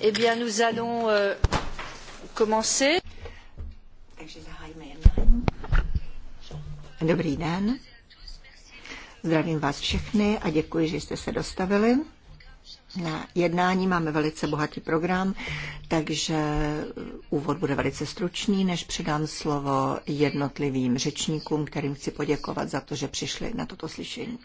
Eh bien, nous allons euh, commencer. Dobrý den. Zdravím vás všechny a děkuji, že jste se dostavili. Na jednání máme velice bohatý program, takže úvod bude velice stručný, než předám slovo jednotlivým řečníkům, kterým chci poděkovat za to, že přišli na toto slyšení.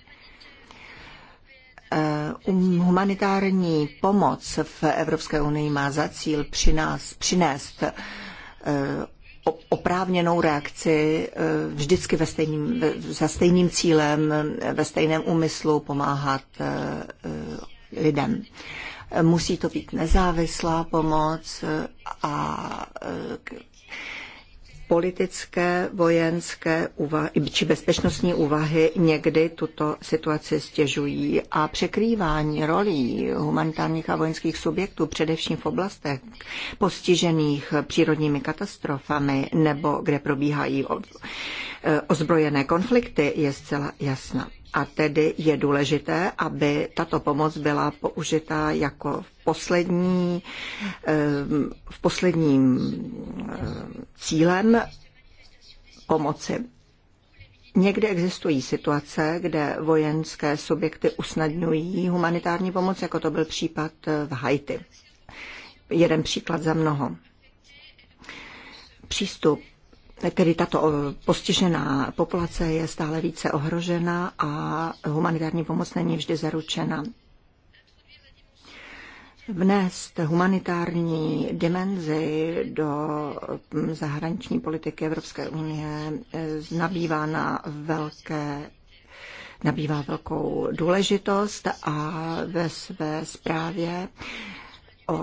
Eh, um, humanitární pomoc v Evropské unii má za cíl přinést eh, oprávněnou reakci eh, vždycky ve stejním, za stejným cílem, ve stejném úmyslu pomáhat lidem. Musí to být nezávislá pomoc a politické, vojenské úvahy, či bezpečnostní úvahy někdy tuto situaci stěžují a překrývání rolí humanitárních a vojenských subjektů, především v oblastech postižených přírodními katastrofami nebo kde probíhají e, ozbrojené konflikty, je zcela jasná. A tedy je důležité, aby tato pomoc byla použita jako v poslední, eh, v posledním eh, cílem pomoci. Někde existují situace, kde vojenské subjekty usnadňují humanitární pomoc, jako to byl případ eh, v Haiti. Jeden příklad za mnoho. Přístup tedy tato eh, postižená populace je stále více ohrožena a humanitární pomoc není vždy zaručena. Vnést humanitární dimenzi do hm, zahraniční politiky Evropské unie eh, nabývá na velké nabývá velkou důležitost a ve své zprávě o,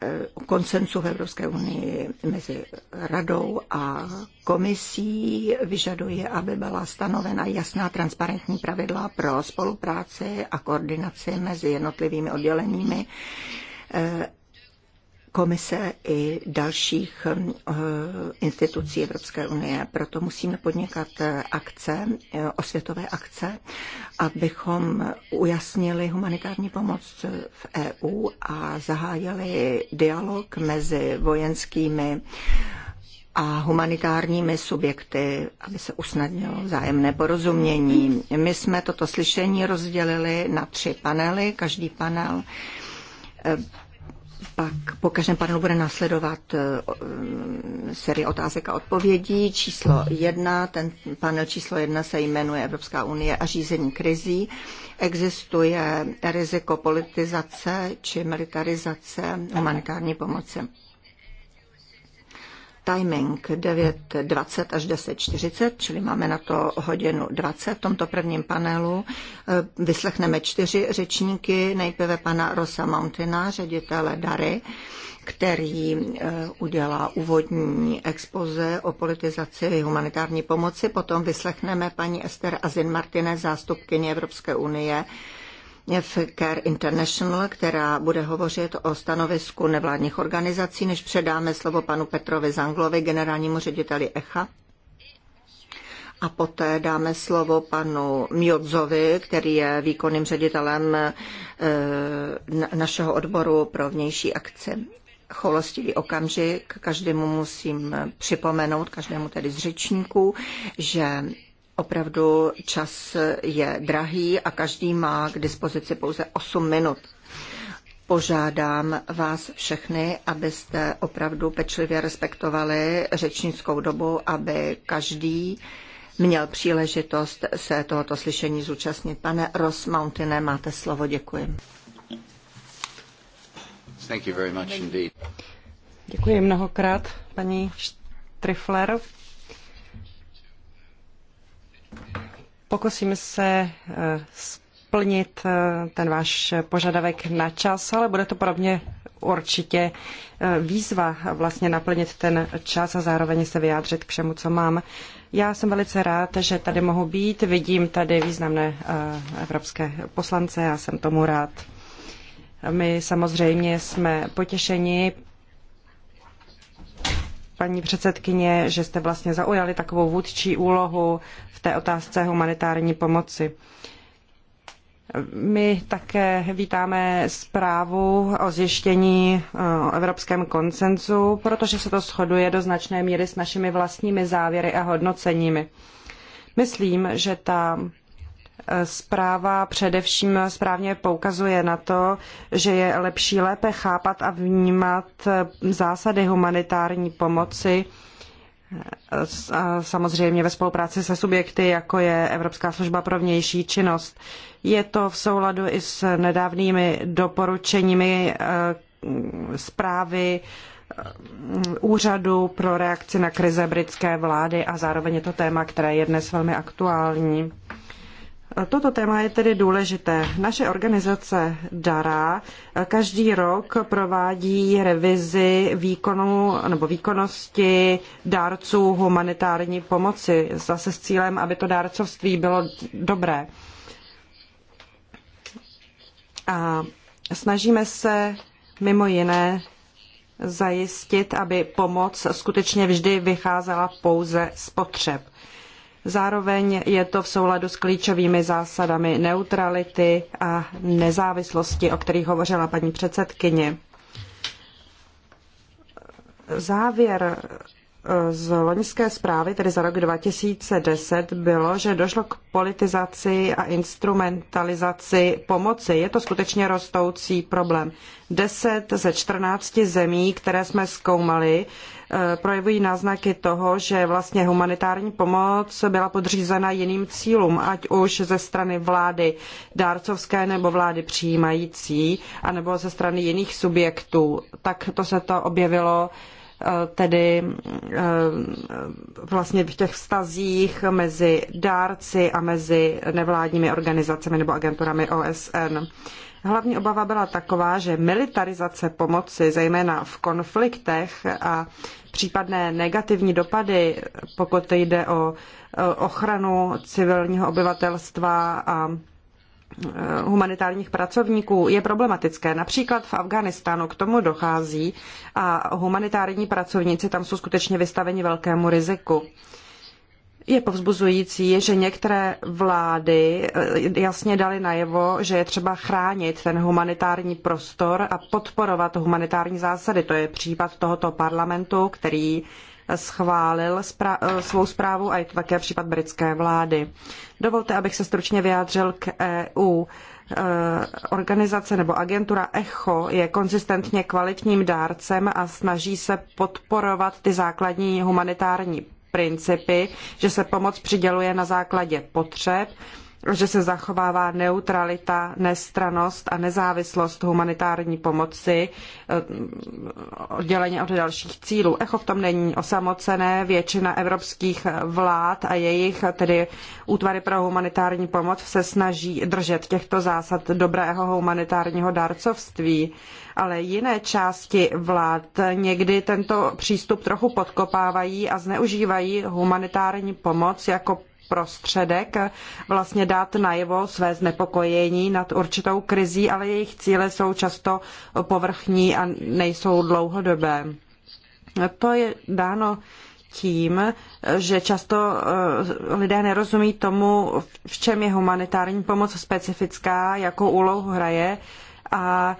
e, o koncensu v Evropské unii mezi radou a komisí vyžaduje, aby byla stanovena jasná transparentní pravidla pro spolupráci a koordinaci mezi jednotlivými odděleními e, komise i dalších eh, institucí Evropské unie. Proto musíme podnikat eh, akce, eh, osvětové akce, abychom ujasnili humanitární pomoc v EU a zahájili dialog mezi vojenskými a humanitárními subjekty, aby se usnadnilo vzájemné porozumění. My jsme toto slyšení rozdělili na tři panely, každý panel pak po každém panelu bude následovat eh, eh, série otázek a odpovědí. Číslo jedna, ten panel číslo jedna se jmenuje Evropská unie a řízení krizí. Existuje riziko politizace či militarizace humanitární pomoci timing 9.20 až 10.40, čili máme na to hodinu 20 v tomto prvním panelu. Eh, vyslechneme čtyři řečníky, nejprve pana Rosa Mountaina, ředitele Dary, který eh, udělá úvodní expoze o politizaci humanitární pomoci. Potom vyslechneme paní Ester Azin Martinez, zástupkyně Evropské unie v Care International, která bude hovořit o stanovisku nevládních organizací, než předáme slovo panu Petrovi Zanglovi, generálnímu řediteli ECHA. A poté dáme slovo panu Miodzovi, který je výkonným ředitelem eh, našeho odboru pro vnější akce. Cholostivý okamžik, každému musím připomenout, každému tedy z řečníků, že Opravdu čas je drahý a každý má k dispozici pouze 8 minut. Požádám vás všechny, abyste opravdu pečlivě respektovali řečnickou dobu, aby každý měl příležitost se tohoto slyšení zúčastnit. Pane Ross Mountine, máte slovo, děkuji. Thank you very much indeed. Děkuji mnohokrát, paní Štrifler. Pokusím se eh, splnit eh, ten váš požadavek na čas, ale bude to pro mě určitě eh, výzva vlastně naplnit ten čas a zároveň se vyjádřit k všemu, co mám. Já jsem velice rád, že tady mohu být. Vidím tady významné evropské poslance, já jsem tomu rád. My samozřejmě jsme potěšeni paní předsedkyně, že jste vlastně zaujali takovou vůdčí úlohu v té otázce humanitární pomoci. My také vítáme zprávu o zjištění eh, o evropském koncenzu, protože se to shoduje do značné míry s našimi vlastními závěry a hodnoceními. Myslím, že ta Zpráva především správně poukazuje na to, že je lepší lépe chápat a vnímat zásady humanitární pomoci, samozřejmě ve spolupráci se subjekty, jako je Evropská služba pro vnější činnost. Je to v souladu i s nedávnými doporučeními e, zprávy e, úřadu pro reakci na krize britské vlády a zároveň je to téma, které je dnes velmi aktuální. Toto téma je tedy důležité. Naše organizace DARA eh, každý rok provádí revizi výkonu nebo výkonnosti dárců humanitární pomoci, zase s cílem, aby to dárcovství bylo dobré. A snažíme se mimo jiné zajistit, aby pomoc skutečně vždy vycházela pouze z potřeb. Zároveň je to v souladu s klíčovými zásadami neutrality a nezávislosti, o kterých hovořila paní předsedkyně. Závěr z loňské zprávy, tedy za rok 2010, bylo, že došlo k politizaci a instrumentalizaci pomoci. Je to skutečně rostoucí problém. 10 ze 14 zemí, které jsme zkoumali, eh, projevují náznaky toho, že vlastně humanitární pomoc byla podřízena jiným cílům, ať už ze strany vlády dárcovské nebo vlády přijímající, anebo ze strany jiných subjektů. Tak to se to objevilo tedy eh, vlastně v těch vztazích mezi dárci a mezi nevládními organizacemi nebo agenturami OSN. Hlavní obava byla taková, že militarizace pomoci, zejména v konfliktech a případné negativní dopady, pokud jde o eh, ochranu civilního obyvatelstva a Eh, humanitárních pracovníků je problematické. Například v Afghánistánu k tomu dochází a humanitární pracovníci tam jsou skutečně vystaveni velkému riziku. Je povzbuzující, že některé vlády eh, jasně dali najevo, že je třeba chránit ten humanitární prostor a podporovat humanitární zásady. To je případ tohoto parlamentu, který schválil eh, svou zprávu a je to také případ britské vlády. Dovolte, abych se stručně vyjádřil k EU. Eh, organizace nebo agentura ECHO je konzistentně kvalitním dárcem a snaží se podporovat ty základní humanitární principy, že se pomoc přiděluje na základě potřeb že se zachovává neutralita, nestranost a nezávislost humanitární pomoci eh, odděleně od dalších cílů. ECHO v tom není osamocené, většina evropských vlád a jejich tedy útvary pro humanitární pomoc se snaží držet těchto zásad dobrého humanitárního dárcovství, ale jiné části vlád někdy tento přístup trochu podkopávají a zneužívají humanitární pomoc jako prostředek vlastně dát najevo své znepokojení nad určitou krizí, ale jejich cíle jsou často povrchní a nejsou dlouhodobé. To je dáno tím, že často eh, lidé nerozumí tomu, v čem je humanitární pomoc specifická, jakou úlohu hraje a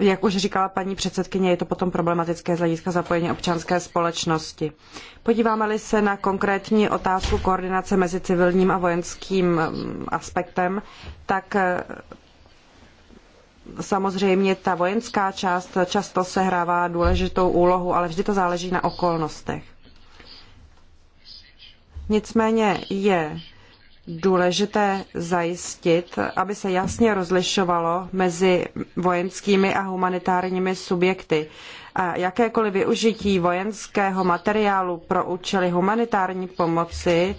jak už říkala paní předsedkyně, je to potom problematické z hlediska zapojení občanské společnosti. Podíváme-li se na konkrétní otázku koordinace mezi civilním a vojenským mm, aspektem, tak e, samozřejmě ta vojenská část často sehrává důležitou úlohu, ale vždy to záleží na okolnostech. Nicméně je důležité zajistit, aby se jasně rozlišovalo mezi vojenskými a humanitárními subjekty. A jakékoliv využití vojenského materiálu pro účely humanitární pomoci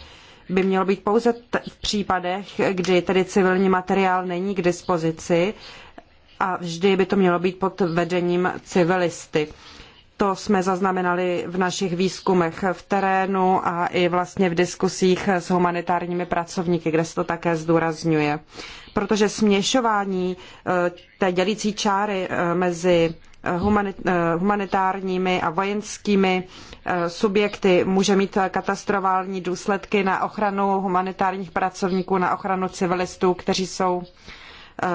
by mělo být pouze v případech, kdy tedy civilní materiál není k dispozici a vždy by to mělo být pod vedením civilisty. To jsme zaznamenali v našich výzkumech v terénu a i vlastně v diskusích s humanitárními pracovníky, kde se to také zdůrazňuje. Protože směšování eh, té dělící čáry eh, mezi eh, humanitárními a vojenskými subjekty může mít katastrofální důsledky na ochranu humanitárních pracovníků, na ochranu civilistů, kteří jsou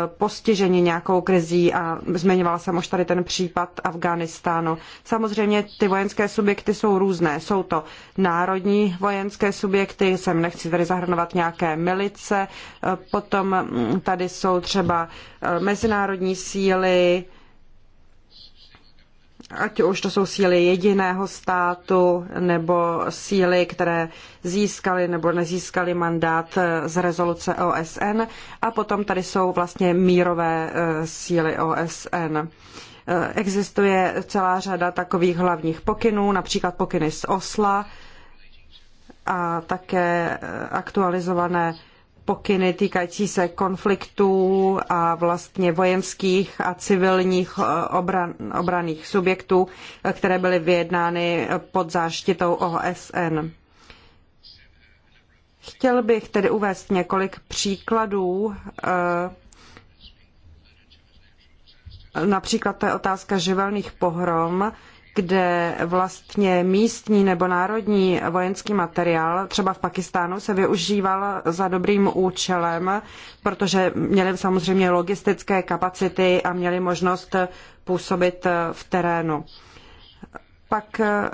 postiženi nějakou krizí a zmiňovala jsem už tady ten případ Afghánistánu. Samozřejmě ty vojenské subjekty jsou různé. Jsou to národní vojenské subjekty, sem nechci tady zahrnovat nějaké milice, potom tady jsou třeba mezinárodní síly, ať už to jsou síly jediného státu nebo síly, které získaly nebo nezískaly mandát eh, z rezoluce OSN a potom tady jsou vlastně mírové eh, síly OSN. Eh, existuje celá řada takových hlavních pokynů, například pokyny z Osla a také aktualizované pokyny týkající se konfliktů a vlastně vojenských a civilních eh, obran, obraných subjektů, eh, které byly vyjednány pod záštitou OSN. Chtěl bych tedy uvést několik příkladů eh, například to je otázka živelných pohrom, kde vlastně místní nebo národní vojenský materiál, třeba v Pakistánu, se využíval za dobrým účelem, protože měli samozřejmě logistické kapacity a měli možnost působit v terénu. Pak eh,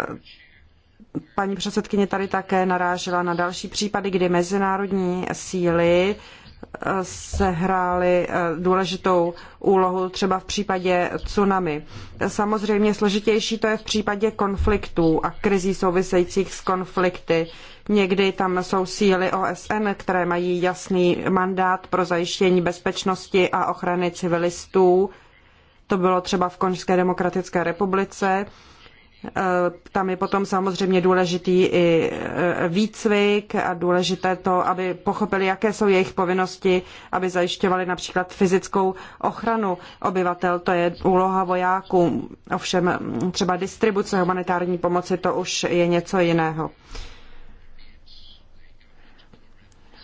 paní předsedkyně tady také narážela na další případy, kdy mezinárodní síly sehrály eh, důležitou úlohu třeba v případě tsunami. Samozřejmě složitější to je v případě konfliktů a krizí souvisejících s konflikty. Někdy tam jsou síly OSN, které mají jasný mandát pro zajištění bezpečnosti a ochrany civilistů. To bylo třeba v Konžské demokratické republice. Eh, tam je potom samozřejmě důležitý i eh, výcvik a důležité to, aby pochopili, jaké jsou jejich povinnosti, aby zajišťovali například fyzickou ochranu obyvatel. To je úloha vojáků. Ovšem hm, třeba distribuce humanitární pomoci to už je něco jiného.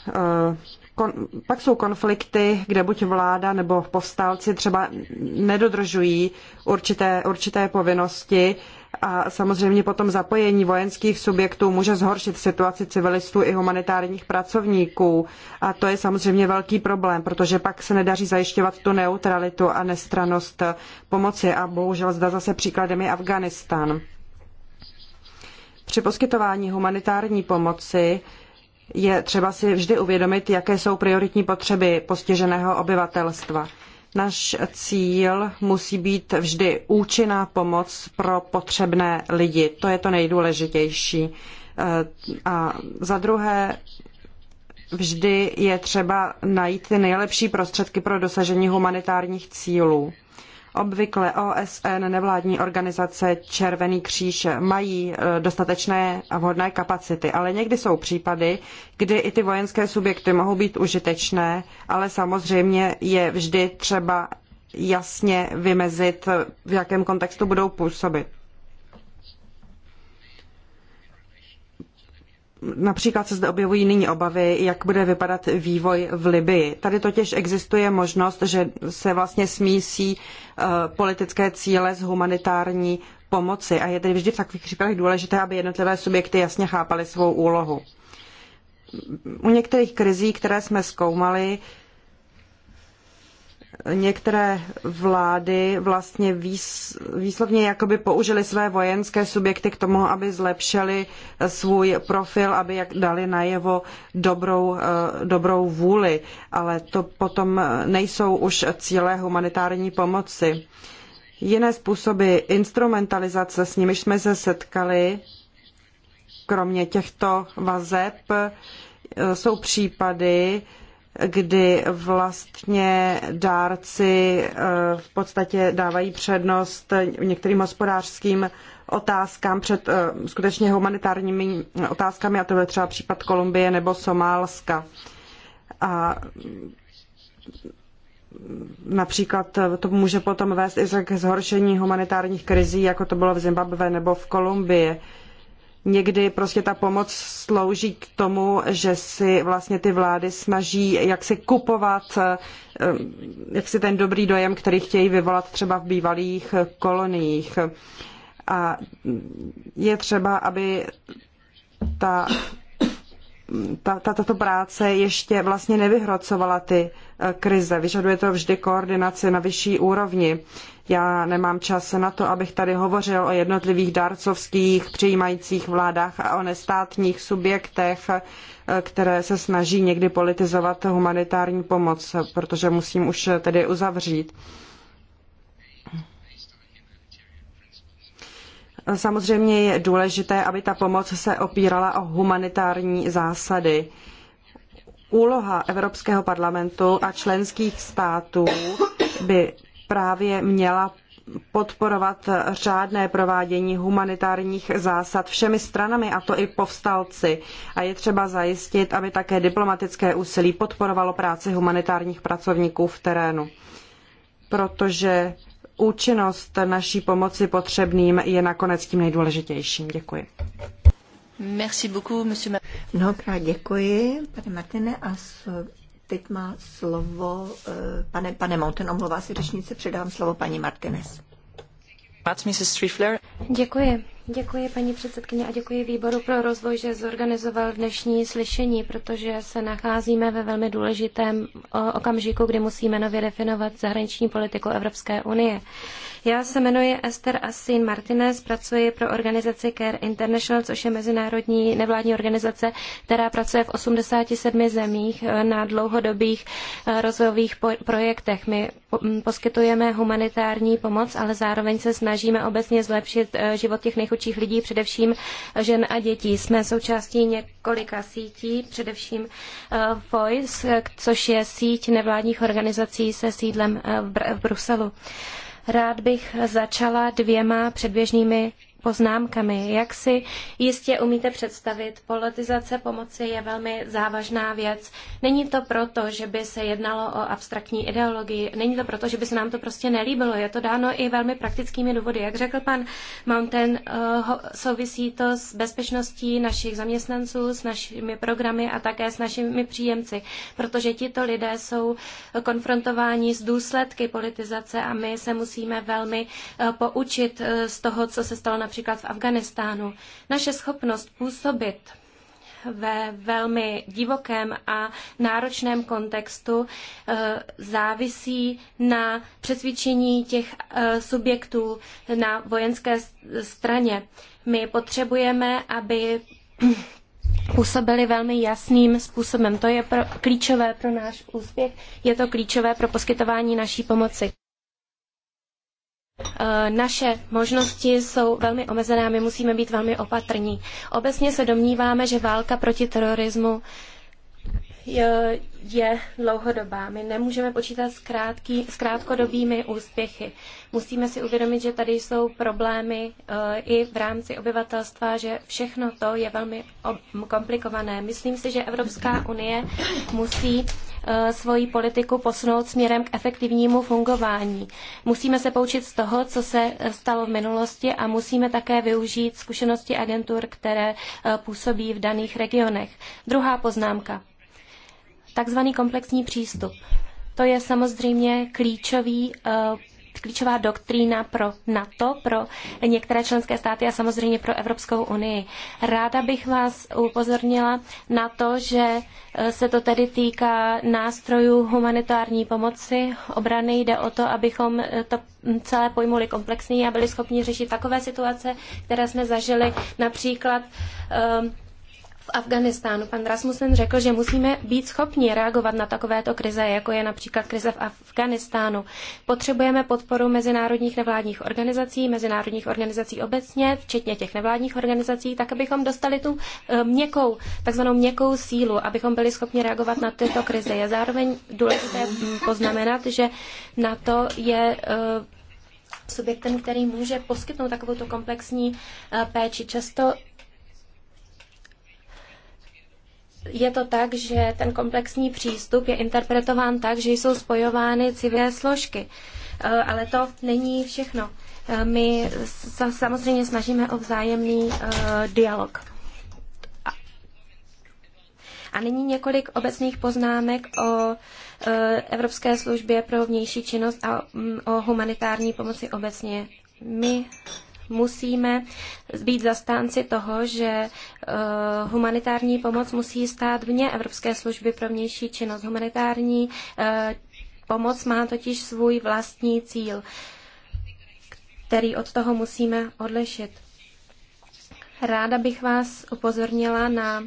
Eh, kon, pak jsou konflikty, kde buď vláda nebo povstalci třeba nedodržují určité, určité povinnosti a samozřejmě potom zapojení vojenských subjektů může zhoršit situaci civilistů i humanitárních pracovníků. A to je samozřejmě velký problém, protože pak se nedaří zajišťovat tu neutralitu a nestranost pomoci. A bohužel zda zase příkladem je Afghánistán. Při poskytování humanitární pomoci je třeba si vždy uvědomit, jaké jsou prioritní potřeby postiženého obyvatelstva. Náš cíl musí být vždy účinná pomoc pro potřebné lidi. To je to nejdůležitější. Eh, a za druhé, vždy je třeba najít ty nejlepší prostředky pro dosažení humanitárních cílů. Obvykle OSN, nevládní organizace Červený kříž mají e, dostatečné a vhodné kapacity, ale někdy jsou případy, kdy i ty vojenské subjekty mohou být užitečné, ale samozřejmě je vždy třeba jasně vymezit, v jakém kontextu budou působit. Například se zde objevují nyní obavy, jak bude vypadat vývoj v Libyi. Tady totiž existuje možnost, že se vlastně smísí eh, politické cíle s humanitární pomoci a je tedy vždy v takových případech důležité, aby jednotlivé subjekty jasně chápaly svou úlohu. U některých krizí, které jsme zkoumali, některé vlády vlastně výslovně jakoby použili své vojenské subjekty k tomu, aby zlepšili svůj profil, aby jak dali najevo dobrou, eh, dobrou vůli, ale to potom nejsou už cíle humanitární pomoci. Jiné způsoby instrumentalizace, s nimiž jsme se setkali, kromě těchto vazeb, eh, jsou případy, kdy vlastně dárci eh, v podstatě dávají přednost některým hospodářským otázkám před eh, skutečně humanitárními otázkami, a to je třeba případ Kolumbie nebo Somálska. A například to může potom vést i k zhoršení humanitárních krizí, jako to bylo v Zimbabwe nebo v Kolumbii. Někdy prostě ta pomoc slouží k tomu, že si vlastně ty vlády snaží jak si kupovat eh, eh, jak si ten dobrý dojem, který chtějí vyvolat třeba v bývalých koloniích. A je třeba, aby ta ta, ta, tato práce ještě vlastně nevyhrocovala ty eh, krize. Vyžaduje to vždy koordinaci na vyšší úrovni. Já nemám čas na to, abych tady hovořil o jednotlivých dárcovských přijímajících vládách a o nestátních subjektech, eh, které se snaží někdy politizovat humanitární pomoc, protože musím už eh, tedy uzavřít. Samozřejmě je důležité, aby ta pomoc se opírala o humanitární zásady. Úloha Evropského parlamentu a členských států by právě měla podporovat řádné provádění humanitárních zásad všemi stranami, a to i povstalci. A je třeba zajistit, aby také diplomatické úsilí podporovalo práci humanitárních pracovníků v terénu. Protože účinnost naší pomoci potřebným je nakonec tím nejdůležitějším. Děkuji. Merci beaucoup, monsieur... Mnohokrát děkuji, pane Martine, a teď má slovo, eh, pane, pane Mountain, omlouvá se řečnice, předávám slovo paní Martinez. Mrs. Děkuji. Děkuji paní předsedkyně a děkuji výboru pro rozvoj, že zorganizoval dnešní slyšení, protože se nacházíme ve velmi důležitém okamžiku, kdy musíme nově definovat zahraniční politiku Evropské unie. Já se jmenuji Esther Asin Martinez, pracuji pro organizaci Care International, což je mezinárodní nevládní organizace, která pracuje v 87 zemích e, na dlouhodobých e, rozvojových projektech. My poskytujeme humanitární pomoc, ale zároveň se snažíme obecně zlepšit zlepšit eh, život těch nejchudších lidí, především eh, žen a dětí. Jsme součástí několika sítí, především eh, Voice, což je síť nevládních organizací se sídlem v Bruselu. Rád bych začala dvěma předběžnými poznámkami. Jak si jistě umíte představit, politizace pomoci je velmi závažná věc. Není to proto, že by se jednalo o abstraktní ideologii, není to proto, že by se nám to prostě nelíbilo. Je to dáno i velmi praktickými důvody. Jak řekl pan Mountain, eh, souvisí to s bezpečností našich zaměstnanců, s našimi programy a také s našimi příjemci, protože tito lidé jsou konfrontováni s důsledky politizace a my se musíme velmi eh, poučit eh, z toho, co se stalo například například v Afganistánu. Naše schopnost působit ve velmi divokém a náročném kontextu eh, závisí na přesvědčení těch eh, subjektů na vojenské straně. My potřebujeme, aby působili velmi jasným způsobem. To je pro, klíčové pro náš úspěch, je to klíčové pro poskytování naší pomoci. Eh, naše možnosti jsou velmi omezené a my musíme být velmi opatrní. Obecně se domníváme, že válka proti terorismu je, eh, je dlouhodobá. My nemůžeme počítat s, krátký, s krátkodobými úspěchy. Musíme si uvědomit, že tady jsou problémy eh, i v rámci obyvatelstva, že všechno to je velmi komplikované. Myslím si, že Evropská unie musí Eh, svoji politiku posunout směrem k efektivnímu fungování. Musíme se poučit z toho, co se eh, stalo v minulosti a musíme také využít zkušenosti agentur, které eh, působí v daných regionech. Druhá poznámka. Takzvaný komplexní přístup. To je samozřejmě klíčový klíčová doktrína pro NATO, pro některé členské státy a samozřejmě pro Evropskou unii. Ráda bych vás upozornila na to, že e, se to tedy týká nástrojů humanitární pomoci, obrany. Jde o to, abychom e, to celé pojmuli komplexně a byli schopni řešit takové situace, které jsme zažili například um, v Afganistánu. Pan Rasmussen řekl, že musíme být schopni reagovat na takovéto krize, jako je například krize v Afganistánu. Potřebujeme podporu mezinárodních nevládních organizací, mezinárodních organizací obecně, včetně těch nevládních organizací, tak abychom dostali tu eh, měkkou, takzvanou měkkou sílu, abychom byli schopni reagovat na tyto krize. Je zároveň důležité mm, poznamenat, že na to je eh, subjektem, který může poskytnout takovou komplexní eh, péči. Často je to tak, že ten komplexní přístup je interpretován tak, že jsou spojovány civilné složky. E, ale to není všechno. E, my se samozřejmě snažíme o vzájemný e, dialog. A nyní několik obecných poznámek o Evropské službě pro vnější činnost a mm, o humanitární pomoci obecně. My musíme být zastánci toho, že eh, humanitární pomoc musí stát vně Evropské služby pro vnější činnost. Humanitární eh, pomoc má totiž svůj vlastní cíl, který od toho musíme odlišit. Ráda bych vás upozornila na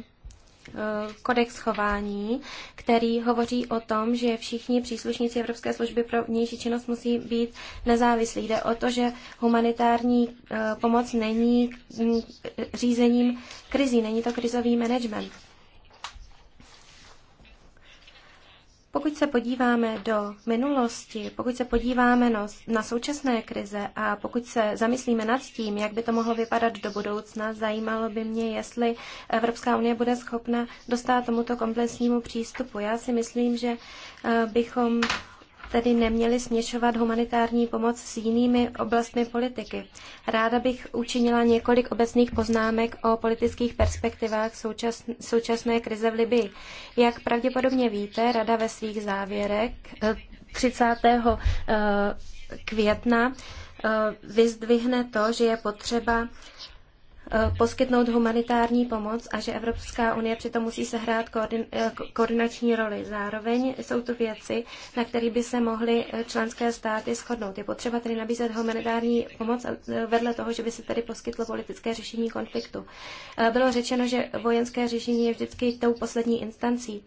Eh, kodex chování, který hovoří o tom, že všichni příslušníci Evropské služby pro vnější činnost musí být nezávislí. Jde o to, že humanitární eh, pomoc není mm, řízením krizí, není to krizový management. Pokud se podíváme do minulosti, pokud se podíváme na současné krize a pokud se zamyslíme nad tím, jak by to mohlo vypadat do budoucna, zajímalo by mě, jestli Evropská unie bude schopna dostat tomuto komplexnímu přístupu. Já si myslím, že eh, bychom tedy neměli směšovat humanitární pomoc s jinými oblastmi politiky. Ráda bych učinila několik obecných poznámek o politických perspektivách současné krize v Libii. Jak pravděpodobně víte, Rada ve svých závěrech 30. Eh, eh, května eh, vyzdvihne to, že je potřeba Eh, poskytnout humanitární pomoc a že Evropská unie přitom musí sehrát eh, koordinační roli. Zároveň jsou to věci, na které by se mohly eh, členské státy shodnout. Je potřeba tedy nabízet humanitární pomoc vedle toho, že by se tedy poskytlo politické řešení konfliktu. Bylo řečeno, že vojenské řešení je vždycky tou poslední instancí.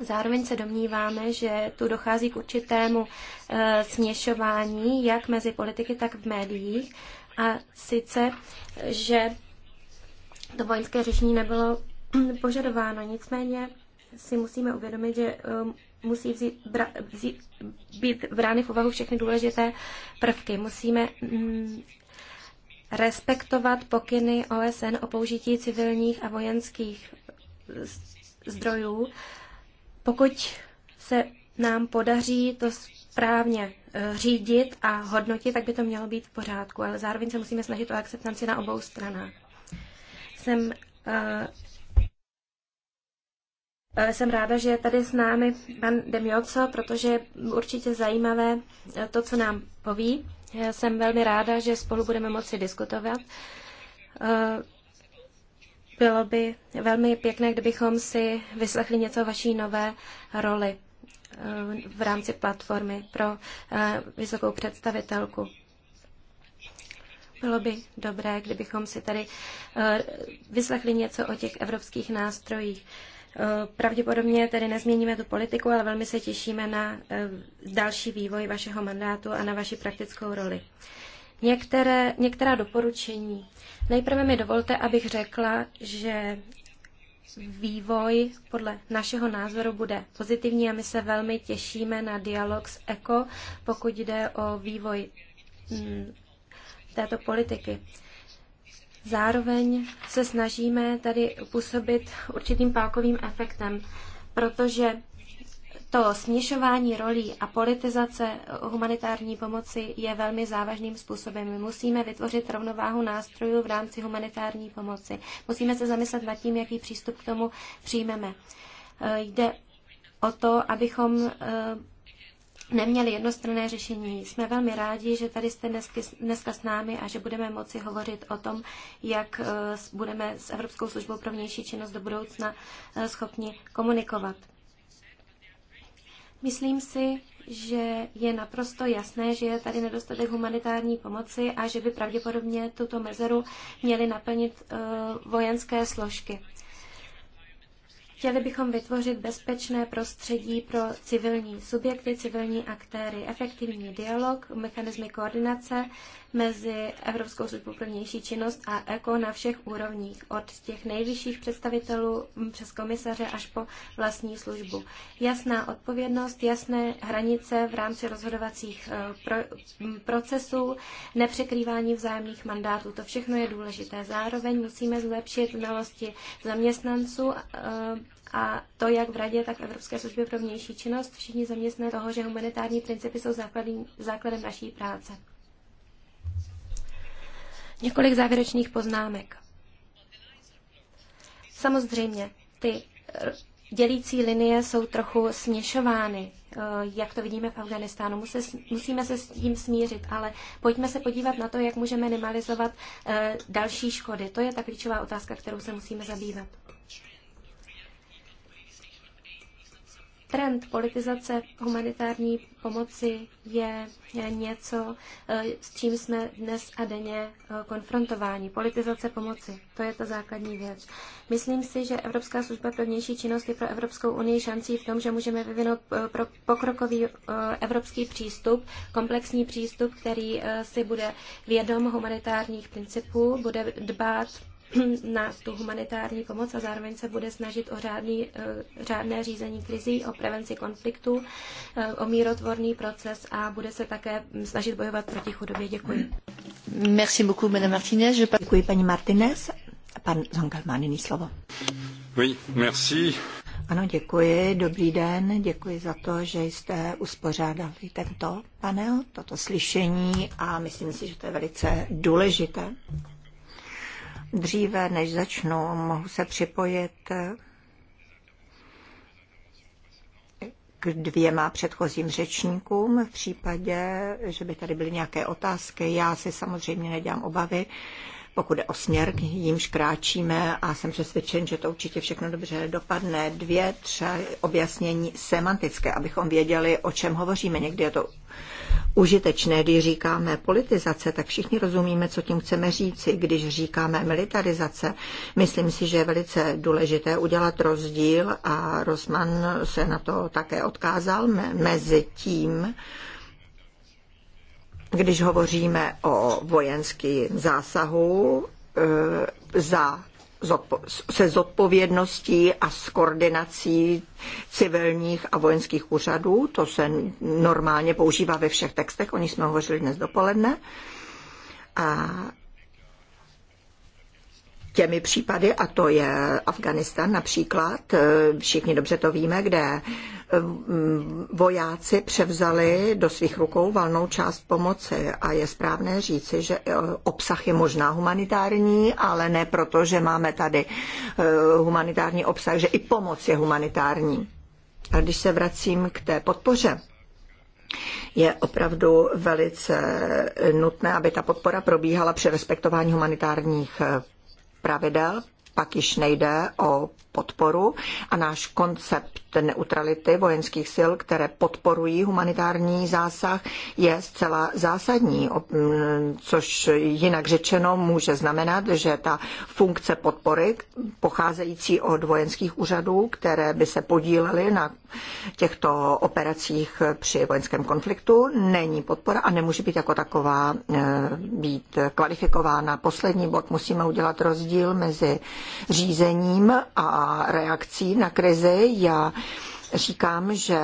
Zároveň se domníváme, že tu dochází k určitému e, směšování jak mezi politiky, tak v médiích a sice, že to vojenské řešení nebylo požadováno. Nicméně si musíme uvědomit, že um, musí vzít, bra, vzít, být brány v úvahu všechny důležité prvky. Musíme mm, respektovat pokyny OSN o použití civilních a vojenských zdrojů. Pokud se nám podaří to správně eh, řídit a hodnotit, tak by to mělo být v pořádku, ale zároveň se musíme snažit o akceptanci na obou stranách. Jsem, eh, eh, jsem ráda, že je tady s námi pan Demioco, protože je určitě zajímavé to, co nám poví. Já jsem velmi ráda, že spolu budeme moci diskutovat bylo by velmi pěkné, kdybychom si vyslechli něco o vaší nové roli. Eh, v rámci platformy pro eh, vysokou představitelku. Bylo by dobré, kdybychom si tady eh, vyslechli něco o těch evropských nástrojích. Pravděpodobně tedy nezměníme tu politiku, ale velmi se těšíme na další vývoj vašeho mandátu a na vaši praktickou roli. Některé, některá doporučení. Nejprve mi dovolte, abych řekla, že vývoj podle našeho názoru bude pozitivní a my se velmi těšíme na dialog s ECO, pokud jde o vývoj mm, této politiky. Zároveň se snažíme tady působit určitým pákovým efektem, protože to směšování rolí a politizace humanitární pomoci je velmi závažným způsobem. My musíme vytvořit rovnováhu nástrojů v rámci humanitární pomoci. Musíme se zamyslet nad tím, jaký přístup k tomu přijmeme. Eh, jde o to, abychom eh, neměli jednostranné řešení. Jsme velmi rádi, že tady jste dneska s námi a že budeme moci hovořit o tom, jak eh, budeme s Evropskou službou pro vnější činnost do budoucna schopni komunikovat. Myslím si, že je naprosto jasné, že je tady nedostatek humanitární pomoci a že by pravděpodobně tuto mezeru měly naplnit eh, vojenské složky. Chtěli bychom vytvořit bezpečné prostředí pro civilní subjekty, civilní aktéry, efektivní dialog, mechanismy koordinace, mezi Evropskou službou pro vnější činnost a ECO na všech úrovních, od těch nejvyšších představitelů přes komisaře až po vlastní službu. Jasná odpovědnost, jasné hranice v rámci rozhodovacích e, pro, procesů, nepřekrývání vzájemných mandátů, to všechno je důležité. Zároveň musíme zlepšit znalosti zaměstnanců e, a to jak v Radě, tak v Evropské službě pro vnější činnost. Všichni zaměstné toho, že humanitární principy jsou základem naší práce. Několik závěrečných poznámek. Samozřejmě, ty eh, dělící linie jsou trochu směšovány. Eh, jak to vidíme v Afganistánu, musíme se s tím smířit, ale pojďme se podívat na to, jak můžeme minimalizovat eh, další škody. To je ta klíčová otázka, kterou se musíme zabývat. Trend politizace humanitární pomoci je něco, e, s čím jsme dnes a denně e, konfrontováni. Politizace pomoci, to je ta základní věc. Myslím si, že Evropská služba pro vnější činnost je pro Evropskou unii šancí v tom, že můžeme vyvinout e, pokrokový evropský přístup, komplexní přístup, který si bude vědom humanitárních principů, bude dbát na tu humanitární pomoc a zároveň se bude snažit o řádný, eh, řádné řízení krizí, o prevenci konfliktu, eh, o mírotvorný proces a bude se také snažit bojovat proti chudobě. Děkuji. Merci beaucoup, Madame Martinez. Je... Děkuji, paní Martinez. Pan má nyní slovo. Oui, merci. Ano, děkuji. Dobrý den. Děkuji za to, že jste uspořádali tento panel, toto slyšení a myslím si, že to je velice důležité. Dříve než začnu, mohu se připojit k dvěma předchozím řečníkům v případě, že by tady byly nějaké otázky. Já si samozřejmě nedělám obavy, pokud je o směr, jímž kráčíme a jsem přesvědčen, že to určitě všechno dobře dopadne. Dvě, tři objasnění semantické, abychom věděli, o čem hovoříme. Někdy je to užitečné, když říkáme politizace, tak všichni rozumíme, co tím chceme říci. Když říkáme militarizace, myslím si, že je velice důležité udělat rozdíl a Rosman se na to také odkázal mezi tím, když hovoříme o vojenském zásahu e, za se zodpovědností a s koordinací civilních a vojenských úřadů. To se normálně používá ve všech textech, o nich jsme hovořili dnes dopoledne. A těmi případy, a to je Afganistan například, všichni dobře to víme, kde Eh, vojáci převzali do svých rukou valnou část pomoci a je správné říci, že eh, obsah je možná humanitární, ale ne proto, že máme tady eh, humanitární obsah, že i pomoc je humanitární. A když se vracím k té podpoře, je opravdu velice nutné, aby ta podpora probíhala při respektování humanitárních pravidel. Pak již nejde o podporu a náš koncept neutrality vojenských sil, které podporují humanitární zásah, je zcela zásadní, což jinak řečeno může znamenat, že ta funkce podpory pocházející od vojenských úřadů, které by se podílely na těchto operacích při vojenském konfliktu, není podpora a nemůže být jako taková e, být kvalifikována. Poslední bod musíme udělat rozdíl mezi řízením a a reakcí na krizi. Já říkám, že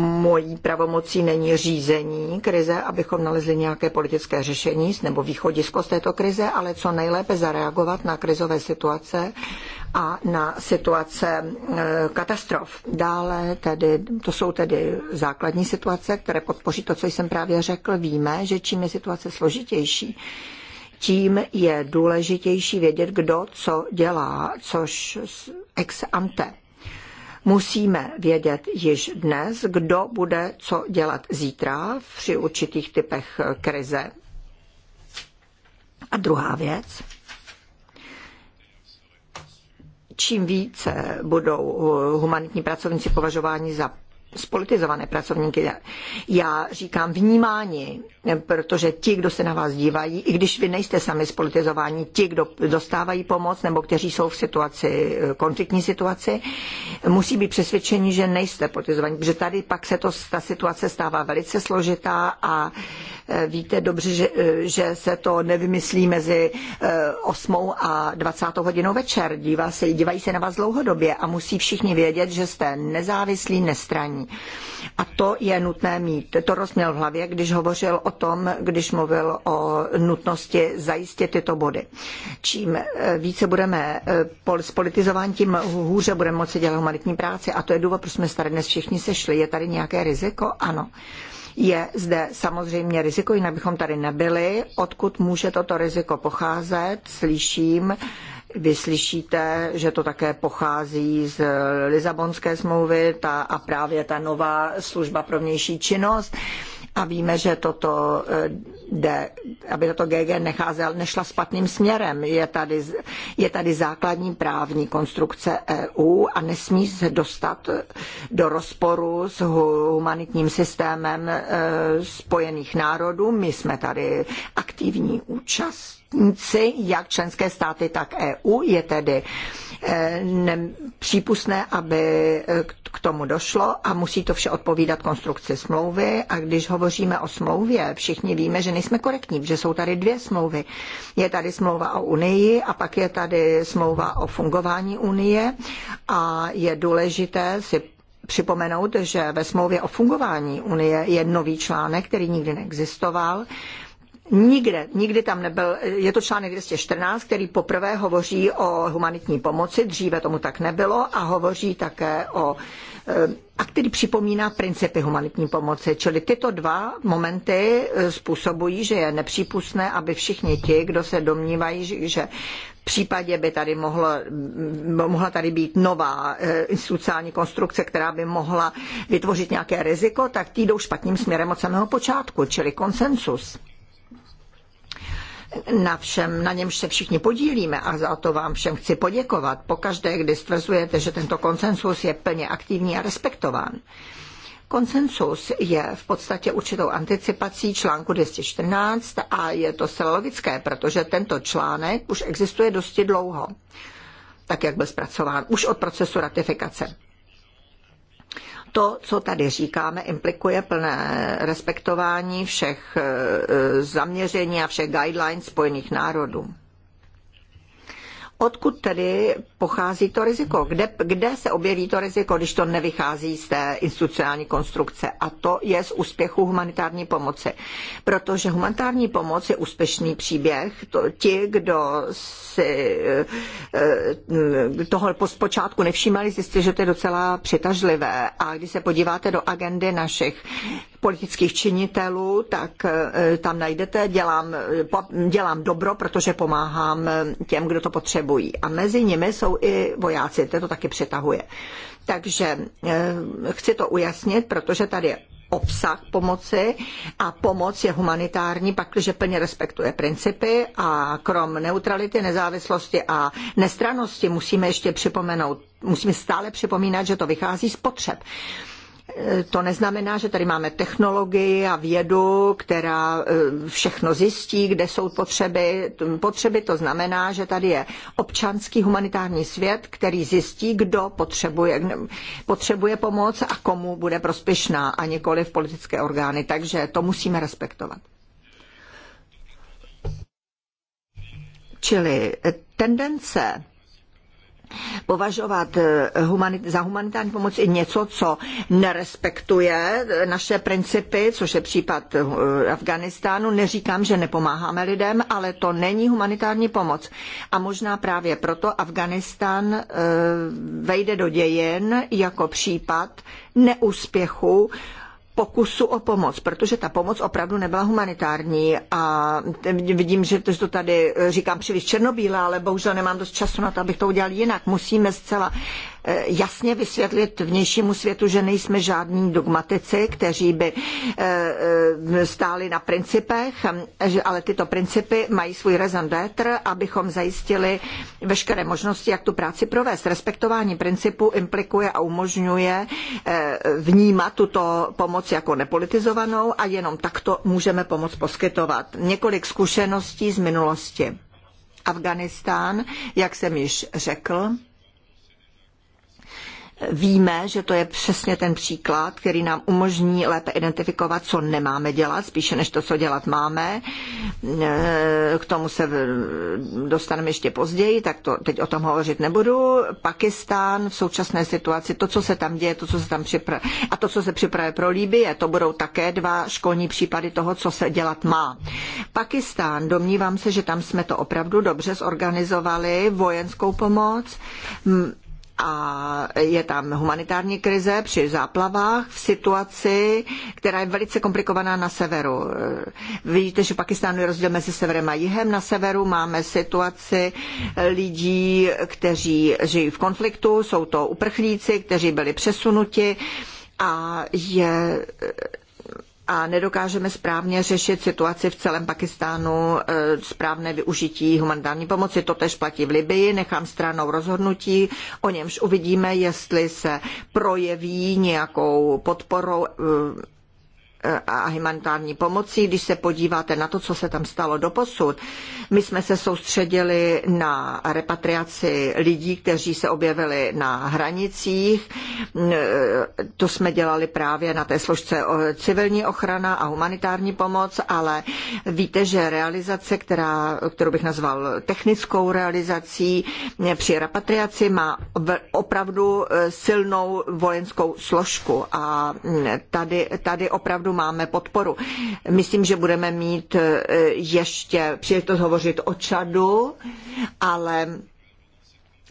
mojí pravomocí není řízení krize, abychom nalezli nějaké politické řešení nebo východisko z této krize, ale co nejlépe zareagovat na krizové situace a na situace eh, katastrof. Dále tedy, to jsou tedy základní situace, které podpoří to, co jsem právě řekl. Víme, že čím je situace složitější, tím je důležitější vědět, kdo co dělá, což ex ante. Musíme vědět již dnes, kdo bude co dělat zítra při určitých typech krize. A druhá věc. Čím více budou humanitní pracovníci považováni za spolitizované pracovníky. Já říkám vnímání, protože ti, kdo se na vás dívají, i když vy nejste sami spolitizováni, ti, kdo dostávají pomoc nebo kteří jsou v situaci, konfliktní situaci, musí být přesvědčeni, že nejste politizovaní, protože tady pak se to, ta situace stává velice složitá a e, víte dobře, že, e, že se to nevymyslí mezi 8 e, a 20 hodinou večer. Dívá se, dívají se na vás dlouhodobě a musí všichni vědět, že jste nezávislí, nestraní vzdělání. A to je nutné mít. To rozměl v hlavě, když hovořil o tom, když mluvil o nutnosti zajistit tyto body. Čím eh, více budeme eh, spolitizováni, tím hůře budeme moci dělat humanitní práci. A to je důvod, proč jsme se tady dnes všichni sešli. Je tady nějaké riziko? Ano je zde samozřejmě riziko, jinak bychom tady nebyli. Odkud může toto riziko pocházet? Slyším, vy slyšíte, že to také pochází z Lisabonské smlouvy ta, a právě ta nová služba pro vnější činnost a víme, že toto eh, jde, aby toto GG necházel, nešla špatným směrem. Je tady, je tady základní právní konstrukce EU a nesmí se dostat do rozporu s humanitním systémem eh, Spojených národů. My jsme tady aktivní účastníci, jak členské státy, tak EU. Je tedy uh, Eh, přípustné, aby eh, k tomu došlo a musí to vše odpovídat konstrukci smlouvy a když hovoříme o smlouvě, všichni víme, že nejsme korektní, že jsou tady dvě smlouvy. Je tady smlouva o Unii a pak je tady smlouva o fungování Unie a je důležité si připomenout, že ve smlouvě o fungování Unie je nový článek, který nikdy neexistoval, Nikde, nikdy tam nebyl, je to článek 214, který poprvé hovoří o humanitní pomoci, dříve tomu tak nebylo a hovoří také o eh, a který připomíná principy humanitní pomoci. Čili tyto dva momenty eh, způsobují, že je nepřípustné, aby všichni ti, kdo se domnívají, že v případě by tady mohlo, mohla tady být nová eh, sociální konstrukce, která by mohla vytvořit nějaké riziko, tak ty jdou špatným směrem od samého počátku, čili konsensus na všem, na němž se všichni podílíme a za to vám všem chci poděkovat. Pokaždé, kdy stvrzujete, že tento konsensus je plně aktivní a respektován. Konsensus je v podstatě určitou anticipací článku 214 a je to zcela logické, protože tento článek už existuje dosti dlouho, tak jak byl zpracován, už od procesu ratifikace to, co tady říkáme, implikuje plné respektování všech eh, zaměření a všech guidelines Spojených národů odkud tedy pochází to riziko? Kde, kde se objeví to riziko, když to nevychází z té institucionální konstrukce? A to je z úspěchu humanitární pomoci. Protože humanitární pomoc je úspěšný příběh. To, ti, kdo si eh, toho zpočátku nevšímali, zjistili, že to je docela přitažlivé. A když se podíváte do agendy našich politických činitelů, tak e, tam najdete. Dělám, e, dělám dobro, protože pomáhám e, těm, kdo to potřebují. A mezi nimi jsou i vojáci, to taky přetahuje. Takže chci to ujasnit, protože tady je obsah pomoci a pomoc je humanitární, pakliže plně respektuje principy a krom neutrality, nezávislosti a nestranosti musíme ještě připomenout, musíme stále připomínat, že to vychází z potřeb to neznamená, že tady máme technologii a vědu, která e, všechno zjistí, kde jsou potřeby. Potřeby to znamená, že tady je občanský humanitární svět, který zjistí, kdo potřebuje, potřebuje pomoc a komu bude prospěšná a nikoli v politické orgány. Takže to musíme respektovat. Čili tendence považovat eh, humanit, za humanitární pomoc i něco, co nerespektuje eh, naše principy, což je případ eh, Afganistánu. Neříkám, že nepomáháme lidem, ale to není humanitární pomoc. A možná právě proto Afganistán vejde do dějin jako případ neúspěchu pokusu o pomoc, protože ta pomoc opravdu nebyla humanitární a vidím, že to tady eh, říkám příliš černobíle, ale bohužel nemám dost času na to, abych to udělal jinak. Musíme zcela Eh, jasně vysvětlit vnějšímu světu, že nejsme žádní dogmatici, kteří by eh, eh, stáli na principech, ale tyto principy mají svůj raison d'être, abychom zajistili veškeré možnosti, jak tu práci provést. Respektování principu implikuje a umožňuje vnímat tuto pomoc jako nepolitizovanou a jenom takto můžeme pomoc poskytovat. Několik zkušeností z minulosti. Afganistán, jak jsem již řekl, víme, že to je přesně ten příklad, který nám umožní lépe identifikovat, co nemáme dělat, spíše než to, co dělat máme. E, k tomu se dostaneme ještě později, tak to, teď o tom hovořit nebudu. Pakistán v současné situaci, to, co se tam děje, to, co se tam připravuje a to, co se připravuje pro Líbie, to budou také dva školní případy toho, co se dělat má. Pakistán, domnívám se, že tam jsme to opravdu dobře zorganizovali, vojenskou pomoc, a je tam humanitární krize při záplavách v situaci, která je velice komplikovaná na severu. Vidíte, že Pakistánu je rozdíl mezi severem a jihem. Na severu máme situaci lidí, kteří žijí v konfliktu, jsou to uprchlíci, kteří byli přesunuti a je a nedokážeme správně řešit situaci v celém Pakistánu, eh, správné využití humanitární pomoci. To tež platí v Libyi, nechám stranou rozhodnutí, o němž uvidíme, jestli se projeví nějakou podporou eh, a humanitární pomocí, když se podíváte na to, co se tam stalo do posud, My jsme se soustředili na repatriaci lidí, kteří se objevili na hranicích. To jsme dělali právě na té složce civilní ochrana a humanitární pomoc, ale víte, že realizace, která, kterou bych nazval technickou realizací při repatriaci, má opravdu silnou vojenskou složku a tady, tady opravdu opravdu máme podporu. Myslím, že budeme mít e, ještě příležitost hovořit o Čadu, ale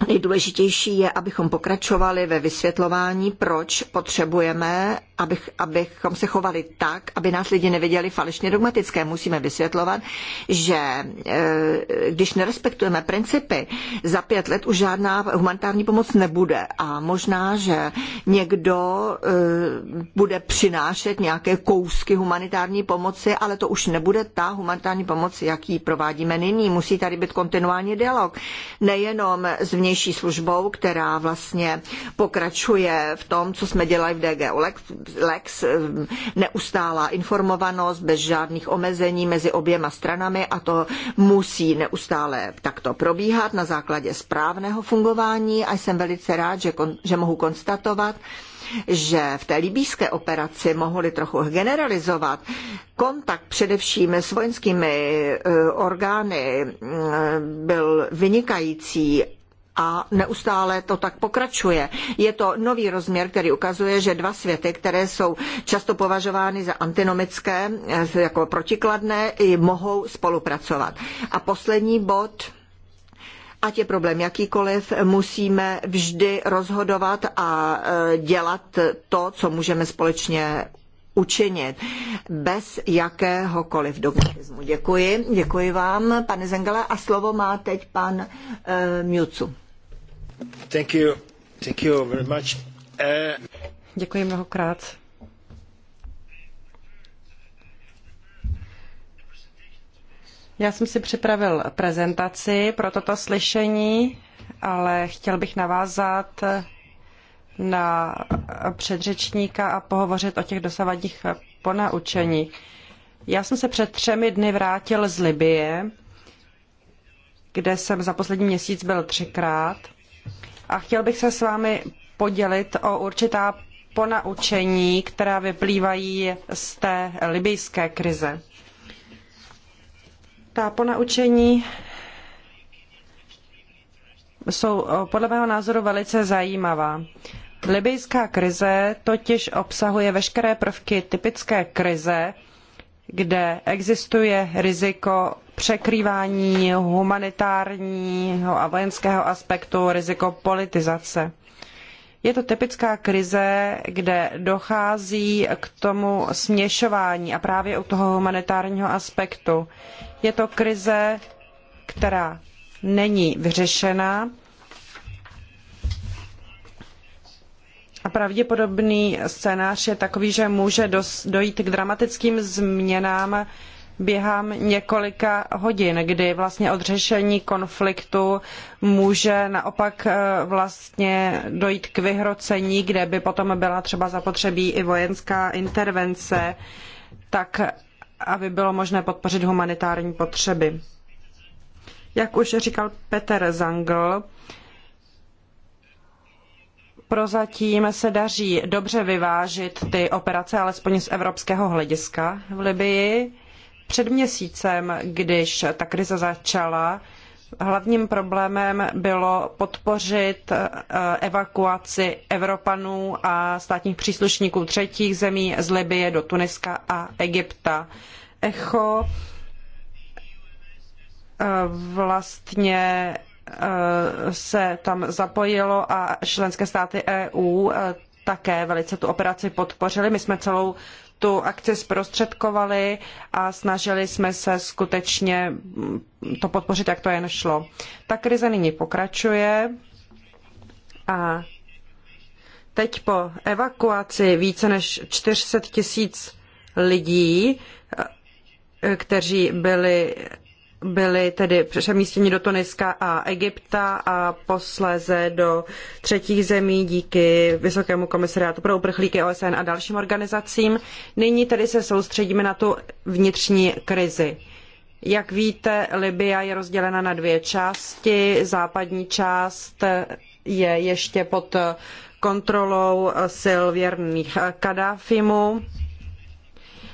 Nejdůležitější je, abychom pokračovali ve vysvětlování, proč potřebujeme abych, abychom se chovali tak, aby nás lidi neviděli falešně dogmatické. Musíme vysvětlovat, že e, když nerespektujeme principy, za pět let už žádná humanitární pomoc nebude. A možná, že někdo e, bude přinášet nějaké kousky humanitární pomoci, ale to už nebude ta humanitární pomoc, jaký provádíme nyní. Musí tady být kontinuální dialog. Nejenom s vnější službou, která vlastně pokračuje v tom, co jsme dělali v DG lex, eh, neustálá informovanost, bez žádných omezení mezi oběma stranami a to musí neustále takto probíhat na základě správného fungování a jsem velice rád, že, kon, že mohu konstatovat, že v té libýské operaci mohli trochu generalizovat kontakt především s vojenskými eh, orgány mm, eh, byl vynikající a neustále to tak pokračuje. Je to nový rozměr, který ukazuje, že dva světy, které jsou často považovány za antinomické, eh, jako protikladné, mohou spolupracovat. A poslední bod ať je problém jakýkoliv, musíme vždy rozhodovat a eh, dělat to, co můžeme společně učinit bez jakéhokoliv dogmatismu. Děkuji, děkuji vám, pane Zengele, a slovo má teď pan e, Mjucu. Uh, Děkuji mnohokrát. Já jsem si připravil prezentaci pro toto slyšení, ale chtěl bych navázat na předřečníka a pohovořit o těch dosavadních ponaučení. Já jsem se před třemi dny vrátil z Libye, kde jsem za poslední měsíc byl třikrát a chtěl bych se s vámi podělit o určitá ponaučení, která vyplývají z té libijské krize. Ta ponaučení jsou eh, podle mého názoru velice zajímavá. Libijská krize totiž obsahuje veškeré prvky typické krize, kde existuje riziko překrývání humanitárního a vojenského aspektu, riziko politizace. Je to typická krize, kde dochází k tomu směšování a právě u toho humanitárního aspektu. Je to krize, která není vyřešena a pravděpodobný scénář je takový, že může dojít k dramatickým změnám během několika hodin, kdy vlastně od řešení konfliktu může naopak eh, vlastně dojít k vyhrocení, kde by potom byla třeba zapotřebí i vojenská intervence, tak aby bylo možné podpořit humanitární potřeby. Jak už říkal Peter Zangl, prozatím se daří dobře vyvážit ty operace, alespoň z evropského hlediska v Libyi. Před měsícem, když ta krize začala, hlavním problémem bylo podpořit eh, evakuaci Evropanů a státních příslušníků třetích zemí z Libye do Tuniska a Egypta. Echo eh, vlastně eh, se tam zapojilo a členské státy EU také velice tu operaci podpořily. My jsme celou tu akci zprostředkovali a snažili jsme se skutečně mm, to podpořit, jak to jen šlo. Ta krize nyní pokračuje a teď po evakuaci více než 400 tisíc lidí, eh, kteří byli byli tedy přemístěni do Tuniska a Egypta a posléze do třetích zemí díky Vysokému komisariátu pro uprchlíky OSN a dalším organizacím. Nyní tedy se soustředíme na tu vnitřní krizi. Jak víte, Libye je rozdělena na dvě části. Západní část je ještě pod kontrolou sil věrných Kadáfimu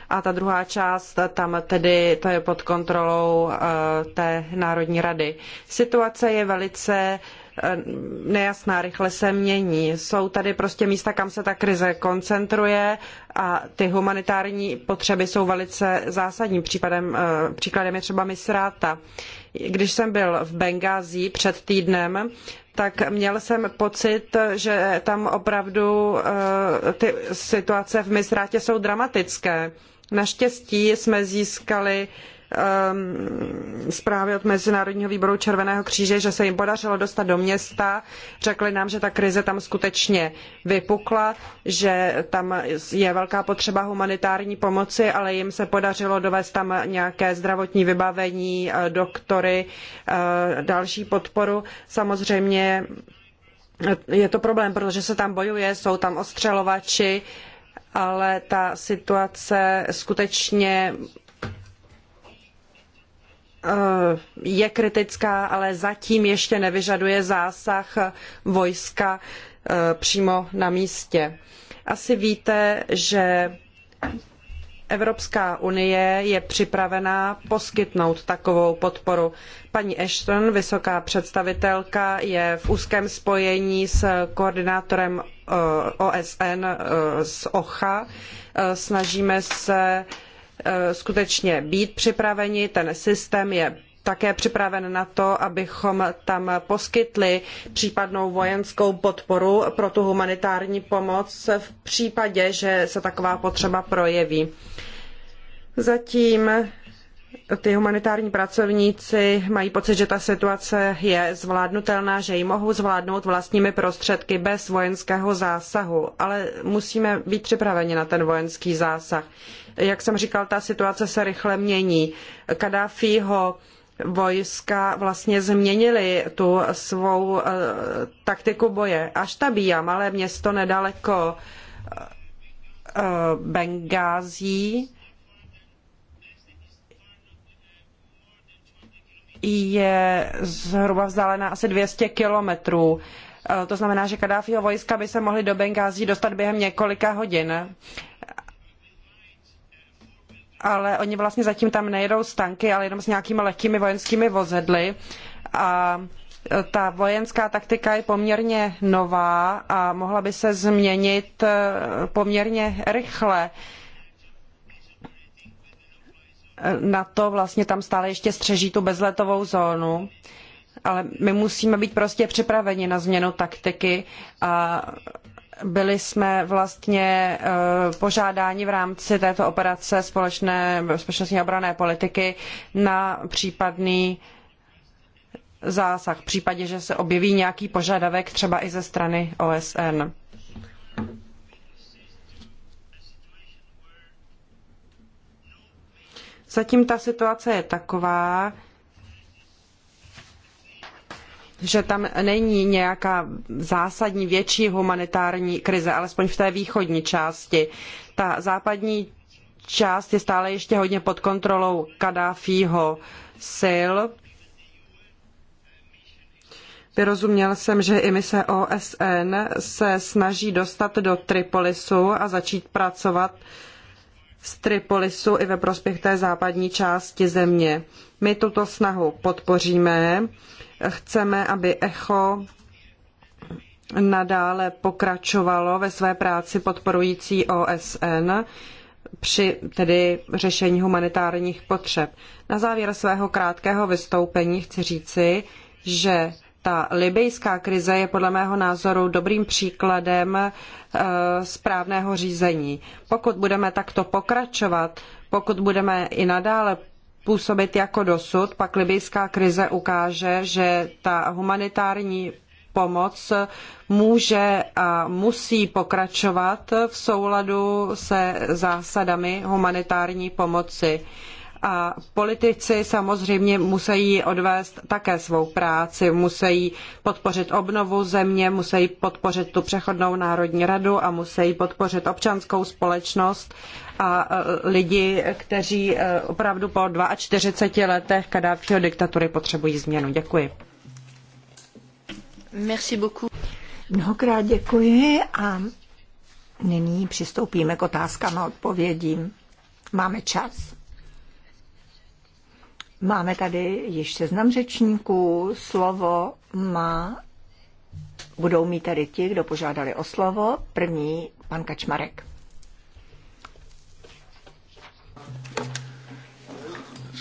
a ta druhá část, tam tedy to je pod kontrolou eh, té Národní rady. Situace je velice eh, nejasná, rychle se mění. Jsou tady prostě místa, kam se ta krize koncentruje a ty humanitární potřeby jsou velice zásadní. Případem, eh, příkladem je třeba Misráta. Když jsem byl v Bengází před týdnem, tak měl jsem pocit, že tam opravdu ty situace v Misrátě jsou dramatické. Naštěstí jsme získali um, zprávy od Mezinárodního výboru Červeného kříže, že se jim podařilo dostat do města. Řekli nám, že ta krize tam skutečně vypukla, že tam je velká potřeba humanitární pomoci, ale jim se podařilo dovést tam nějaké zdravotní vybavení, eh, doktory, eh, další podporu. Samozřejmě je to problém, protože se tam bojuje, jsou tam ostřelovači, ale ta situace skutečně eh, je kritická, ale zatím ještě nevyžaduje zásah vojska eh, přímo na místě. Asi víte, že Evropská unie je připravena poskytnout takovou podporu. Paní Ashton, vysoká představitelka, je v úzkém spojení s koordinátorem eh, OSN eh, z OCHA. Eh, snažíme se skutečně být připraveni, ten systém je také připraven na to, abychom tam poskytli případnou vojenskou podporu pro tu humanitární pomoc v případě, že se taková potřeba projeví. Zatím ty humanitární pracovníci mají pocit, že ta situace je zvládnutelná, že ji mohou zvládnout vlastními prostředky bez vojenského zásahu, ale musíme být připraveni na ten vojenský zásah. Jak jsem říkal, ta situace se rychle mění. Kadáfího vojska vlastně změnili tu svou eh, taktiku boje. Až Tabíja, malé město nedaleko eh, Bengází, je zhruba vzdálená asi 200 kilometrů. Eh, to znamená, že Kadáfiho vojska by se mohly do Bengází dostat během několika hodin ale oni vlastně zatím tam nejedou s tanky, ale jenom s nějakými lehkými vojenskými vozidly. A e, ta vojenská taktika je poměrně nová a mohla by se změnit e, poměrně rychle. E, na to vlastně tam stále ještě střeží tu bezletovou zónu, ale my musíme být prostě připraveni na změnu taktiky a byli jsme vlastně eh, požádáni v rámci této operace společné bezpečnostní obrané politiky na případný zásah v případě, že se objeví nějaký požadavek třeba i ze strany OSN. Zatím ta situace je taková, že tam není nějaká zásadní větší humanitární krize, alespoň v té východní části. Ta západní část je stále ještě hodně pod kontrolou Kadáfího sil. Vyrozuměl jsem, že i mise OSN se snaží dostat do Tripolisu a začít pracovat z Tripolisu i ve prospěch té západní části země. My tuto snahu podpoříme Chceme, aby ECHO nadále pokračovalo ve své práci podporující OSN při tedy řešení humanitárních potřeb. Na závěr svého krátkého vystoupení chci říci, že ta libejská krize je podle mého názoru dobrým příkladem eh, správného řízení. Pokud budeme takto pokračovat, pokud budeme i nadále působit jako dosud, pak libijská krize ukáže, že ta humanitární pomoc může a musí pokračovat v souladu se zásadami humanitární pomoci a politici samozřejmě musí odvést také svou práci, musí podpořit obnovu země, musí podpořit tu přechodnou národní radu a musí podpořit občanskou společnost a e, lidi, kteří e, opravdu po 42 letech Kadáfiho diktatury potřebují změnu. Děkuji. Merci beaucoup. Mnohokrát děkuji a nyní přistoupíme k otázkám a odpovědím. Máme čas. Máme tady již seznam řečníků, slovo má, budou mít tady ti, kdo požádali o slovo. První, pan Kačmarek.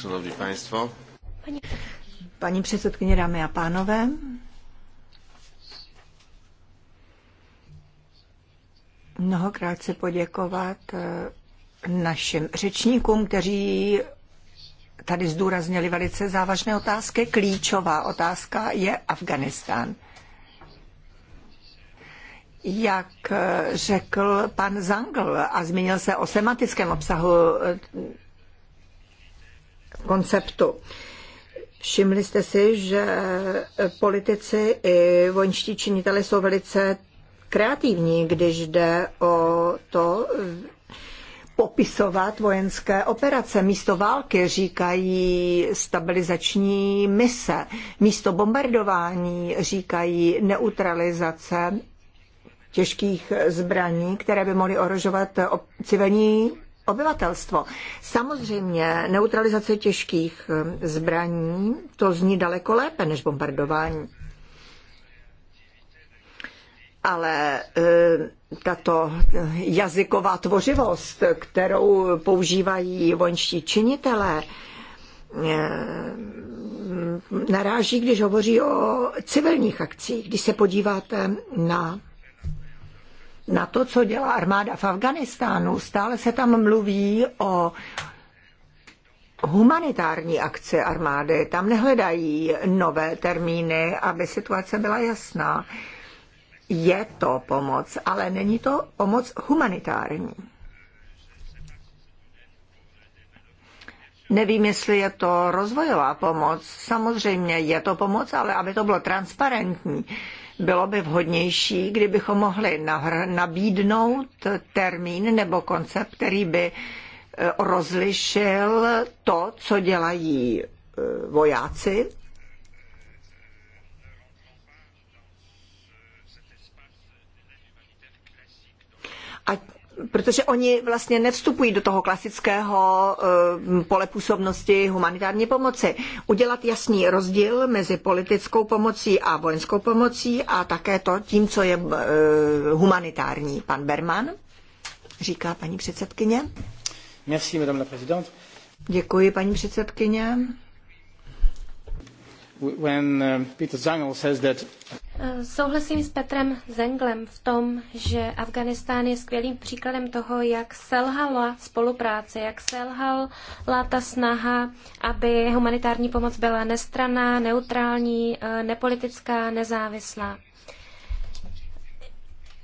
Szanowni Państwo. Pani... Paní předsedkyně, dámy a pánové, mnohokrát se poděkovat eh, našim řečníkům, kteří tady zdůraznili velice závažné otázky. Klíčová otázka je Afganistán. Jak eh, řekl pan Zangl a zmínil se o semantickém obsahu eh, konceptu. Všimli jste si, že eh, politici i vojenští činitelé jsou velice kreativní, když jde o to, popisovat vojenské operace. Místo války říkají stabilizační mise. Místo bombardování říkají neutralizace těžkých zbraní, které by mohly ohrožovat civilní obyvatelstvo. Samozřejmě neutralizace těžkých hm, zbraní, to zní daleko lépe než bombardování. Ale hm, tato jazyková tvořivost, kterou používají vojenští činitelé, eh, naráží, když hovoří o civilních akcích. Když se podíváte na, na to, co dělá armáda v Afganistánu, stále se tam mluví o humanitární akce armády. Tam nehledají nové termíny, aby situace byla jasná je to pomoc, ale není to pomoc humanitární. Nevím, jestli je to rozvojová pomoc. Samozřejmě je to pomoc, ale aby to bylo transparentní, bylo by vhodnější, kdybychom mohli nabídnout termín nebo koncept, který by e, rozlišil to, co dělají e, vojáci a protože oni vlastně nevstupují do toho klasického eh, pole působnosti humanitární pomoci. Udělat jasný rozdíl mezi politickou pomocí a vojenskou pomocí a také to tím, co je eh, humanitární. Pan Berman, říká paní předsedkyně. Merci, madame la présidente. Děkuji, paní předsedkyně when uh, Peter Zangel says that eh, Souhlasím s Petrem Zenglem v tom, že Afganistán je skvělým příkladem toho, jak selhala spolupráce, jak selhala ta snaha, aby humanitární pomoc byla nestraná, neutrální, eh, nepolitická, nezávislá.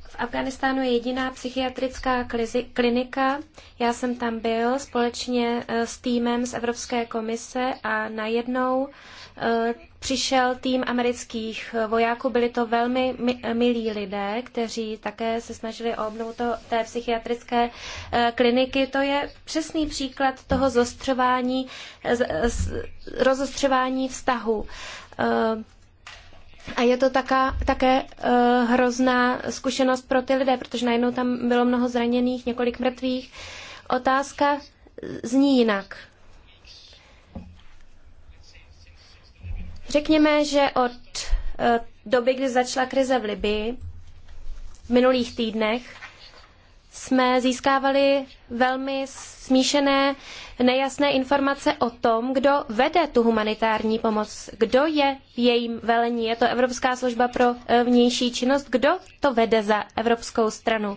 V Afganistánu je jediná psychiatrická klinika. Já jsem tam byl společně eh, s týmem z Evropské komise a najednou Eh, přišel tým amerických vojáků. Byli to velmi milí lidé, kteří také se snažili o obnovu té psychiatrické eh, kliniky. To je přesný příklad toho zostřování, eh, rozostřování vztahu. A je to taká, také uh, hrozná zkušenost pro ty lidé, protože najednou tam bylo mnoho zraněných, několik mrtvých. Otázka zní jinak. Řekněme, že od eh, doby, kdy začala krize v Libii, v minulých týdnech, jsme získávali velmi smíšené, nejasné informace o tom, kdo vede tu humanitární pomoc, kdo je v jejím velení. Je to Evropská služba pro eh, vnější činnost, kdo to vede za evropskou stranu.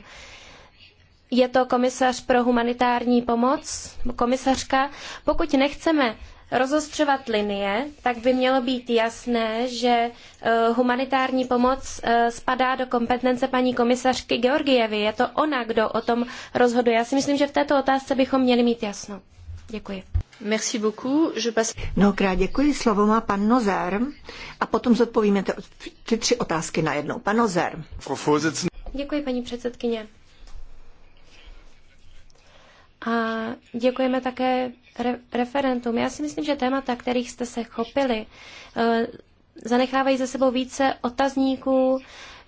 Je to komisař pro humanitární pomoc, komisařka. Pokud nechceme rozostřovat linie, tak by mělo být jasné, že eh, humanitární pomoc eh, spadá do kompetence paní komisařky Georgievy. Je to ona, kdo o tom rozhoduje. Já si myslím, že v této otázce bychom měli mít jasno. Děkuji. Merci beaucoup. Je passe... Mnohokrát děkuji. Slovo má pan Nozer a potom zodpovíme ty tři otázky najednou. Pan Nozer. Děkuji, paní předsedkyně. A děkujeme také re- referendum. Já si myslím, že témata, kterých jste se chopili, eh, zanechávají ze sebou více otazníků,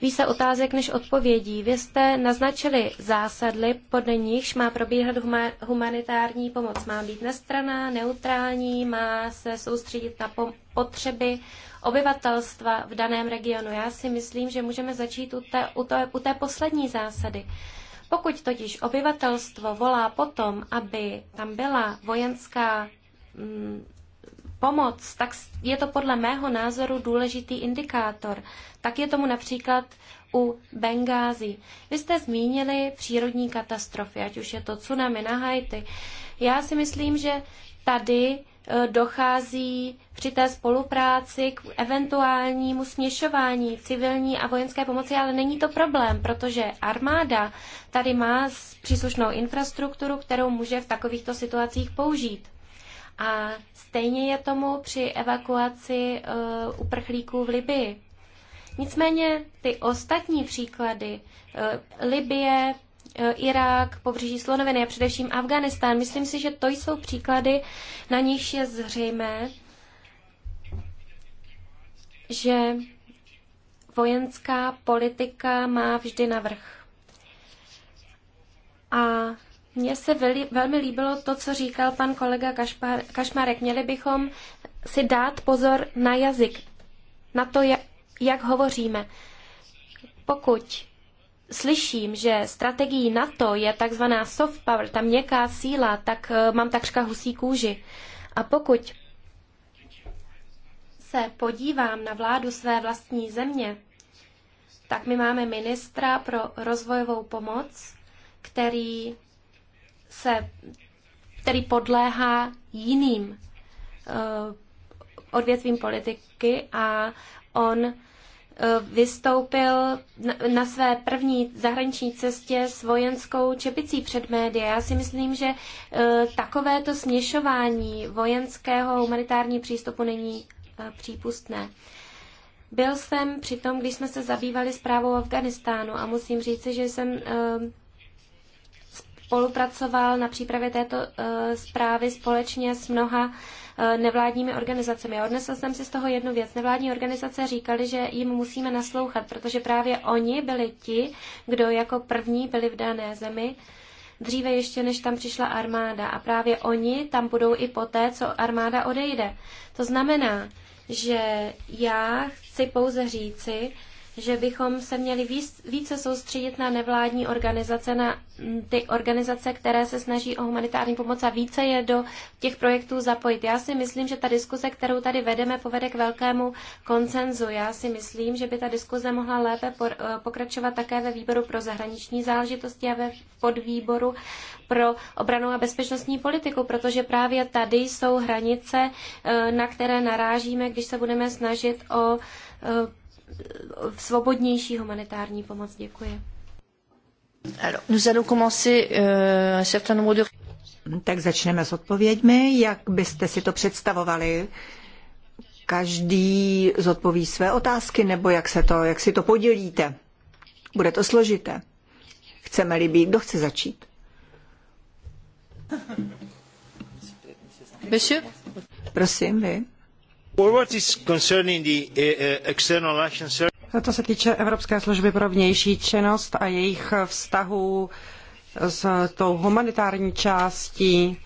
více otázek než odpovědí. Vy jste naznačili zásady, podle nichž má probíhat humanitární pomoc. Má být nestraná, neutrální, má se soustředit na potřeby obyvatelstva v daném regionu. Já si myslím, že můžeme začít u té, u té, u té poslední zásady. Uh, pokud totiž obyvatelstvo volá potom, aby tam byla vojenská mm, pomoc, tak je to podle mého názoru důležitý indikátor. Tak je tomu například u Bengázy. Vy jste zmínili přírodní katastrofy, ať už je to tsunami na Haiti. Já si myslím, že tady Eh, dochází při té spolupráci k eventuálnímu směšování civilní a vojenské pomoci, ale není to problém, protože armáda tady má příslušnou infrastrukturu, kterou může v takovýchto situacích použít. A stejně je tomu při evakuaci uh, uprchlíků v Libii. Nicméně ty ostatní příklady, uh, Libie, Eh, Irák, pobřeží Slonoviny a především Afganistán. Myslím si, že to jsou příklady, na nich je zřejmé, že vojenská politika má vždy navrh. A mně se veli, velmi líbilo to, co říkal pan kolega Kašpar, Kašmarek. Měli bychom si dát pozor na jazyk, na to, jak, jak hovoříme. Pokud slyším, že strategií NATO je takzvaná soft power, ta měkká síla, tak eh, mám takřka husí kůži. A pokud se podívám na vládu své vlastní země, tak my máme ministra pro rozvojovou pomoc, který se který podléhá jiným uh, odvětvím politiky a on Eh, vystoupil na své první zahraniční cestě s vojenskou čepicí před média. Já si myslím, že eh, takovéto směšování vojenského humanitární přístupu není eh, přípustné. Byl jsem přitom, když jsme se zabývali zprávou Afganistánu a musím říci, že jsem spolupracoval na přípravě této eh, zprávy společně s mnoha eh, nevládními organizacemi. Odnesl jsem si z toho jednu věc. Nevládní organizace říkali, že jim musíme naslouchat, protože právě oni byli ti, kdo jako první byli v dané zemi, dříve ještě než tam přišla armáda. A právě oni tam budou i poté, co armáda odejde. To znamená, že já chci pouze říci, že bychom se měli více soustředit na nevládní organizace, na ty organizace, které se snaží o humanitární pomoc a více je do těch projektů zapojit. Já si myslím, že ta diskuze, kterou tady vedeme, povede k velkému koncenzu. Já si myslím, že by ta diskuze mohla lépe eh, pokračovat také ve výboru pro zahraniční záležitosti a ve podvýboru pro obranu a bezpečnostní politiku, protože právě tady jsou hranice, eh, na které narážíme, když se budeme snažit o eh, svobodnější humanitární pomoc. Děkuji. Alors, nous allons commencer euh, de... Tak začneme s odpověďmi. Jak byste si to představovali? Každý zodpoví své otázky, nebo jak, se to, jak si to podělíte? Bude to složité. Chceme-li být, kdo chce začít? Monsieur? Prosím, vy. Co se týče Evropské služby pro vnější činnost a jejich vztahů s tou humanitární částí,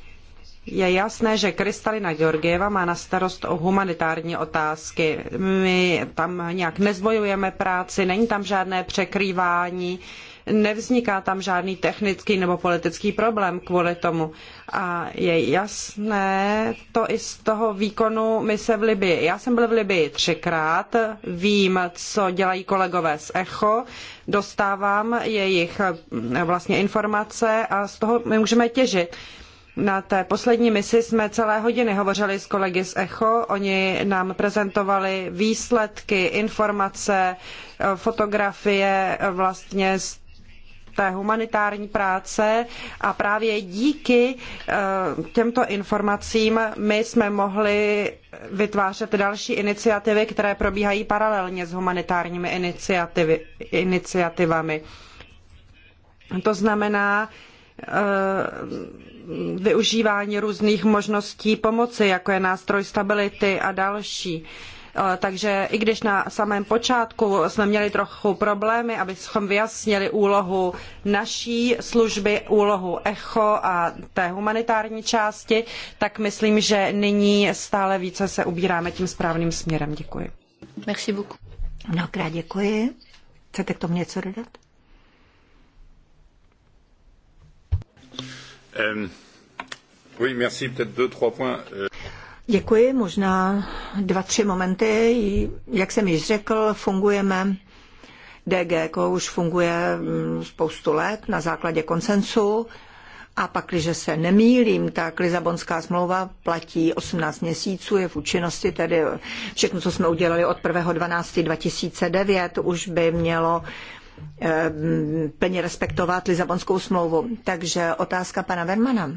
je jasné, že Kristalina Georgieva má na starost humanitární otázky. My tam nějak nezvojujeme práci, není tam žádné překrývání. Uh, nevzniká tam žádný technický nebo politický problém kvůli tomu. A je jasné to i z toho výkonu mise v Libii. Já jsem byl v Libii třikrát, vím, co dělají kolegové z ECHO, dostávám jejich eh, vlastně informace a z toho my můžeme těžit. Na té poslední misi jsme celé hodiny hovořili s kolegy z ECHO. Oni nám prezentovali výsledky, informace, eh, fotografie eh, vlastně z té humanitární práce a právě díky eh, těmto informacím my jsme mohli vytvářet další iniciativy, které probíhají paralelně s humanitárními iniciativy, iniciativami. To znamená, eh, využívání různých možností pomoci, jako je nástroj stability a další. Takže i když na samém počátku jsme měli trochu problémy, abychom vyjasnili úlohu naší služby, úlohu ECHO a té humanitární části, tak myslím, že nyní stále více se ubíráme tím správným směrem. Děkuji. Merci beaucoup. Mnohokrát děkuji. Chcete k tomu něco dodat? Um, oui, merci. Peut-être deux, trois points. Uh... Děkuji, možná dva, tři momenty. Jak jsem již řekl, fungujeme DG, jako už funguje mm, spoustu let na základě konsensu. A pak, když se nemýlím, tak Lizabonská smlouva platí 18 měsíců, je v účinnosti, tedy všechno, co jsme udělali od 1.12.2009, už by mělo eh, plně respektovat Lizabonskou smlouvu. Takže otázka pana Vermana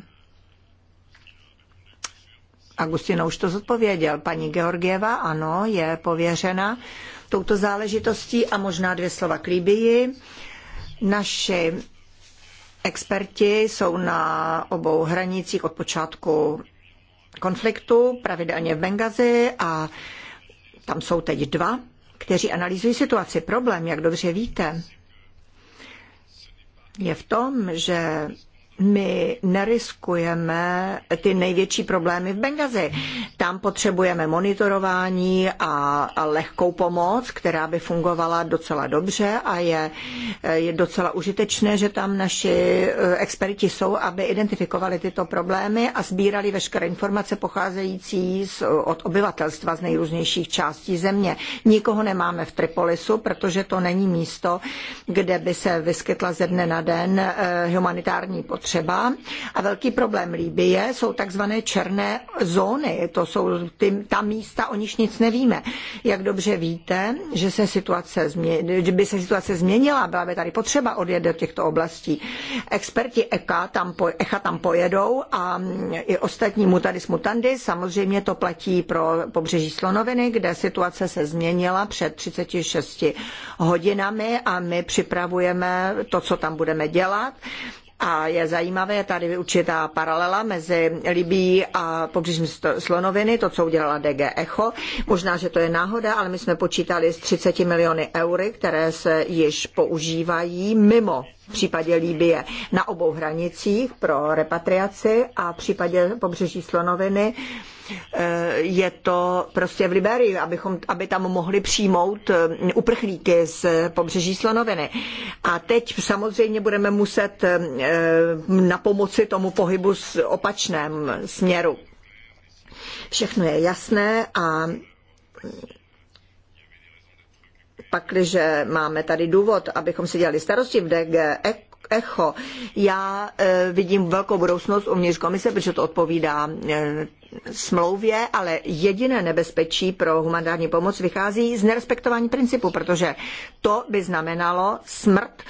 Agustino už to zodpověděl. Paní Georgieva, ano, je pověřena touto záležitostí a možná dvě slova k Libii. Naši experti jsou na obou hranicích od počátku konfliktu, pravidelně v Bengazi a tam jsou teď dva, kteří analyzují situaci. Problém, jak dobře víte, je v tom, že my neriskujeme ty největší problémy v Bengazi. Tam potřebujeme monitorování a, a lehkou pomoc, která by fungovala docela dobře a je, je docela užitečné, že tam naši eh, experti jsou, aby identifikovali tyto problémy a sbírali veškeré informace pocházející z, od obyvatelstva z nejrůznějších částí země. Nikoho nemáme v Tripolisu, protože to není místo, kde by se vyskytla ze dne na den eh, humanitární potřeba potřeba. A velký problém Líbie jsou takzvané černé zóny. To jsou ty, ta místa, o nich nic nevíme. Jak dobře víte, že, se situace změ, že by se situace změnila, byla by tady potřeba odjet do těchto oblastí. Experti ECA tam, po, ECHA tam pojedou a i ostatní mutadis mutandis. Samozřejmě to platí pro pobřeží Slonoviny, kde situace se změnila před 36 hodinami a my připravujeme to, co tam budeme dělat. A je zajímavé tady určitá paralela mezi Libí a pobřežní Slonoviny, to, co udělala DG Echo. Možná, že to je náhoda, ale my jsme počítali s 30 miliony eury, které se již používají mimo v případě Líbie na obou hranicích pro repatriaci a v případě pobřeží Slonoviny Eh, je to prostě v Liberii, abychom, aby tam mohli přijmout eh, uprchlíky z pobřeží Slonoviny. A teď samozřejmě budeme muset eh, na pomoci tomu pohybu s opačném směru. Všechno je jasné a pakliže máme tady důvod, abychom si dělali starosti v DG e echo. Já eh, vidím velkou budoucnost uvnitř komise, protože to odpovídá eh, smlouvě, ale jediné nebezpečí pro humanitární pomoc vychází z nerespektování principu, protože to by znamenalo smrt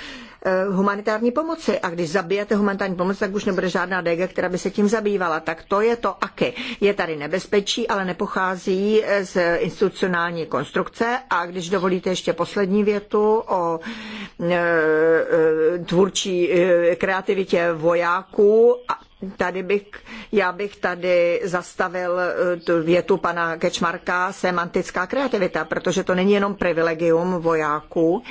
Eh, humanitární pomoci. A když zabijete humanitární pomoc, tak už nebude žádná DG, která by se tím zabývala. Tak to je to aky. Je tady nebezpečí, ale nepochází eh, z institucionální konstrukce. A když dovolíte ještě poslední větu o eh, tvůrčí kreativitě vojáků tady bych, já bych tady zastavil tu větu pana Kečmarka semantická kreativita, protože to není jenom privilegium vojáků,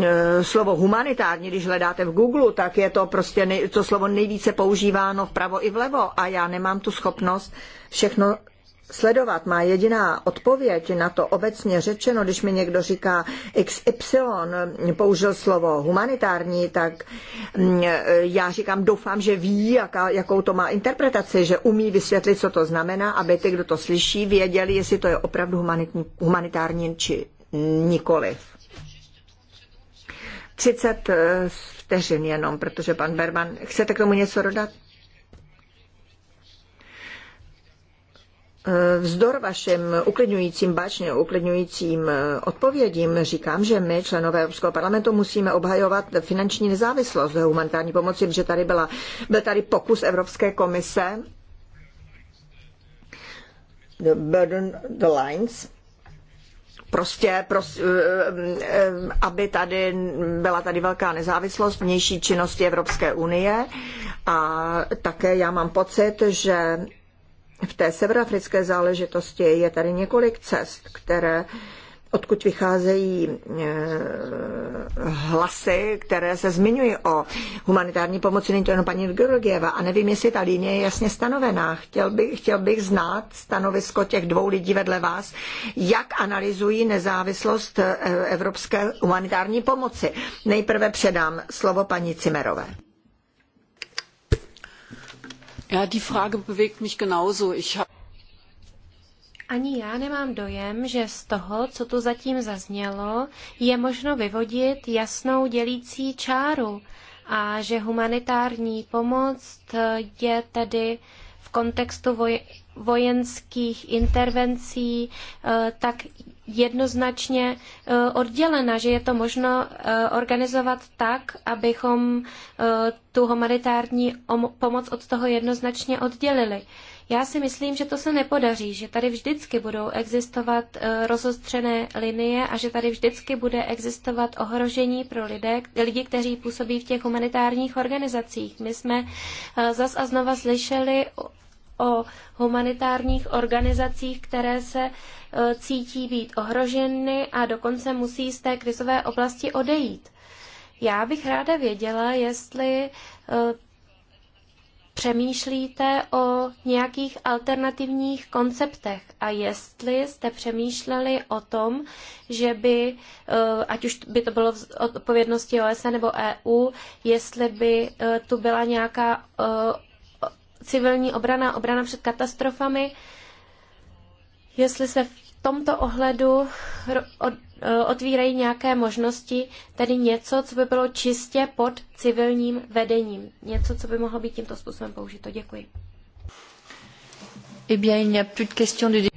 Eh, slovo humanitární, když hledáte v Google, tak je to prostě nej, to slovo nejvíce používáno vpravo i vlevo a já nemám tu schopnost všechno sledovat. Má jediná odpověď na to obecně řečeno, když mi někdo říká XY použil slovo humanitární, tak mm, eh, já říkám, doufám, že ví, jaká, jakou to má interpretaci, že umí vysvětlit, co to znamená, aby ty, kdo to slyší, věděli, jestli to je opravdu humanitní, humanitární či nikoliv. 30 eh, vteřin jenom, protože pan Berman, chcete k tomu něco dodat? Eh, vzdor vašim uklidňujícím, báčně uklidňujícím eh, odpovědím říkám, že my, členové Evropského parlamentu, musíme obhajovat finanční nezávislost humanitární pomoci, protože tady byla, byl tady pokus Evropské komise the burden the lines prostě, prostě aby tady byla tady velká nezávislost vnější činnosti Evropské unie a také já mám pocit, že v té severoafrické záležitosti je tady několik cest, které odkud vycházejí e, hlasy, které se zmiňují o humanitární pomoci, není to jenom paní Georgieva a nevím, jestli ta linie je jasně stanovená. Chtěl, by, chtěl bych znát stanovisko těch dvou lidí vedle vás, jak analyzují nezávislost e, evropské humanitární pomoci. Nejprve předám slovo paní Cimerové. Ja, die Frage bewegt mich genauso. Ich hab ani já nemám dojem, že z toho, co tu zatím zaznělo, je možno vyvodit jasnou dělící čáru a že humanitární pomoc je tedy v kontextu voj- vojenských intervencí eh, tak jednoznačně eh, oddělena, že je to možno eh, organizovat tak, abychom tu humanitární pomoc od toho jednoznačně oddělili. Já si myslím, že to se nepodaří, že tady vždycky budou existovat eh, rozostřené linie a že tady vždycky bude existovat ohrožení pro lidé, lidi, kteří působí v těch humanitárních organizacích. My jsme eh, zas a znova slyšeli o humanitárních organizacích, které se eh, cítí být ohroženy a dokonce musí z té krizové oblasti odejít. Já bych ráda věděla, jestli přemýšlíte o nějakých alternativních konceptech a jestli jste přemýšleli o tom, že by, eh, ať už by to bylo od odpovědnosti OSN nebo EU, jestli by eh, tu byla nějaká eh, civilní obrana, obrana před katastrofami, jestli se v tomto ohledu E, otvírají nějaké možnosti, tedy něco, co by bylo čistě pod civilním vedením. Něco, co by mohlo být tímto způsobem použito. Děkuji. Eh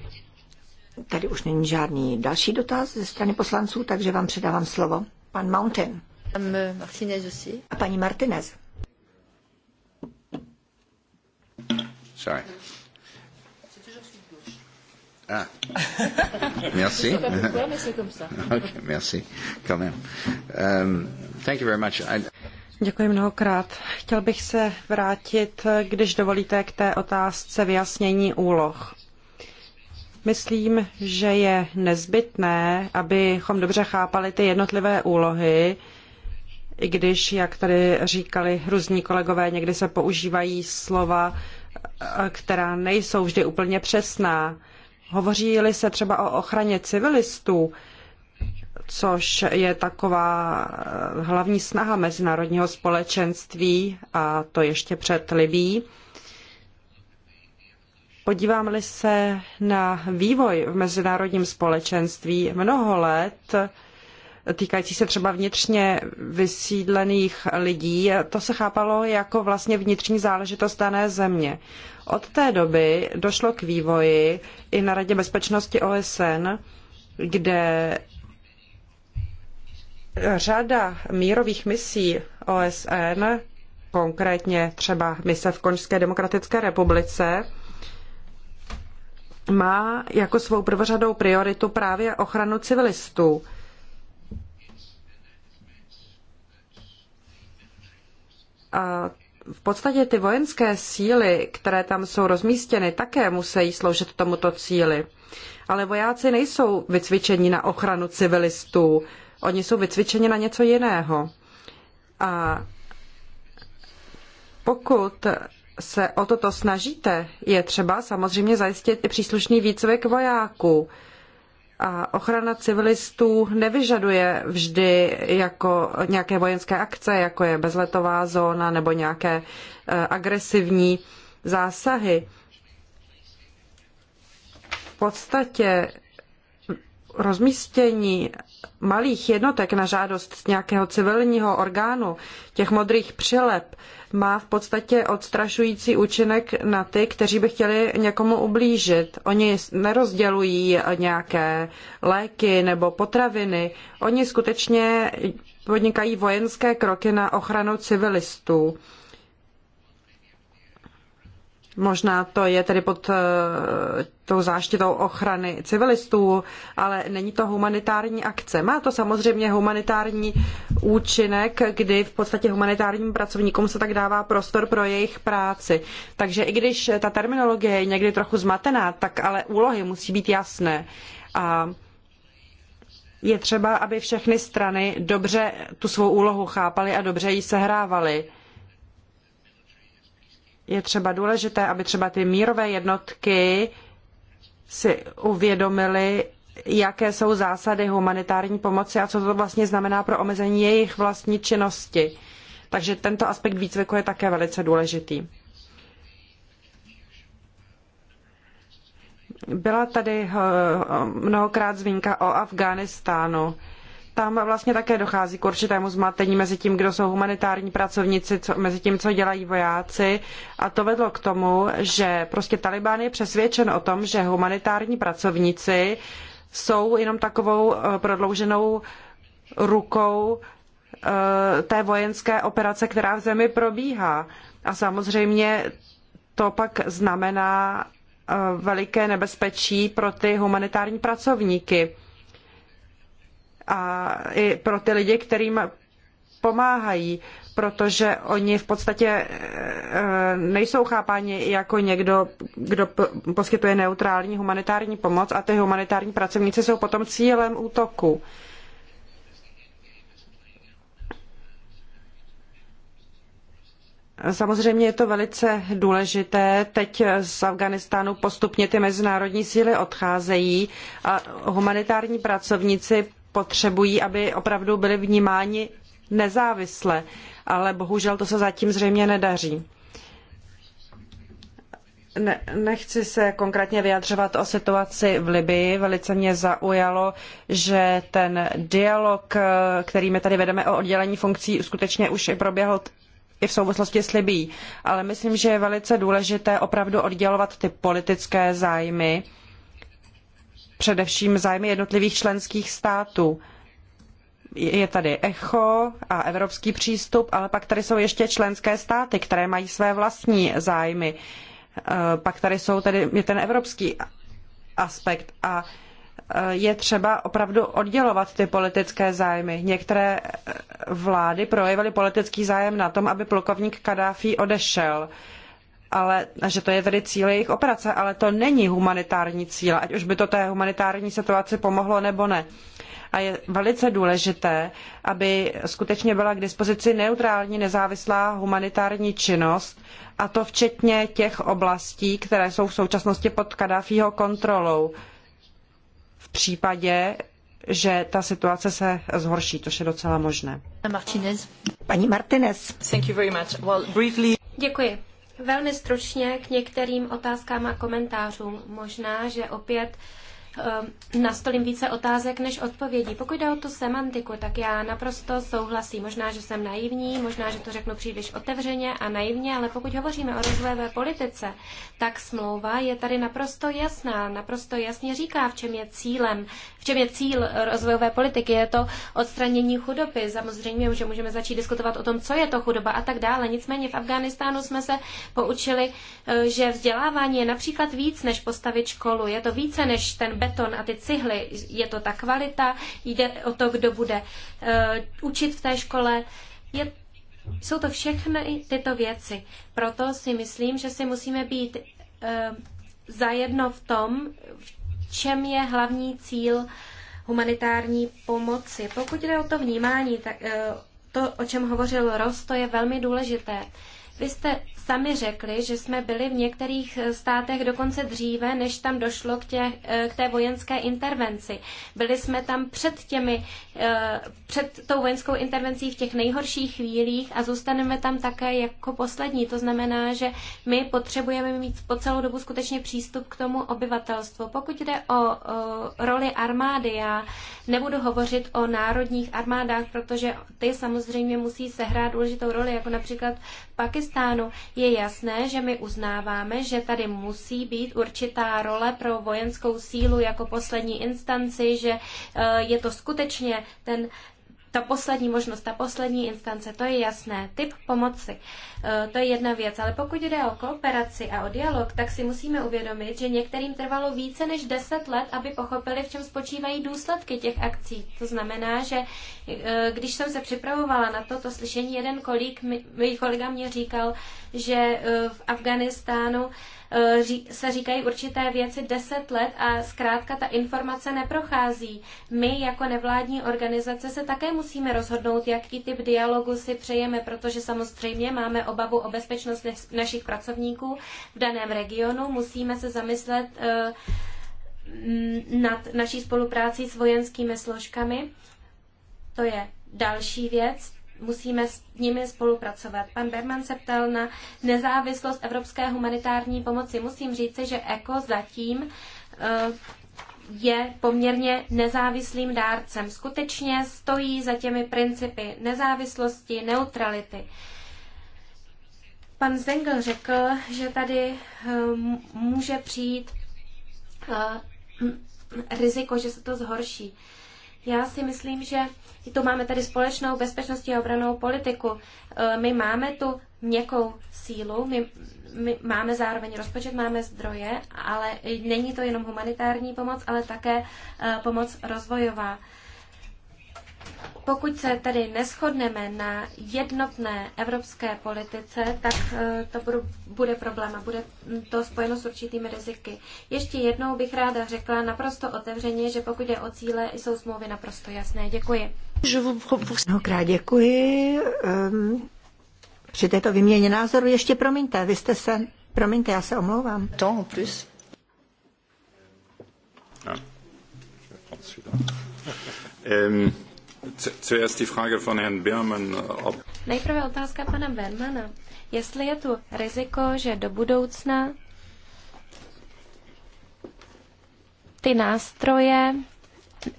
Tady už není žádný další dotaz ze strany poslanců, takže vám předávám slovo. Pan Mountain. A paní Martinez. Sorry. Ah. Merci. pas pourquoi, mais c'est comme ça. Okay, merci, quand même. Um, thank you very much. I... Děkuji mnohokrát. Chtěl bych se vrátit, když dovolíte, k té otázce vyjasnění úloh. Myslím, že je nezbytné, abychom dobře chápali ty jednotlivé úlohy, i když, jak tady říkali různí kolegové, někdy se používají slova, která nejsou vždy úplně přesná. Hovoří-li se třeba o ochraně civilistů, což je taková eh, hlavní snaha mezinárodního společenství, a to ještě před Libí. Podívám-li se na vývoj v mezinárodním společenství mnoho let, týkající se třeba vnitřně vysídlených lidí, to se chápalo jako vlastně vnitřní záležitost dané země. Od té doby došlo k vývoji i na Radě bezpečnosti OSN, kde řada mírových misí OSN, konkrétně třeba mise v Konžské demokratické republice, má jako svou prvořadou prioritu právě ochranu civilistů. v podstatě ty vojenské síly, které tam jsou rozmístěny, také musí sloužit tomuto cíli. Ale vojáci nejsou vycvičeni na ochranu civilistů. Oni jsou vycvičeni na něco jiného. A pokud se o toto snažíte, je třeba samozřejmě zajistit i příslušný výcvik vojáků. A ochrana civilistů nevyžaduje vždy jako nějaké vojenské akce, jako je bezletová zóna nebo nějaké e, agresivní zásahy. V podstatě rozmístění malých jednotek na žádost nějakého civilního orgánu, těch modrých přilep, má v podstatě odstrašující účinek na ty, kteří by chtěli někomu ublížit. Oni nerozdělují nějaké léky nebo potraviny. Oni skutečně podnikají vojenské kroky na ochranu civilistů. Možná to je tedy pod eh, tou záštitou ochrany civilistů, ale není to humanitární akce. Má to samozřejmě humanitární účinek, kdy v podstatě humanitárním pracovníkům se tak dává prostor pro jejich práci. Takže i když ta terminologie je někdy trochu zmatená, tak ale úlohy musí být jasné. A je třeba, aby všechny strany dobře tu svou úlohu chápaly a dobře ji sehrávaly je třeba důležité, aby třeba ty mírové jednotky si uvědomily, jaké jsou zásady humanitární pomoci a co to vlastně znamená pro omezení jejich vlastní činnosti. Takže tento aspekt výcviku je také velice důležitý. Byla tady eh, mnohokrát zmínka o Afghánistánu tam vlastně také dochází k určitému zmatení mezi tím, kdo jsou humanitární pracovníci, co, mezi tím, co dělají vojáci. A to vedlo k tomu, že prostě Taliban je přesvědčen o tom, že humanitární pracovníci jsou jenom takovou eh, prodlouženou rukou eh, té vojenské operace, která v zemi probíhá. A samozřejmě to pak znamená eh, veliké nebezpečí pro ty humanitární pracovníky a i pro ty lidi, kterým pomáhají, protože oni v podstatě eh, nejsou chápáni jako někdo, kdo poskytuje neutrální humanitární pomoc a ty humanitární pracovníci jsou potom cílem útoku. Samozřejmě je to velice důležité. Teď z Afghánistánu postupně ty mezinárodní síly odcházejí a humanitární pracovníci potřebují, aby opravdu byli vnímáni nezávisle, ale bohužel to se zatím zřejmě nedaří. Ne, nechci se konkrétně vyjadřovat o situaci v Libyi. Velice mě zaujalo, že ten dialog, který my tady vedeme o oddělení funkcí, skutečně už proběhl i v souvislosti s Libií. Ale myslím, že je velice důležité opravdu oddělovat ty politické zájmy především zájmy jednotlivých členských států. Je tady echo a evropský přístup, ale pak tady jsou ještě členské státy, které mají své vlastní zájmy. E, pak tady jsou tedy, je ten evropský aspekt a e, je třeba opravdu oddělovat ty politické zájmy. Některé vlády projevily politický zájem na tom, aby plukovník Kadáfi odešel ale, že to je tedy cíl jejich operace, ale to není humanitární cíl, ať už by to té humanitární situaci pomohlo nebo ne. A je velice důležité, aby skutečně byla k dispozici neutrální nezávislá humanitární činnost, a to včetně těch oblastí, které jsou v současnosti pod Kadáfího kontrolou. V případě, že ta situace se zhorší, což je docela možné. Martinez. Paní Martinez. Thank you very much. Well, briefly... Děkuji. Velmi stručně k některým otázkám a komentářům. Možná, že opět Ehm, nastolím více otázek než odpovědí. Pokud jde o tu semantiku, tak já naprosto souhlasím. Možná, že jsem naivní, možná, že to řeknu příliš otevřeně a naivně, ale pokud hovoříme o rozvojové politice, tak smlouva je tady naprosto jasná, naprosto jasně říká, v čem je cílem, v čem je cíl rozvojové politiky. Je to odstranění chudoby. Samozřejmě, že můžeme začít diskutovat o tom, co je to chudoba a tak dále. Nicméně v Afghánistánu jsme se poučili, eh, že vzdělávání je například víc než postavit školu. Je to více než ten beton a ty cihly. Je to ta kvalita, jde o to, kdo bude eh, učit v té škole. Je jsou to všechny tyto věci. Proto si myslím, že si musíme být uh, zajedno v tom, v čem je hlavní cíl humanitární pomoci. Pokud jde o to vnímání, tak uh, to, o čem hovořil Ross, to je velmi důležité. Vy jste sami řekli, že jsme byli v některých eh, státech dokonce dříve, než tam došlo k, tě, eh, k té vojenské intervenci. Byli jsme tam před, těmi, eh, před tou vojenskou intervencí v těch nejhorších chvílích a zůstaneme tam také jako poslední. To znamená, že my potřebujeme mít po celou dobu skutečně přístup k tomu obyvatelstvu. Pokud jde o, o roli armády, já nebudu hovořit o národních armádách, protože ty samozřejmě musí sehrát důležitou roli, jako například v Pakistánu je jasné, že my uznáváme, že tady musí být určitá role pro vojenskou sílu jako poslední instanci, že eh, je to skutečně ten ta poslední možnost, ta poslední instance, to je jasné, typ pomoci, eh, to je jedna věc, ale pokud jde o kooperaci a o dialog, tak si musíme uvědomit, že některým trvalo více než 10 let, aby pochopili, v čem spočívají důsledky těch akcí. To znamená, že eh, když jsem se připravovala na toto slyšení, jeden kolík, můj kolega mě říkal, že eh, v Afganistánu Eh, se říkají určité věci deset let a zkrátka ta informace neprochází. My jako nevládní organizace se také musíme rozhodnout, jaký typ dialogu si přejeme, protože samozřejmě máme obavu o bezpečnost našich pracovníků v daném regionu. Musíme se zamyslet eh, nad naší spoluprácí s vojenskými složkami. To je další věc musíme s nimi spolupracovat. Pan Berman se ptal na nezávislost evropské humanitární pomoci. Musím říci, že ECO zatím eh, je poměrně nezávislým dárcem. Skutečně stojí za těmi principy nezávislosti, neutrality. Pan Zengel řekl, že tady eh, může přijít eh, riziko, že se to zhorší. Já si myslím, že tu máme tady společnou bezpečnostní a obranou politiku. E, my máme tu měkkou sílu, my, my máme zároveň rozpočet, máme zdroje, ale není to jenom humanitární pomoc, ale také e, pomoc rozvojová pokud se tedy neschodneme na jednotné evropské politice, tak eh, to bude problém a bude to spojeno s určitými riziky. Ještě jednou bych ráda řekla naprosto otevřeně, že pokud je o cíle, jsou smlouvy naprosto jasné. Děkuji. Mnohokrát děkuji. Ehm, při této výměně názoru ještě promiňte, vy jste se, promiňte, já se omlouvám. To plus. Um, Äh, Nejprve otázka pana Bermana. Jestli je tu riziko, že do budoucna ty nástroje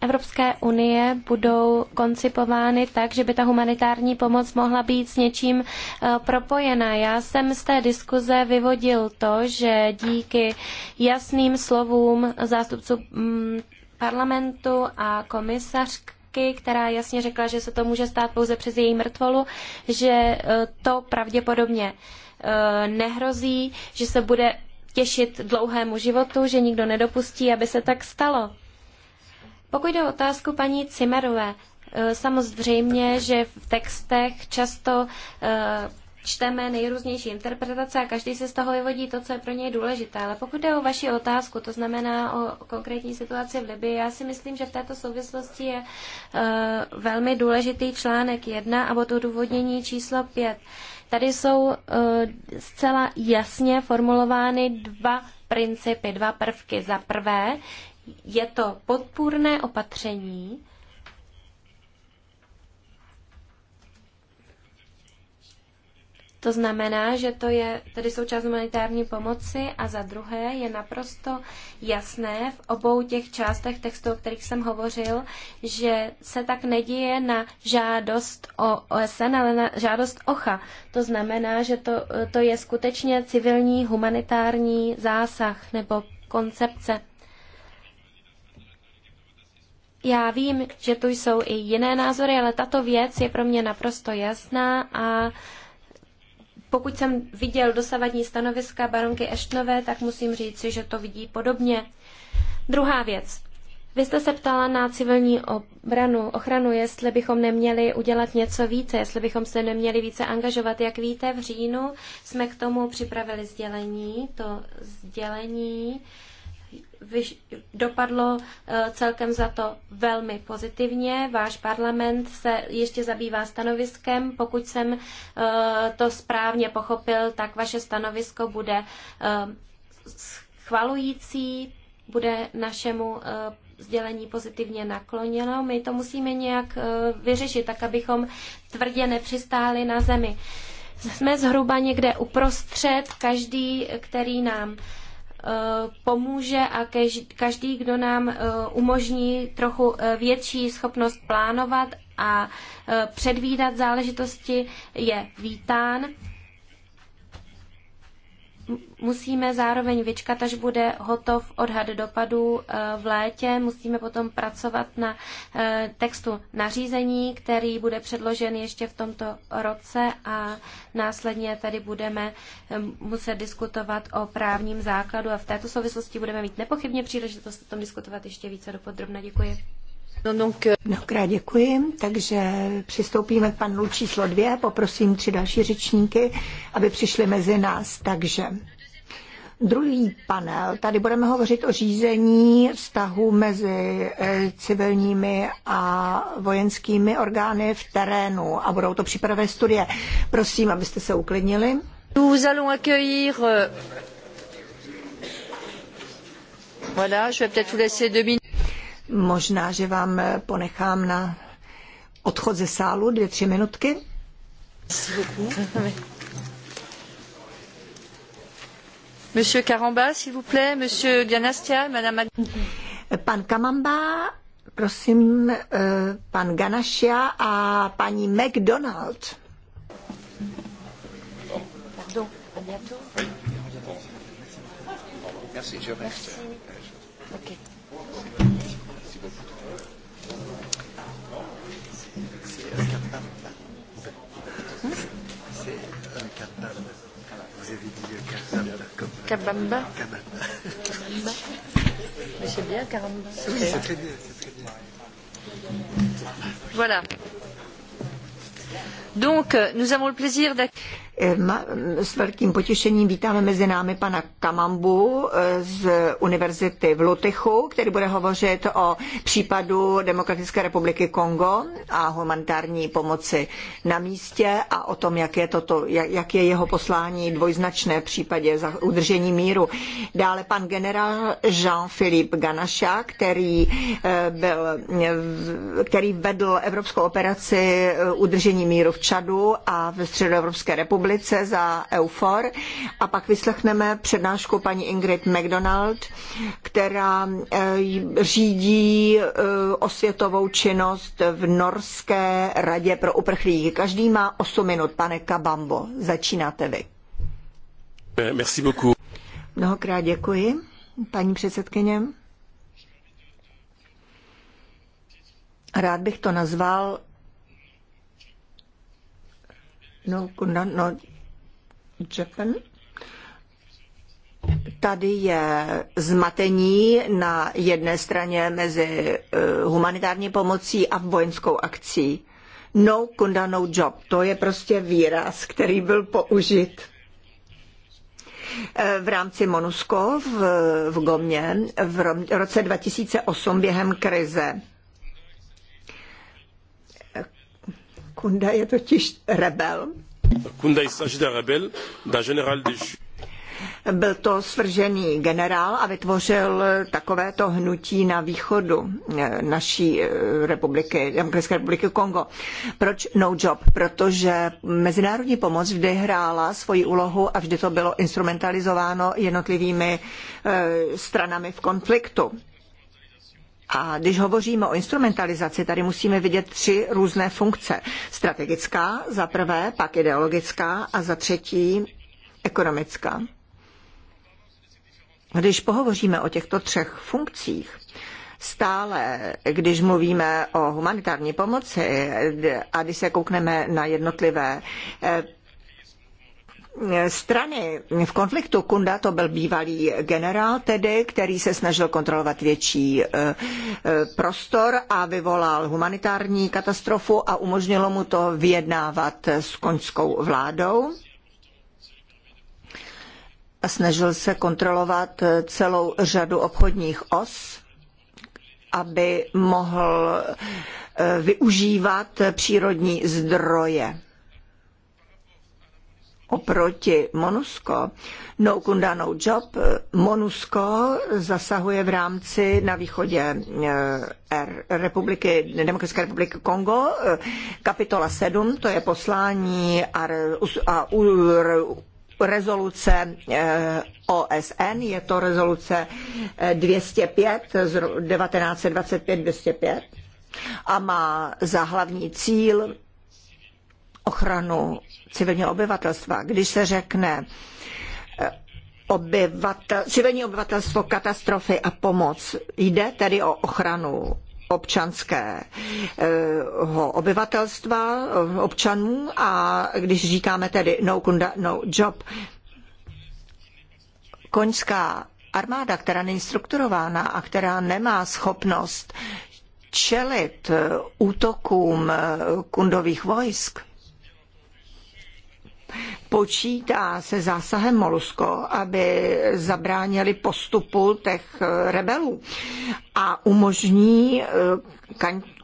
Evropské unie budou koncipovány tak, že by ta humanitární pomoc mohla být s něčím eh, propojena. Já jsem z té diskuze vyvodil to, že díky jasným slovům zástupců mm, parlamentu a komisařk matky, která jasně řekla, že se to může stát pouze přes její mrtvolu, že e, to pravděpodobně e, nehrozí, že se bude těšit dlouhému životu, že nikdo nedopustí, aby se tak stalo. Pokud jde o otázku paní Cimerové, e, samozřejmě, že v textech často čteme nejrůznější interpretace a každý si z toho vyvodí to, co je pro něj důležité. Ale pokud jde o vaši otázku, to znamená o konkrétní situaci v Libii, já si myslím, že v této souvislosti je uh, velmi důležitý článek 1 a bod odůvodnění číslo 5. Tady jsou uh, zcela jasně formulovány dva principy, dva prvky. Za prvé, je to podpůrné opatření, To znamená, že to je tedy součást humanitární pomoci a za druhé je naprosto jasné v obou těch částech textu, o kterých jsem hovořil, že se tak neděje na žádost o OSN, ale na žádost OCHA. To znamená, že to, to je skutečně civilní humanitární zásah nebo koncepce. Já vím, že tu jsou i jiné názory, ale tato věc je pro mě naprosto jasná a pokud jsem viděl dosavadní stanoviska baronky Eštnové, tak musím říci, že to vidí podobně. Druhá věc. Vy jste se ptala na civilní obranu, ochranu, jestli bychom neměli udělat něco více, jestli bychom se neměli více angažovat. Jak víte, v říjnu jsme k tomu připravili sdělení. To sdělení dopadlo eh, celkem za to velmi pozitivně. Váš parlament se ještě zabývá stanoviskem. Pokud jsem eh, to správně pochopil, tak vaše stanovisko bude eh, schvalující, bude našemu sdělení pozitivně nakloněno. My to musíme nějak vyřešit, tak abychom tvrdě nepřistáli na zemi. Jsme zhruba někde uprostřed, každý, který nám Eh, pomůže a každý, kdo nám eh, umožní trochu eh, větší schopnost plánovat a předvídat záležitosti, je vítán musíme zároveň vyčkat, až bude hotov odhad dopadů eh, v létě. Musíme potom pracovat na eh, textu nařízení, který bude předložen ještě v tomto roce a následně tady budeme eh, muset diskutovat o právním základu a v této souvislosti budeme mít nepochybně příležitost o tom diskutovat ještě více dopodrobna. Děkuji. No, euh, krát děkuji, takže přistoupíme k panelu číslo dvě. Poprosím tři další řečníky, aby přišli mezi nás. Takže Druhý panel, tady budeme hovořit o řízení vztahu mezi eh, civilními a vojenskými orgány v terénu a budou to přípravé studie. Prosím, abyste se uklidnili. Nous allons accueillir... Euh, voilà, je vais peut-être vous laisser deux minutes. Možná, že vám ponechám na odchod ze sálu dvě, tři minutky. Monsieur Caramba, s'il vous plaît, Monsieur Ganastia, Madame... Pan Kamamba, prosím, eh, pan Ganastia a paní McDonald. Pardon, à bientôt. Merci, je reste. Merci. Okay. Kabamba. Kabamba. Mais c'est bien, Karamba. Oui, c'est très bien, c'est très bien. Voilà. Donc, euh, nous avons le plaisir d'accueillir. S velkým potěšením vítáme mezi námi pana Kamambu eh, z Univerzity v Lutychu, který bude hovořit o případu Demokratické republiky Kongo a humanitární pomoci na místě a o tom, jak je, toto, jak je jeho poslání dvojznačné v případě za udržení míru. Dále pan generál Jean-Philippe Ganaša, který, eh, byl, který vedl evropskou operaci eh, udržení míru v Čadu a ve Středoevropské republice republice za EUFOR a pak vyslechneme přednášku paní Ingrid McDonald, která eh, řídí eh, osvětovou činnost v Norské radě pro uprchlíky. Každý má 8 minut. Pane Kabambo, začínáte vy. Eh, merci beaucoup. Mnohokrát děkuji, paní předsedkyně. Rád bych to nazval no, no, no, Japan. Tady je zmatení na jedné straně mezi eh, humanitární pomocí a vojenskou akcí. No kunda, no job. To je prostě výraz, který byl použit eh, v rámci Monusko v, v Gomě v roce 2008 během krize Kunda je totiž rebel. Kunda je rebel, da generál de byl to svržený generál a vytvořil takovéto hnutí na východu eh, naší eh, republiky, Demokratické republiky Kongo. Proč no job? Protože mezinárodní pomoc vždy hrála svoji úlohu a vždy to bylo instrumentalizováno jednotlivými eh, stranami v konfliktu. A když hovoříme o instrumentalizaci, tady musíme vidět tři různé funkce. Strategická za prvé, pak ideologická a za třetí ekonomická. Když pohovoříme o těchto třech funkcích, stále, když mluvíme o humanitární pomoci a když se koukneme na jednotlivé eh, strany v konfliktu Kunda, to byl bývalý generál tedy, který se snažil kontrolovat větší eh, eh, prostor a vyvolal humanitární katastrofu a umožnilo mu to vyjednávat s koňskou vládou a snažil se kontrolovat celou řadu obchodních os, aby mohl eh, využívat přírodní zdroje oproti MONUSCO. No kundanou No Job. MONUSCO zasahuje v rámci na východě eh, republiky, Demokratické republiky Kongo, eh, kapitola 7, to je poslání a, a rezoluce eh, OSN, je to rezoluce 205 z 1925-205 a má za hlavní cíl ochranu civilního obyvatelstva. Když se řekne eh, obyvatel, civilní obyvatelstvo, katastrofy a pomoc, jde tedy o ochranu občanského eh, obyvatelstva, eh, občanů a když říkáme tedy no kunda, no job, koňská armáda, která není strukturována a která nemá schopnost čelit útokům kundových vojsk, počítá se zásahem Molusko, aby zabránili postupu těch eh, rebelů a umožní eh,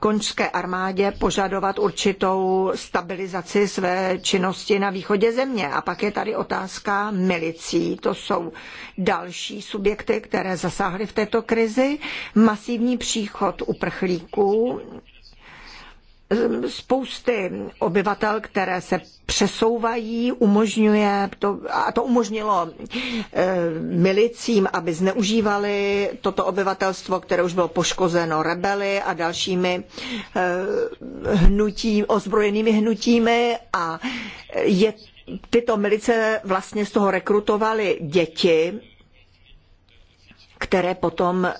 končské armádě požadovat určitou stabilizaci své činnosti na východě země. A pak je tady otázka milicí. To jsou další subjekty, které zasáhly v této krizi. Masivní příchod uprchlíků spousty obyvatel, které se přesouvají, umožňuje to, a to umožnilo eh, milicím, aby zneužívali toto obyvatelstvo, které už bylo poškozeno rebely a dalšími eh, hnutí, ozbrojenými hnutími a je, tyto milice vlastně z toho rekrutovaly děti, které potom eh,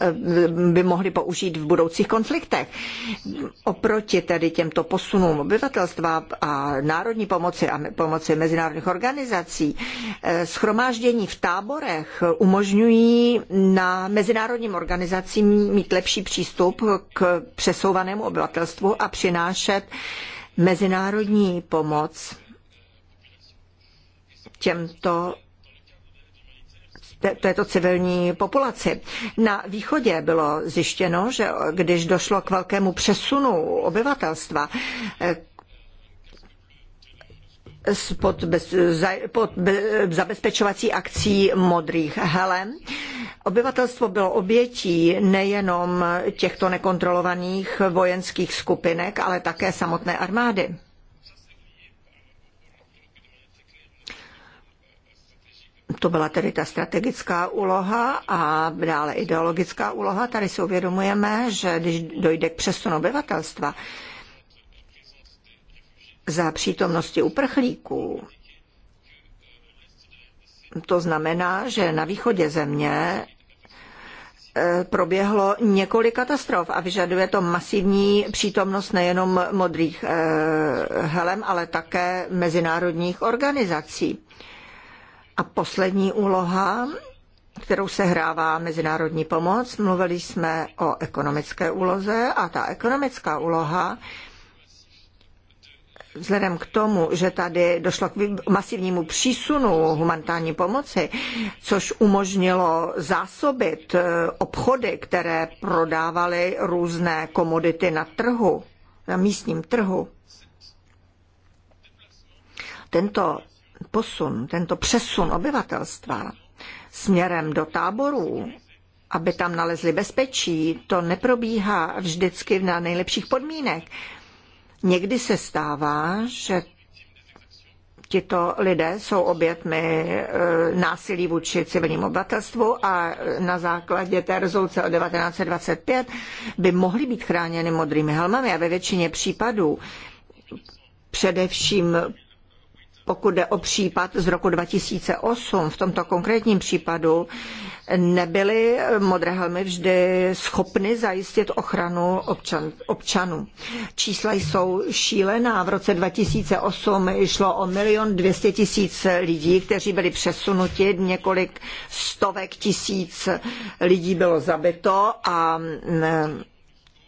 by mohli použít v budoucích konfliktech. Oproti tedy těmto posunům obyvatelstva a národní pomoci a pomoci mezinárodních organizací, eh, schromáždění v táborech umožňují na mezinárodním organizacím mít lepší přístup k přesouvanému obyvatelstvu a přinášet mezinárodní pomoc těmto této civilní populaci. Na východě bylo zjištěno, že když došlo k velkému přesunu obyvatelstva, eh, pod, bez, za, pod be, zabezpečovací akcí modrých helem. Obyvatelstvo bylo obětí nejenom těchto nekontrolovaných vojenských skupinek, ale také samotné armády. to byla tedy ta strategická úloha a dále ideologická úloha. Tady si uvědomujeme, že když dojde k přesunu obyvatelstva za přítomnosti uprchlíků, to znamená, že na východě země eh, proběhlo několik katastrof a vyžaduje to masivní přítomnost nejenom modrých eh, helem, ale také mezinárodních organizací. A poslední úloha, kterou se hrává mezinárodní pomoc, mluvili jsme o ekonomické úloze a ta ekonomická úloha vzhledem k tomu, že tady došlo k masivnímu přísunu humanitární pomoci, což umožnilo zásobit eh, obchody, které prodávaly různé komodity na trhu, na místním trhu. Tento posun, tento přesun obyvatelstva směrem do táborů, aby tam nalezli bezpečí, to neprobíhá vždycky na nejlepších podmínek. Někdy se stává, že tito lidé jsou obětmi eh, násilí vůči civilním obyvatelstvu a eh, na základě té rezoluce od 1925 by mohly být chráněny modrými helmami a ve většině případů především pokud jde o případ z roku 2008, v tomto konkrétním případu nebyly modré helmy vždy schopny zajistit ochranu občan, občanů. Čísla jsou šílená. V roce 2008 šlo o milion 200 tisíc lidí, kteří byli přesunuti, několik stovek tisíc lidí bylo zabito a mm,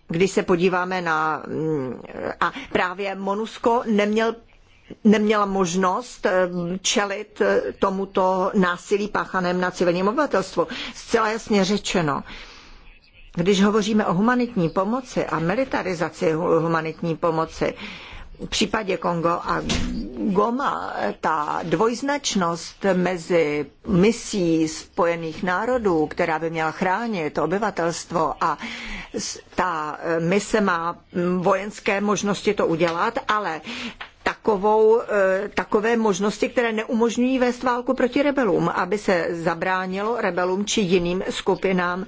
když se podíváme na... Mm, a právě Monusko neměl neměla možnost eh, čelit eh, tomuto násilí páchaném na civilním obyvatelstvu. Zcela jasně řečeno, když hovoříme o humanitní pomoci a militarizaci humanitní pomoci, v případě Kongo a Goma ta dvojznačnost mezi misí Spojených národů, která by měla chránit obyvatelstvo a ta eh, mise má vojenské možnosti to udělat, ale takovou, e, takové možnosti, které neumožňují vést válku proti rebelům, aby se zabránilo rebelům či jiným skupinám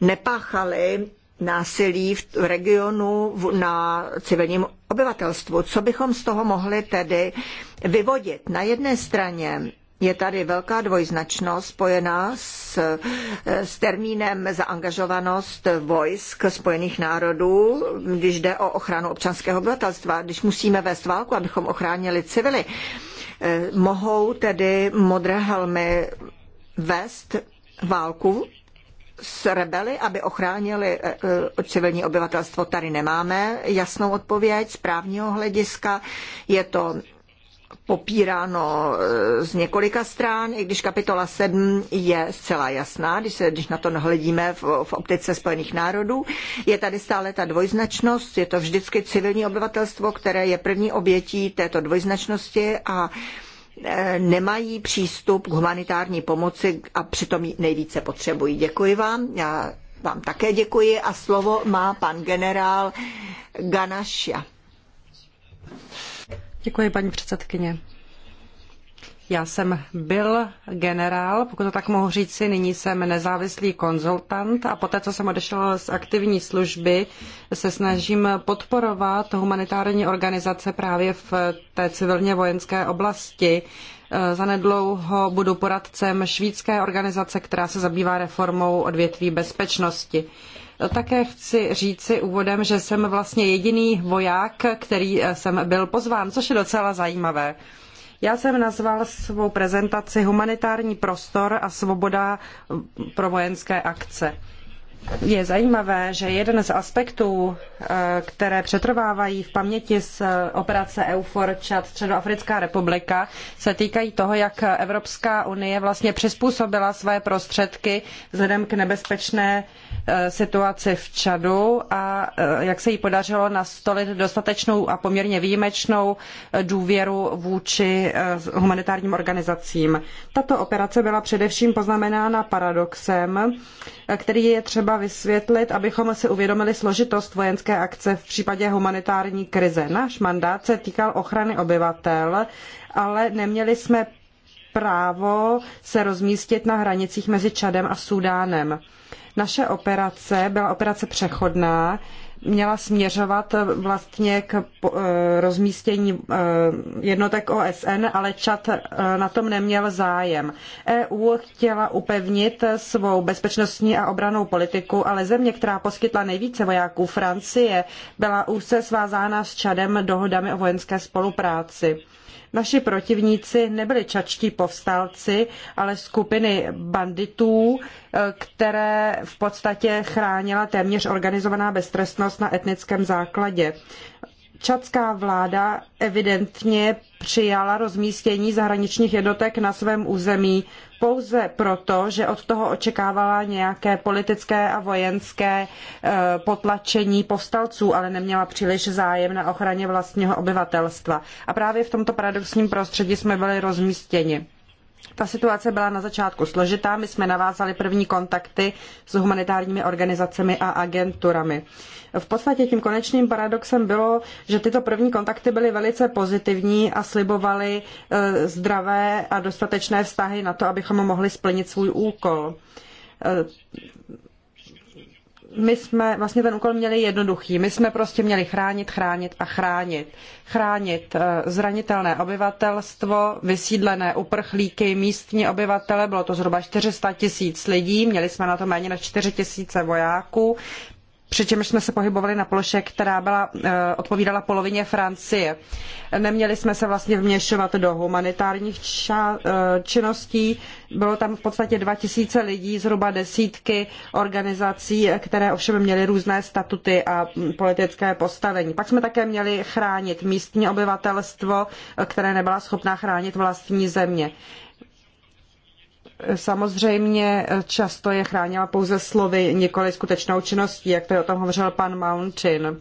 nepáchali násilí v regionu na civilním obyvatelstvu. Co bychom z toho mohli tedy vyvodit? Na jedné straně je tady velká dvojznačnost spojená s, s termínem zaangažovanost vojsk Spojených národů, když jde o ochranu občanského obyvatelstva, když musíme vést válku, abychom ochránili civily. Eh, mohou tedy modré helmy vést válku s rebeli, aby ochránili eh, eh, civilní obyvatelstvo, tady nemáme jasnou odpověď z právního hlediska. Je to popíráno e, z několika strán, i když kapitola 7 je zcela jasná, když, se, když na to nahledíme v, v optice Spojených národů. Je tady stále ta dvojznačnost, je to vždycky civilní obyvatelstvo, které je první obětí této dvojznačnosti a e, nemají přístup k humanitární pomoci a přitom ji nejvíce potřebují. Děkuji vám. Já vám také děkuji a slovo má pan generál Ganašia. Děkuji, paní předsedkyně. Já jsem byl generál, pokud to tak mohu říci, nyní jsem nezávislý konzultant a poté, co jsem odešel z aktivní služby, se snažím podporovat humanitární organizace právě v té civilně vojenské oblasti. E, zanedlouho budu poradcem švýdské organizace, která se zabývá reformou odvětví bezpečnosti. Také chci říci úvodem, že jsem vlastně jediný voják, který jsem eh, byl pozván, což je docela zajímavé. Já jsem nazval svou prezentaci Humanitární prostor a svoboda eh, pro vojenské akce. Je zajímavé, že jeden z aspektů, eh, které přetrvávají v paměti z eh, operace EUFOR Čad Středoafrická republika, se týkají toho, jak Evropská unie vlastně přizpůsobila své prostředky vzhledem k nebezpečné eh, situaci v Čadu a jak se jí podařilo nastolit dostatečnou a poměrně výjimečnou důvěru vůči humanitárním organizacím. Tato operace byla především poznamenána paradoxem, který je třeba třeba vysvětlit, abychom si uvědomili složitost vojenské akce v případě humanitární krize. Náš mandát se týkal ochrany obyvatel, ale neměli jsme právo se rozmístit na hranicích mezi Čadem a Súdánem. Naše operace byla operace přechodná, měla směřovat eh, vlastně k eh, rozmístění eh, jednotek OSN, ale Čad na tom neměl zájem. EU chtěla upevnit svou bezpečnostní a obranou politiku, ale země, která poskytla nejvíce vojáků Francie, byla úzce svázána s Čadem dohodami o vojenské spolupráci. Naši protivníci nebyli čačtí povstalci, ale skupiny banditů, eh, které v podstatě chránila téměř organizovaná beztrestnost na etnickém základě čadská vláda evidentně přijala rozmístění zahraničních jednotek na svém území pouze proto, že od toho očekávala nějaké politické a vojenské e, potlačení povstalců, ale neměla příliš zájem na ochraně vlastního obyvatelstva. A právě v tomto paradoxním prostředí jsme byli rozmístěni. Ta situace byla na začátku složitá, my jsme navázali první kontakty s humanitárními organizacemi a agenturami. V podstatě tím konečným paradoxem bylo, že tyto první kontakty byly velice pozitivní a slibovaly eh, zdravé a dostatečné vztahy na to, abychom mohli splnit svůj úkol eh, my jsme vlastně ten úkol měli jednoduchý. My jsme prostě měli chránit, chránit a chránit. Chránit eh, zranitelné obyvatelstvo, vysídlené uprchlíky, místní obyvatele, bylo to zhruba 400 tisíc lidí, měli jsme na to méně než 4 tisíce vojáků, přičemž jsme se pohybovali na ploše, která byla, eh, odpovídala polovině Francie. Neměli jsme se vlastně vměšovat do humanitárních eh, činností. Bylo tam v podstatě 2000 lidí, zhruba desítky organizací, které ovšem měly různé statuty a hm, politické postavení. Pak jsme také měli chránit místní obyvatelstvo, eh, které nebyla schopná chránit vlastní země samozřejmě často je chránila pouze slovy, nikoli skutečnou činností, jak to o tom hovořil pan Mountain.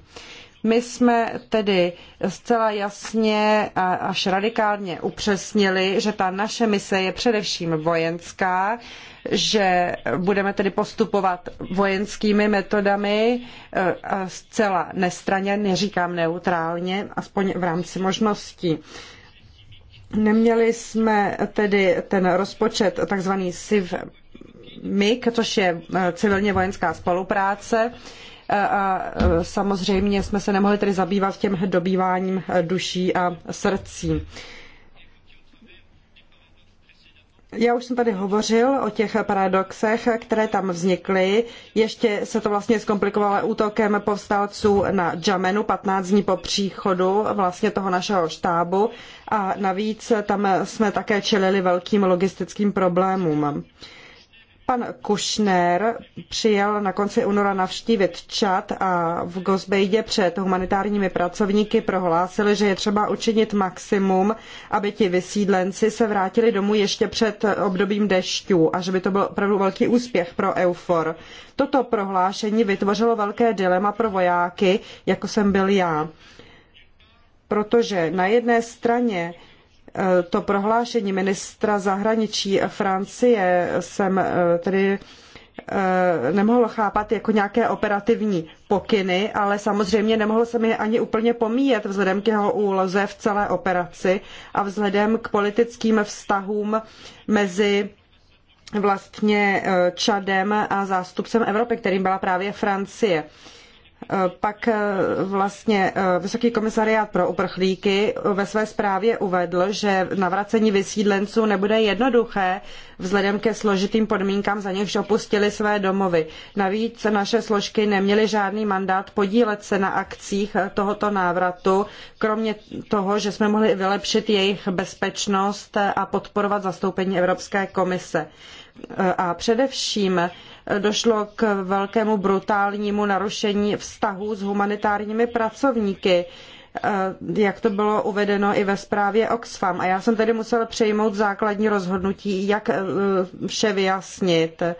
My jsme tedy zcela jasně a až radikálně upřesnili, že ta naše mise je především vojenská, že budeme tedy postupovat vojenskými metodami zcela nestraně, neříkám neutrálně, aspoň v rámci možností. Neměli jsme tedy ten rozpočet takzvaný SIV MIG, což je eh, civilně vojenská spolupráce. Eh, a eh, samozřejmě jsme se nemohli tedy zabývat těm dobýváním duší a srdcí já už jsem tady hovořil o těch paradoxech, které tam vznikly. Ještě se to vlastně zkomplikovalo útokem povstalců na Džamenu 15 dní po příchodu vlastně toho našeho štábu a navíc tam jsme také čelili velkým logistickým problémům. Pan Kušner přijel na konci února navštívit Čad a v Gozbejdě před humanitárními pracovníky prohlásili, že je třeba učinit maximum, aby ti vysídlenci se vrátili domů ještě před obdobím dešťů a že by to byl opravdu velký úspěch pro EUFOR. Toto prohlášení vytvořilo velké dilema pro vojáky, jako jsem byl já. Protože na jedné straně to prohlášení ministra zahraničí Francie jsem eh, tedy eh, nemohl chápat jako nějaké operativní pokyny, ale samozřejmě nemohl jsem je ani úplně pomíjet vzhledem k jeho úloze v celé operaci a vzhledem k politickým vztahům mezi vlastně eh, Čadem a zástupcem Evropy, kterým byla právě Francie. Eh, pak eh, vlastně eh, Vysoký komisariát pro uprchlíky ve své zprávě uvedl, že navracení vysídlenců nebude jednoduché vzhledem ke složitým podmínkám, za nichž opustili své domovy. Navíc naše složky neměly žádný mandát podílet se na akcích tohoto návratu, kromě toho, že jsme mohli vylepšit jejich bezpečnost a podporovat zastoupení Evropské komise a především došlo k velkému brutálnímu narušení vztahů s humanitárními pracovníky eh, jak to bylo uvedeno i ve zprávě Oxfam. A já jsem tedy musela přejmout základní rozhodnutí, jak eh, vše vyjasnit. Eh,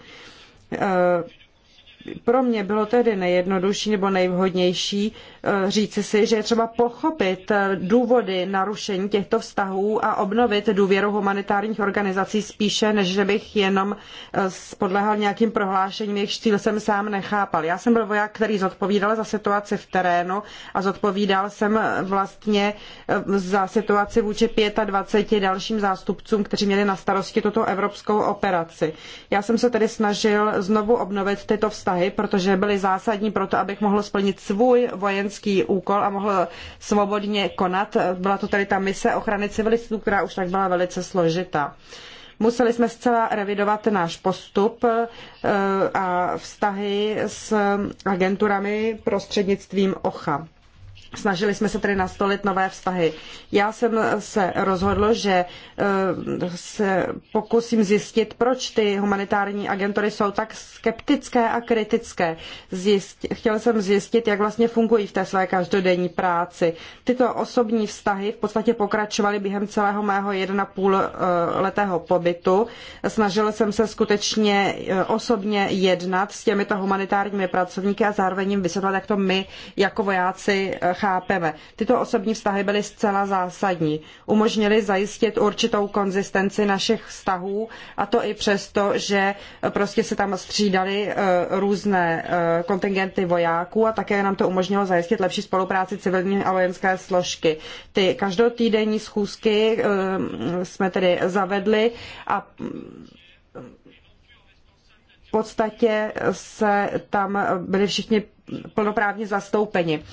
pro mě bylo tedy nejjednodušší nebo nejvhodnější eh, říci si, že je třeba pochopit eh, důvody narušení těchto vztahů a obnovit důvěru humanitárních organizací spíše, než že bych jenom eh, podlehal nějakým prohlášením, jejichž cíl jsem sám nechápal. Já jsem byl voják, který zodpovídal za situaci v terénu a zodpovídal jsem vlastně za situaci vůči 25 dalším zástupcům, kteří měli na starosti tuto evropskou operaci. Já jsem se tedy snažil znovu obnovit tyto vztahy vztahy, protože byly zásadní pro to, abych mohl splnit svůj vojenský úkol a mohl svobodně konat. Byla to tedy ta mise ochrany civilistů, která už tak byla velice složitá. Museli jsme zcela revidovat náš postup eh, a vztahy s agenturami prostřednictvím OCHA. Snažili jsme se tedy nastolit nové vztahy. Já jsem se rozhodl, že eh, se pokusím zjistit, proč ty humanitární agentury jsou tak skeptické a kritické. Zjist, chtěl jsem zjistit, jak vlastně fungují v té své každodenní práci. Tyto osobní vztahy v podstatě pokračovaly během celého mého 1,5 eh, letého pobytu. Snažil jsem se skutečně eh, osobně jednat s těmito humanitárními pracovníky a zároveň jim vysvětlit, jak to my jako vojáci chápeme. Tyto osobní vztahy byly zcela zásadní. Umožnily zajistit určitou konzistenci našich vztahů a to i přesto, že prostě se tam střídali eh, různé eh, kontingenty vojáků a také nám to umožnilo zajistit lepší spolupráci civilní a vojenské složky. Ty každotýdenní schůzky eh, jsme tedy zavedli a v podstatě se tam byli všichni plnoprávně zastoupeni.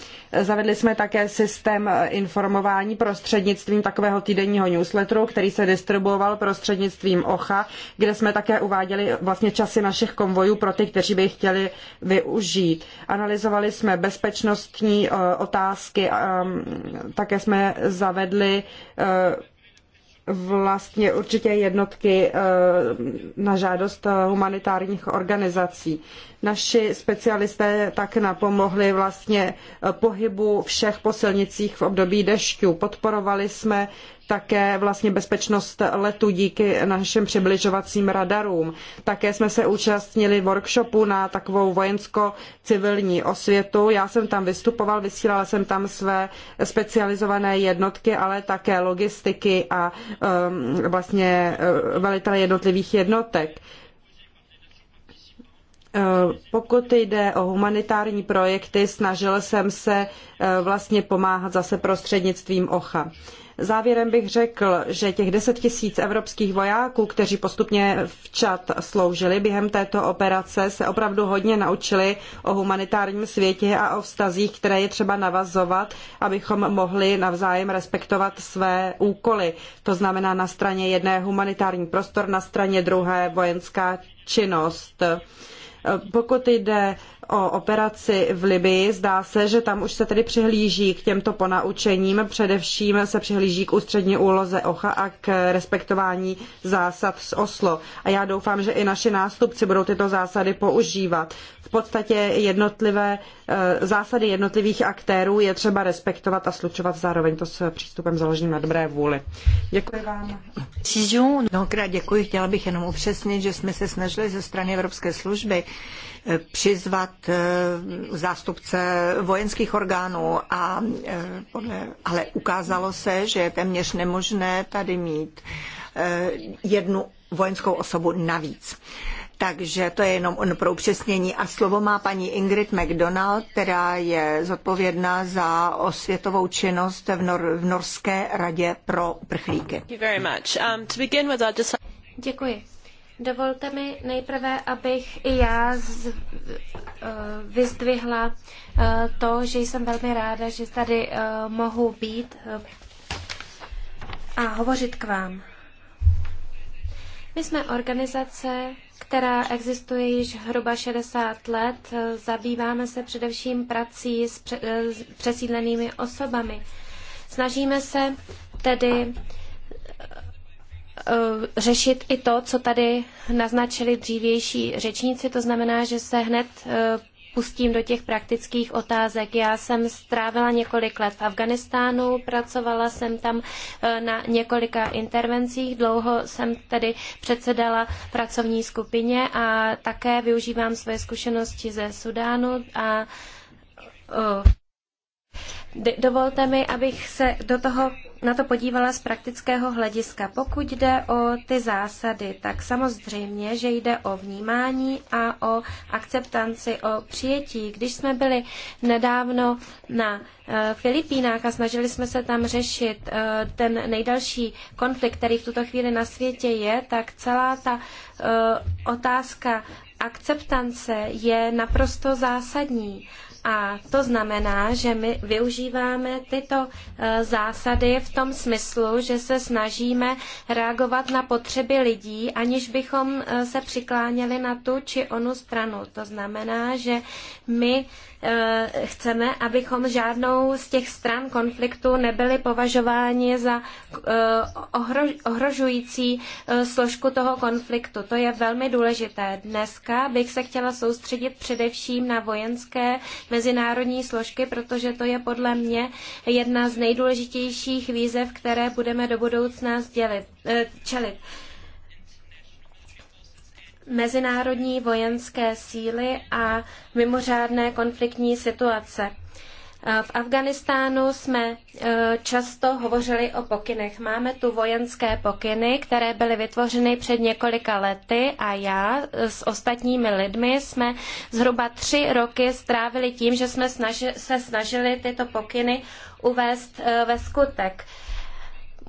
Zavedli jsme také systém informování prostřednictvím takového týdenního newsletteru, který se distribuoval prostřednictvím OCHA, kde jsme také uváděli vlastně časy našich konvojů pro ty, kteří by chtěli využít. Analyzovali jsme bezpečnostní eh, otázky, mm, také jsme zavedli eh, vlastně určitě jednotky eh, na žádost eh, humanitárních organizací. Naši specialisté tak napomohli vlastně eh, pohybu všech po silnicích v období dešťů. Podporovali jsme také vlastně bezpečnost letu díky našim přibližovacím radarům. Také jsme se účastnili workshopu na takovou vojensko-civilní osvětu. Já jsem tam vystupoval, vysílala jsem tam své specializované jednotky, ale také logistiky a um, vlastně uh, velitele jednotlivých jednotek. Uh, pokud jde o humanitární projekty, snažil jsem se uh, vlastně pomáhat zase prostřednictvím OCHA. Závěrem bych řekl, že těch 10 tisíc evropských vojáků, kteří postupně v Čad sloužili během této operace, se opravdu hodně naučili o humanitárním světě a o vztazích, které je třeba navazovat, abychom mohli navzájem respektovat své úkoly. To znamená na straně jedné humanitární prostor, na straně druhé vojenská činnost. Pokud jde o operaci v Libyi. Zdá se, že tam už se tedy přihlíží k těmto ponaučením, především se přihlíží k ústřední úloze OCHA a k respektování zásad z Oslo. A já doufám, že i naši nástupci budou tyto zásady používat. V podstatě jednotlivé eh, zásady jednotlivých aktérů je třeba respektovat a slučovat zároveň to s přístupem založeným na dobré vůli. Děkuji vám. Mnohokrát děkuji. Chtěla bych jenom upřesnit, že jsme se snažili ze strany Evropské služby přizvat eh, zástupce vojenských orgánů, a, eh, podle, ale ukázalo se, že je téměř nemožné tady mít eh, jednu vojenskou osobu navíc. Takže to je jenom pro upřesnění. A slovo má paní Ingrid McDonald, která je zodpovědná za osvětovou činnost v, Nor- v Norské radě pro prchlíky. Um, Děkuji. Dovolte mi nejprve, abych i já z, eh, vyzdvihla eh, to, že jsem velmi ráda, že tady eh, mohu být a hovořit k vám. My jsme organizace, která existuje již hruba 60 let. Zabýváme se především prací s přesídlenými osobami. Snažíme se tedy Eh, řešit i to, co tady naznačili dřívější řečníci, to znamená, že se hned eh, pustím do těch praktických otázek. Já jsem strávila několik let v Afganistánu, pracovala jsem tam eh, na několika intervencích, dlouho jsem tedy předsedala pracovní skupině a také využívám své zkušenosti ze Sudánu a Dovolte mi, abych se do toho na to podívala z praktického hlediska. Pokud jde o ty zásady, tak samozřejmě, že jde o vnímání a o akceptanci, o přijetí. Když jsme byli nedávno na eh, Filipínách a snažili jsme se tam řešit eh, ten nejdalší konflikt, který v tuto chvíli na světě je, tak celá ta eh, otázka akceptance je naprosto zásadní. A to znamená, že my využíváme tyto e, zásady v tom smyslu, že se snažíme reagovat na potřeby lidí, aniž bychom e, se přikláněli na tu či onu stranu. To znamená, že my Eh, chceme, abychom žádnou z těch stran konfliktu nebyli považováni za eh, ohrožující eh, složku toho konfliktu. To je velmi důležité. Dneska bych se chtěla soustředit především na vojenské mezinárodní složky, protože to je podle mě jedna z nejdůležitějších výzev, které budeme do budoucna sdělit, čelit mezinárodní vojenské síly a mimořádné konfliktní situace. Eh, v Afganistánu jsme eh, často hovořili o pokynech. Máme tu vojenské pokyny, které byly vytvořeny před několika lety a já eh, s ostatními lidmi jsme zhruba tři roky strávili tím, že jsme se snažili tyto pokyny uvést ve skutek.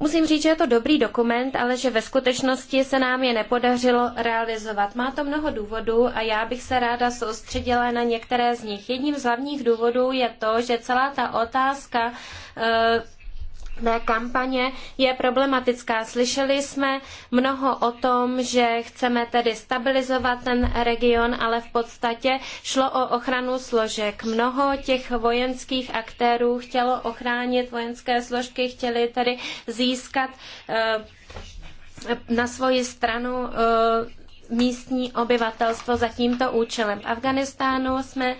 Musím říct, že je to dobrý dokument, ale že ve skutečnosti se nám je nepodařilo realizovat. Má to mnoho důvodů a já bych se ráda soustředila na některé z nich. Jedním z hlavních důvodů je to, že celá ta otázka e, Té kampaně je problematická. Slyšeli jsme mnoho o tom, že chceme tedy stabilizovat ten region, ale v podstatě šlo o ochranu složek. Mnoho těch vojenských aktérů chtělo ochránit vojenské složky, chtěli tedy získat eh, na svoji stranu eh, místní obyvatelstvo za tímto účelem. V Afganistánu jsme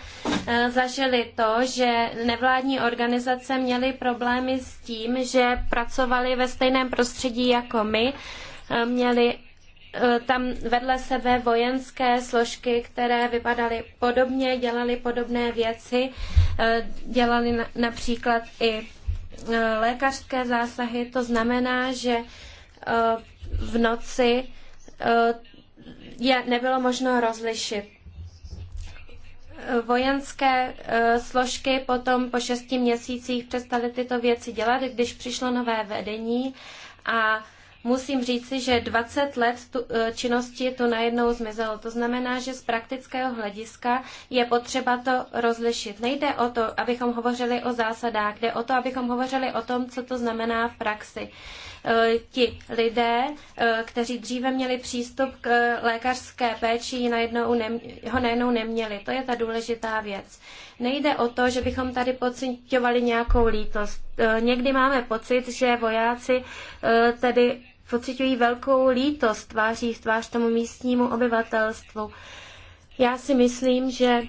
eh, zažili to, že nevládní organizace měly problémy s tím, že pracovali ve stejném prostředí jako my, eh, měli eh, tam vedle sebe vojenské složky, které vypadaly podobně, dělali podobné věci, dělali například i lékařské zásahy. To znamená, že v noci je nebylo možno rozlišit. Vojenské e, složky potom po šesti měsících přestaly tyto věci dělat, když přišlo nové vedení a musím říci, že 20 let tu, e, činnosti tu najednou zmizelo. To znamená, že z praktického hlediska je potřeba to rozlišit. Nejde o to, abychom hovořili o zásadách, jde o to, abychom hovořili o tom, co to znamená v praxi. Eh, ti lidé, eh, kteří dříve měli přístup k lékařské péči, najednou nem, ho najednou neměli. To je ta důležitá věc. Nejde o to, že bychom tady pocitovali nějakou lítost. Eh, někdy máme pocit, že vojáci tedy pocitují velkou lítost tváří v tvář tomu místnímu obyvatelstvu. Já si myslím, že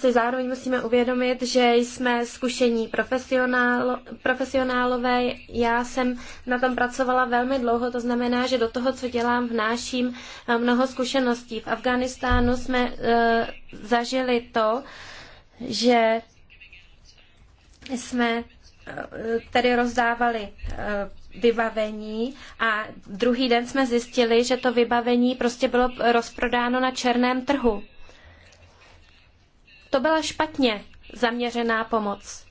si zároveň musíme uvědomit, že jsme zkušení profesionál, profesionálové. Já jsem na tom pracovala velmi dlouho, to znamená, že do toho, co dělám, vnáším eh, mnoho zkušeností. V Afghánistánu jsme uh, zažili to, že jsme eh, tedy rozdávali vybavení a druhý den jsme zjistili, že to vybavení prostě bylo rozprodáno na černém trhu. To byla špatně zaměřená pomoc.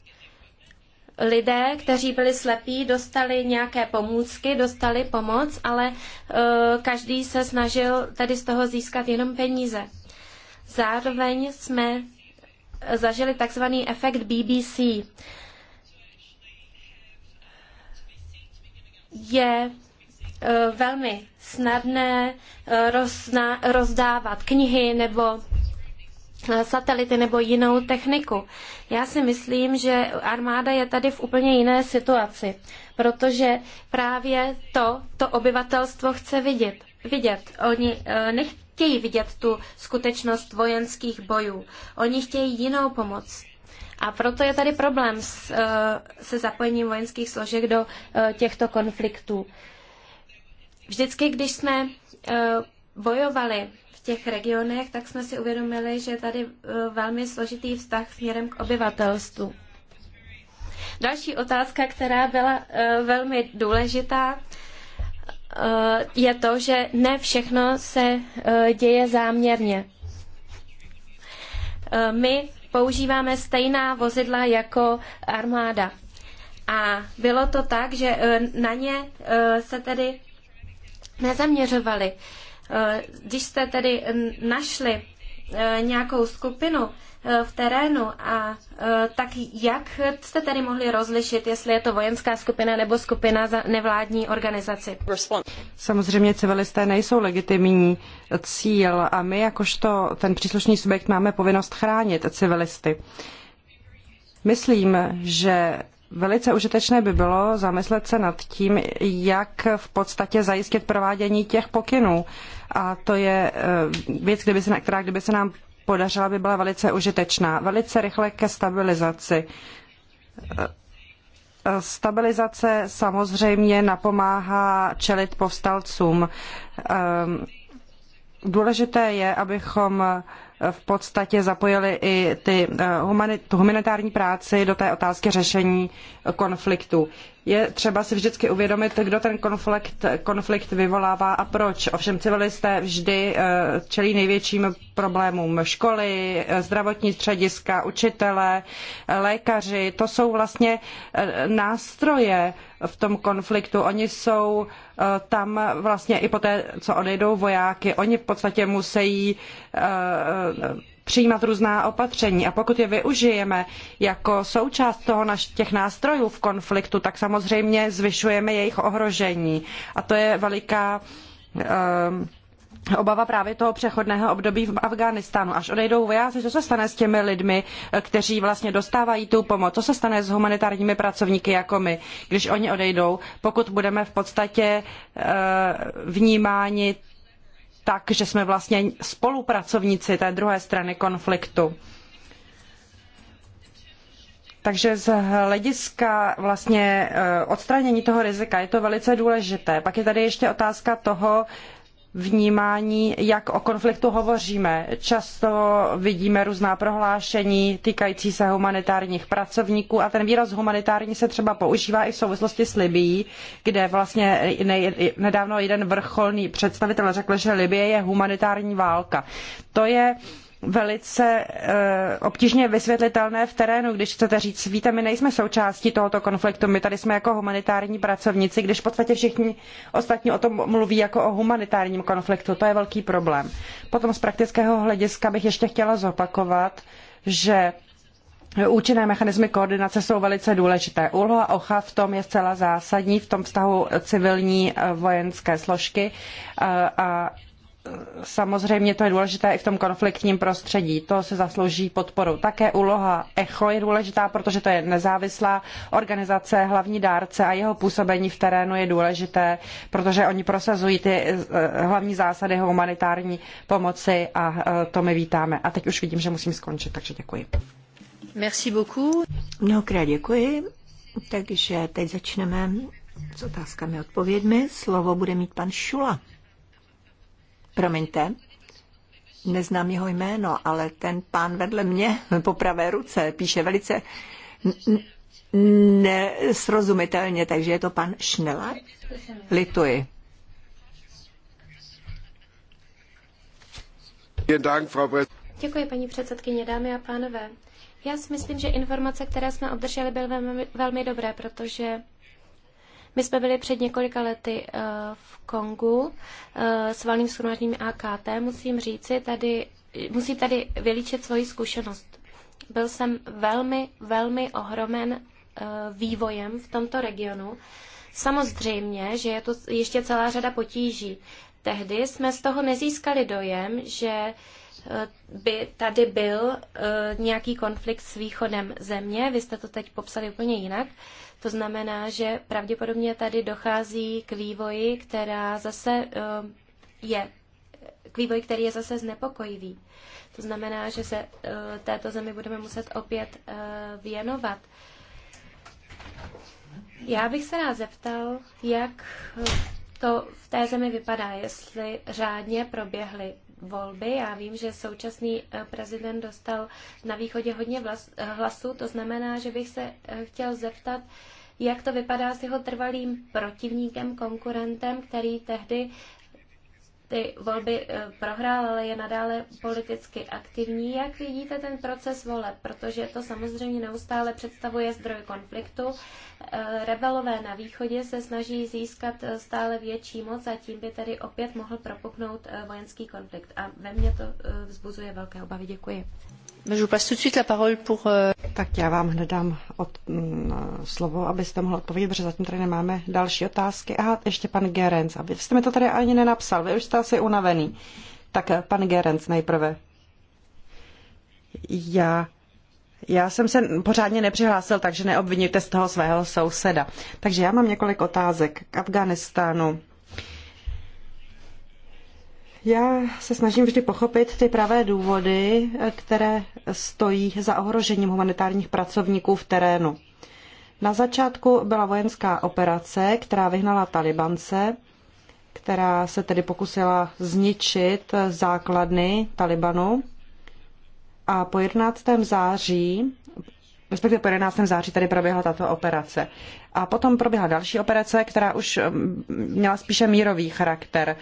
Lidé, kteří byli slepí, dostali nějaké pomůcky, dostali pomoc, ale e, každý se snažil tedy z toho získat jenom peníze. Zároveň jsme zažili takzvaný efekt BBC. Je e, velmi snadné e, rozdávat knihy nebo satelity nebo jinou techniku. Já si myslím, že armáda je tady v úplně jiné situaci, protože právě to, to obyvatelstvo chce vidět. Vidět. Oni eh, nechtějí vidět tu skutečnost vojenských bojů. Oni chtějí jinou pomoc. A proto je tady problém s, eh, se zapojením vojenských složek do eh, těchto konfliktů. Vždycky, když jsme bojovali těch regionech, tak jsme si uvědomili, že je tady e, velmi složitý vztah směrem k obyvatelstvu. Další otázka, která byla e, velmi důležitá, e, je to, že ne všechno se děje záměrně. My používáme stejná vozidla jako armáda. A bylo to tak, že na ně se tedy nezaměřovali. Eh, když jste tedy eh, našli eh, nějakou skupinu v terénu, a tak jak jste tedy mohli rozlišit, jestli je to vojenská skupina nebo skupina za nevládní organizaci? Samozřejmě civilisté nejsou legitimní cíl a my jakožto ten příslušný subjekt máme povinnost chránit civilisty. Myslím, že Velice užitečné by bylo zamyslet se nad tím, jak v podstatě zajistit provádění těch pokynů. A to je eh, věc, kdyby se, která kdyby se nám podařila, by byla velice užitečná. Velice rychle ke stabilizaci. Eh, eh, stabilizace samozřejmě napomáhá čelit povstalcům. Důležité je, abychom v podstatě zapojili i ty eh, humanitární práci do té otázky řešení konfliktu je třeba si vždycky uvědomit, kdo ten konflikt, konflikt vyvolává a proč. Ovšem civilisté vždy eh, čelí největším problémům školy, eh, zdravotní střediska, učitelé, eh, lékaři. To jsou vlastně nástroje v tom konfliktu. Oni jsou tam vlastně i poté, co odejdou vojáky, oni v podstatě musí přijímat různá opatření. A pokud je využijeme jako součást toho naš, těch nástrojů v konfliktu, tak samozřejmě zvyšujeme jejich ohrožení. A to je veliká um, obava právě toho přechodného období v Afghánistánu. Až odejdou vojáci, co se stane s těmi lidmi, eh, kteří vlastně dostávají tu pomoc? Co se stane s humanitárními pracovníky jako my, když oni odejdou, pokud budeme v podstatě eh, vnímáni tak, že jsme vlastně spolupracovníci té druhé strany konfliktu. Takže z hlediska vlastně eh, odstranění toho rizika je to velice důležité. Pak je tady ještě otázka toho, vnímání, jak o konfliktu hovoříme. Často vidíme různá prohlášení týkající se humanitárních pracovníků a ten výraz humanitární se třeba používá i v souvislosti s Libií, kde vlastně nedávno jeden vrcholný představitel řekl, že Libie je humanitární válka. To je uh, velice eh, obtížně vysvětlitelné v terénu, když chcete říct, víte, my nejsme součástí tohoto konfliktu, my tady jsme jako humanitární pracovníci, když v podstatě všichni ostatní o tom mluví jako o humanitárním konfliktu. To je velký problém. Potom z praktického hlediska bych ještě chtěla zopakovat, že Účinné mechanismy koordinace jsou velice důležité. Úloha OCHA v tom je zcela zásadní, v tom vztahu civilní eh, vojenské složky eh, a samozřejmě to je důležité i v tom konfliktním prostředí. To se zaslouží podporu. Také úloha ECHO je důležitá, protože to je nezávislá organizace, hlavní dárce a jeho působení v terénu je důležité, protože oni prosazují ty eh, hlavní zásady humanitární pomoci a eh, to my vítáme. A teď už vidím, že musím skončit, takže děkuji. Merci beaucoup. Mnohokrát děkuji. Takže teď začneme s otázkami a odpovědmi. Slovo bude mít pan Šula. Promiňte, neznám jeho jméno, ale ten pán vedle mě po pravé ruce píše velice nesrozumitelně, takže je to pan Šnelar? Lituji. Děkuji, paní předsedkyně, dámy a pánové. Já si myslím, že informace, které jsme obdrželi, byly velmi dobré, protože my jsme byli před několika lety eh, v Kongu eh, s valným shromážděním AKT. Musím říci, tady, musím tady vylíčit svoji zkušenost. Byl jsem velmi, velmi ohromen eh, vývojem v tomto regionu. Samozřejmě, že je to ještě celá řada potíží. Tehdy jsme z toho nezískali dojem, že by tady byl nějaký konflikt s východem země. Vy jste to teď popsali úplně jinak. To znamená, že pravděpodobně tady dochází k vývoji, která zase eh, je k vývoji, který je zase znepokojivý. To znamená, že se eh, této zemi budeme muset opět eh, věnovat. Já bych se rád zeptal, jak to v té zemi vypadá, jestli řádně proběhly volby. Já vím, že současný eh, prezident dostal na východě hodně eh, hlasů, to znamená, že bych se eh, chtěl zeptat, jak to vypadá s jeho trvalým protivníkem, konkurentem, který tehdy ty volby eh, prohrál, ale je nadále politicky aktivní. Jak vidíte ten proces voleb? Protože to samozřejmě neustále představuje zdroj konfliktu. Eh, rebelové na východě se snaží získat eh, stále větší moc a tím by tedy opět mohl propuknout vojenský konflikt. A ve mně to vzbuzuje velké obavy. Děkuji. Euh, tak já vám hned dám od, mm, slovo, abyste mohl odpovědět, protože zatím tady nemáme další otázky. Aha, ještě pan Gerenc. abyste jste mi to tady ani nenapsal, vy už jste asi unavený. Tak eh, pan Gerenc nejprve. Já já jsem se pořádně nepřihlásil, takže neobvinujte z toho svého souseda. Takže já mám několik otázek k Afganistánu. Já se snažím vždy pochopit ty pravé důvody, které stojí za ohrožením humanitárních pracovníků v terénu. Na začátku byla vojenská operace, která vyhnala talibance, která se tedy pokusila zničit základny Talibanu. A po 11. září, respektive po 11. září tady proběhla tato operace. A potom proběhla další operace, která už měla spíše mírový charakter.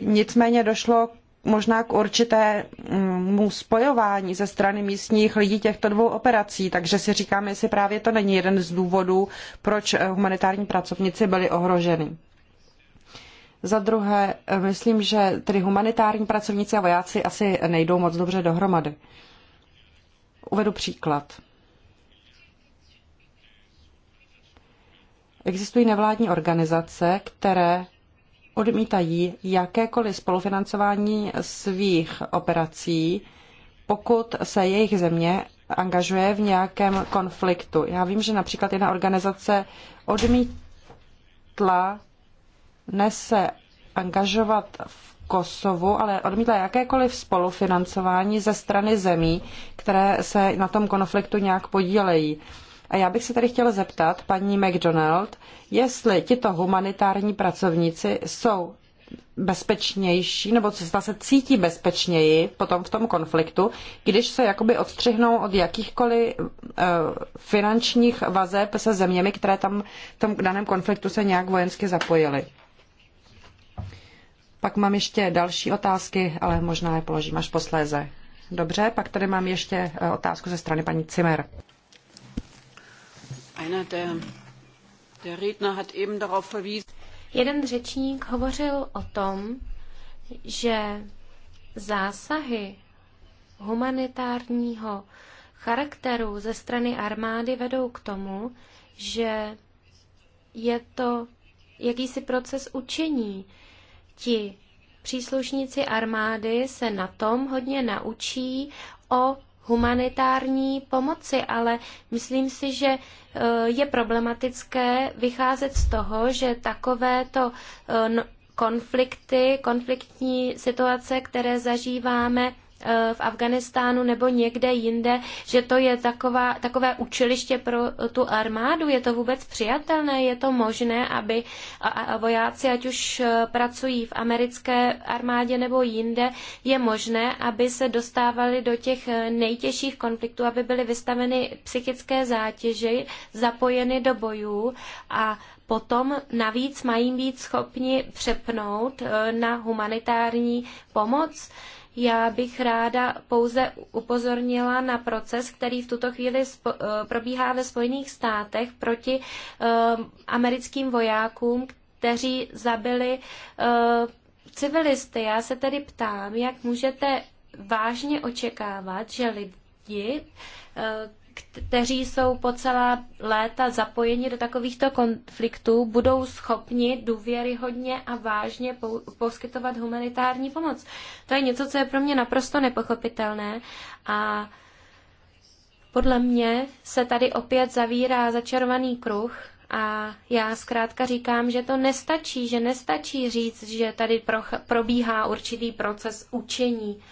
Nicméně došlo možná k určitému spojování ze strany místních lidí těchto dvou operací, takže si říkáme, jestli právě to není jeden z důvodů, proč humanitární pracovníci byli ohroženi. Za druhé, myslím, že tedy humanitární pracovníci a vojáci asi nejdou moc dobře dohromady. Uvedu příklad. Existují nevládní organizace, které odmítají jakékoliv spolufinancování svých operací, pokud se jejich země angažuje v nějakém konfliktu. Já vím, že například jedna organizace odmítla nese angažovat v Kosovu, ale odmítla jakékoliv spolufinancování ze strany zemí, které se na tom konfliktu nějak podílejí. A já bych se tady chtěla zeptat paní McDonald, jestli tito humanitární pracovníci jsou bezpečnější, nebo co se cítí bezpečněji potom v tom konfliktu, když se jakoby odstřihnou od jakýchkoliv uh, finančních vazeb se zeměmi, které tam v tom daném konfliktu se nějak vojensky zapojily. Pak mám ještě další otázky, ale možná je položím až posléze. Dobře, pak tady mám ještě eh, otázku ze strany paní Cimer. Jeden řečník hovořil o tom, že zásahy humanitárního charakteru ze strany armády vedou k tomu, že je to jakýsi proces učení. Ti příslušníci armády se na tom hodně naučí o humanitární pomoci, ale myslím si, že e, je problematické vycházet z toho, že takovéto e, konflikty, konfliktní situace, které zažíváme, Eh, v Afganistánu nebo někde jinde, že to je taková, takové učiliště pro tu armádu? Je to vůbec přijatelné? Je to možné, aby vojáci, ať už eh, pracují v americké armádě nebo jinde, je možné, aby se dostávali do těch eh, nejtěžších konfliktů, aby byly vystaveny psychické zátěži, zapojeny do bojů a potom navíc mají být schopni přepnout na humanitární pomoc. Já bych ráda pouze upozornila na proces, který v tuto chvíli eh, probíhá ve Spojených státech proti eh, americkým vojákům, kteří zabili uh, civilisty. Já se tedy ptám, jak můžete vážně očekávat, že lidi, uh, kteří jsou po celá léta zapojeni do takovýchto konfliktů, budou schopni důvěryhodně a vážně poskytovat humanitární pomoc. To je něco, co je pro mě naprosto nepochopitelné a podle mě se tady opět zavírá začarovaný kruh a já zkrátka říkám, že to nestačí, že nestačí říct, že tady probíhá určitý proces učení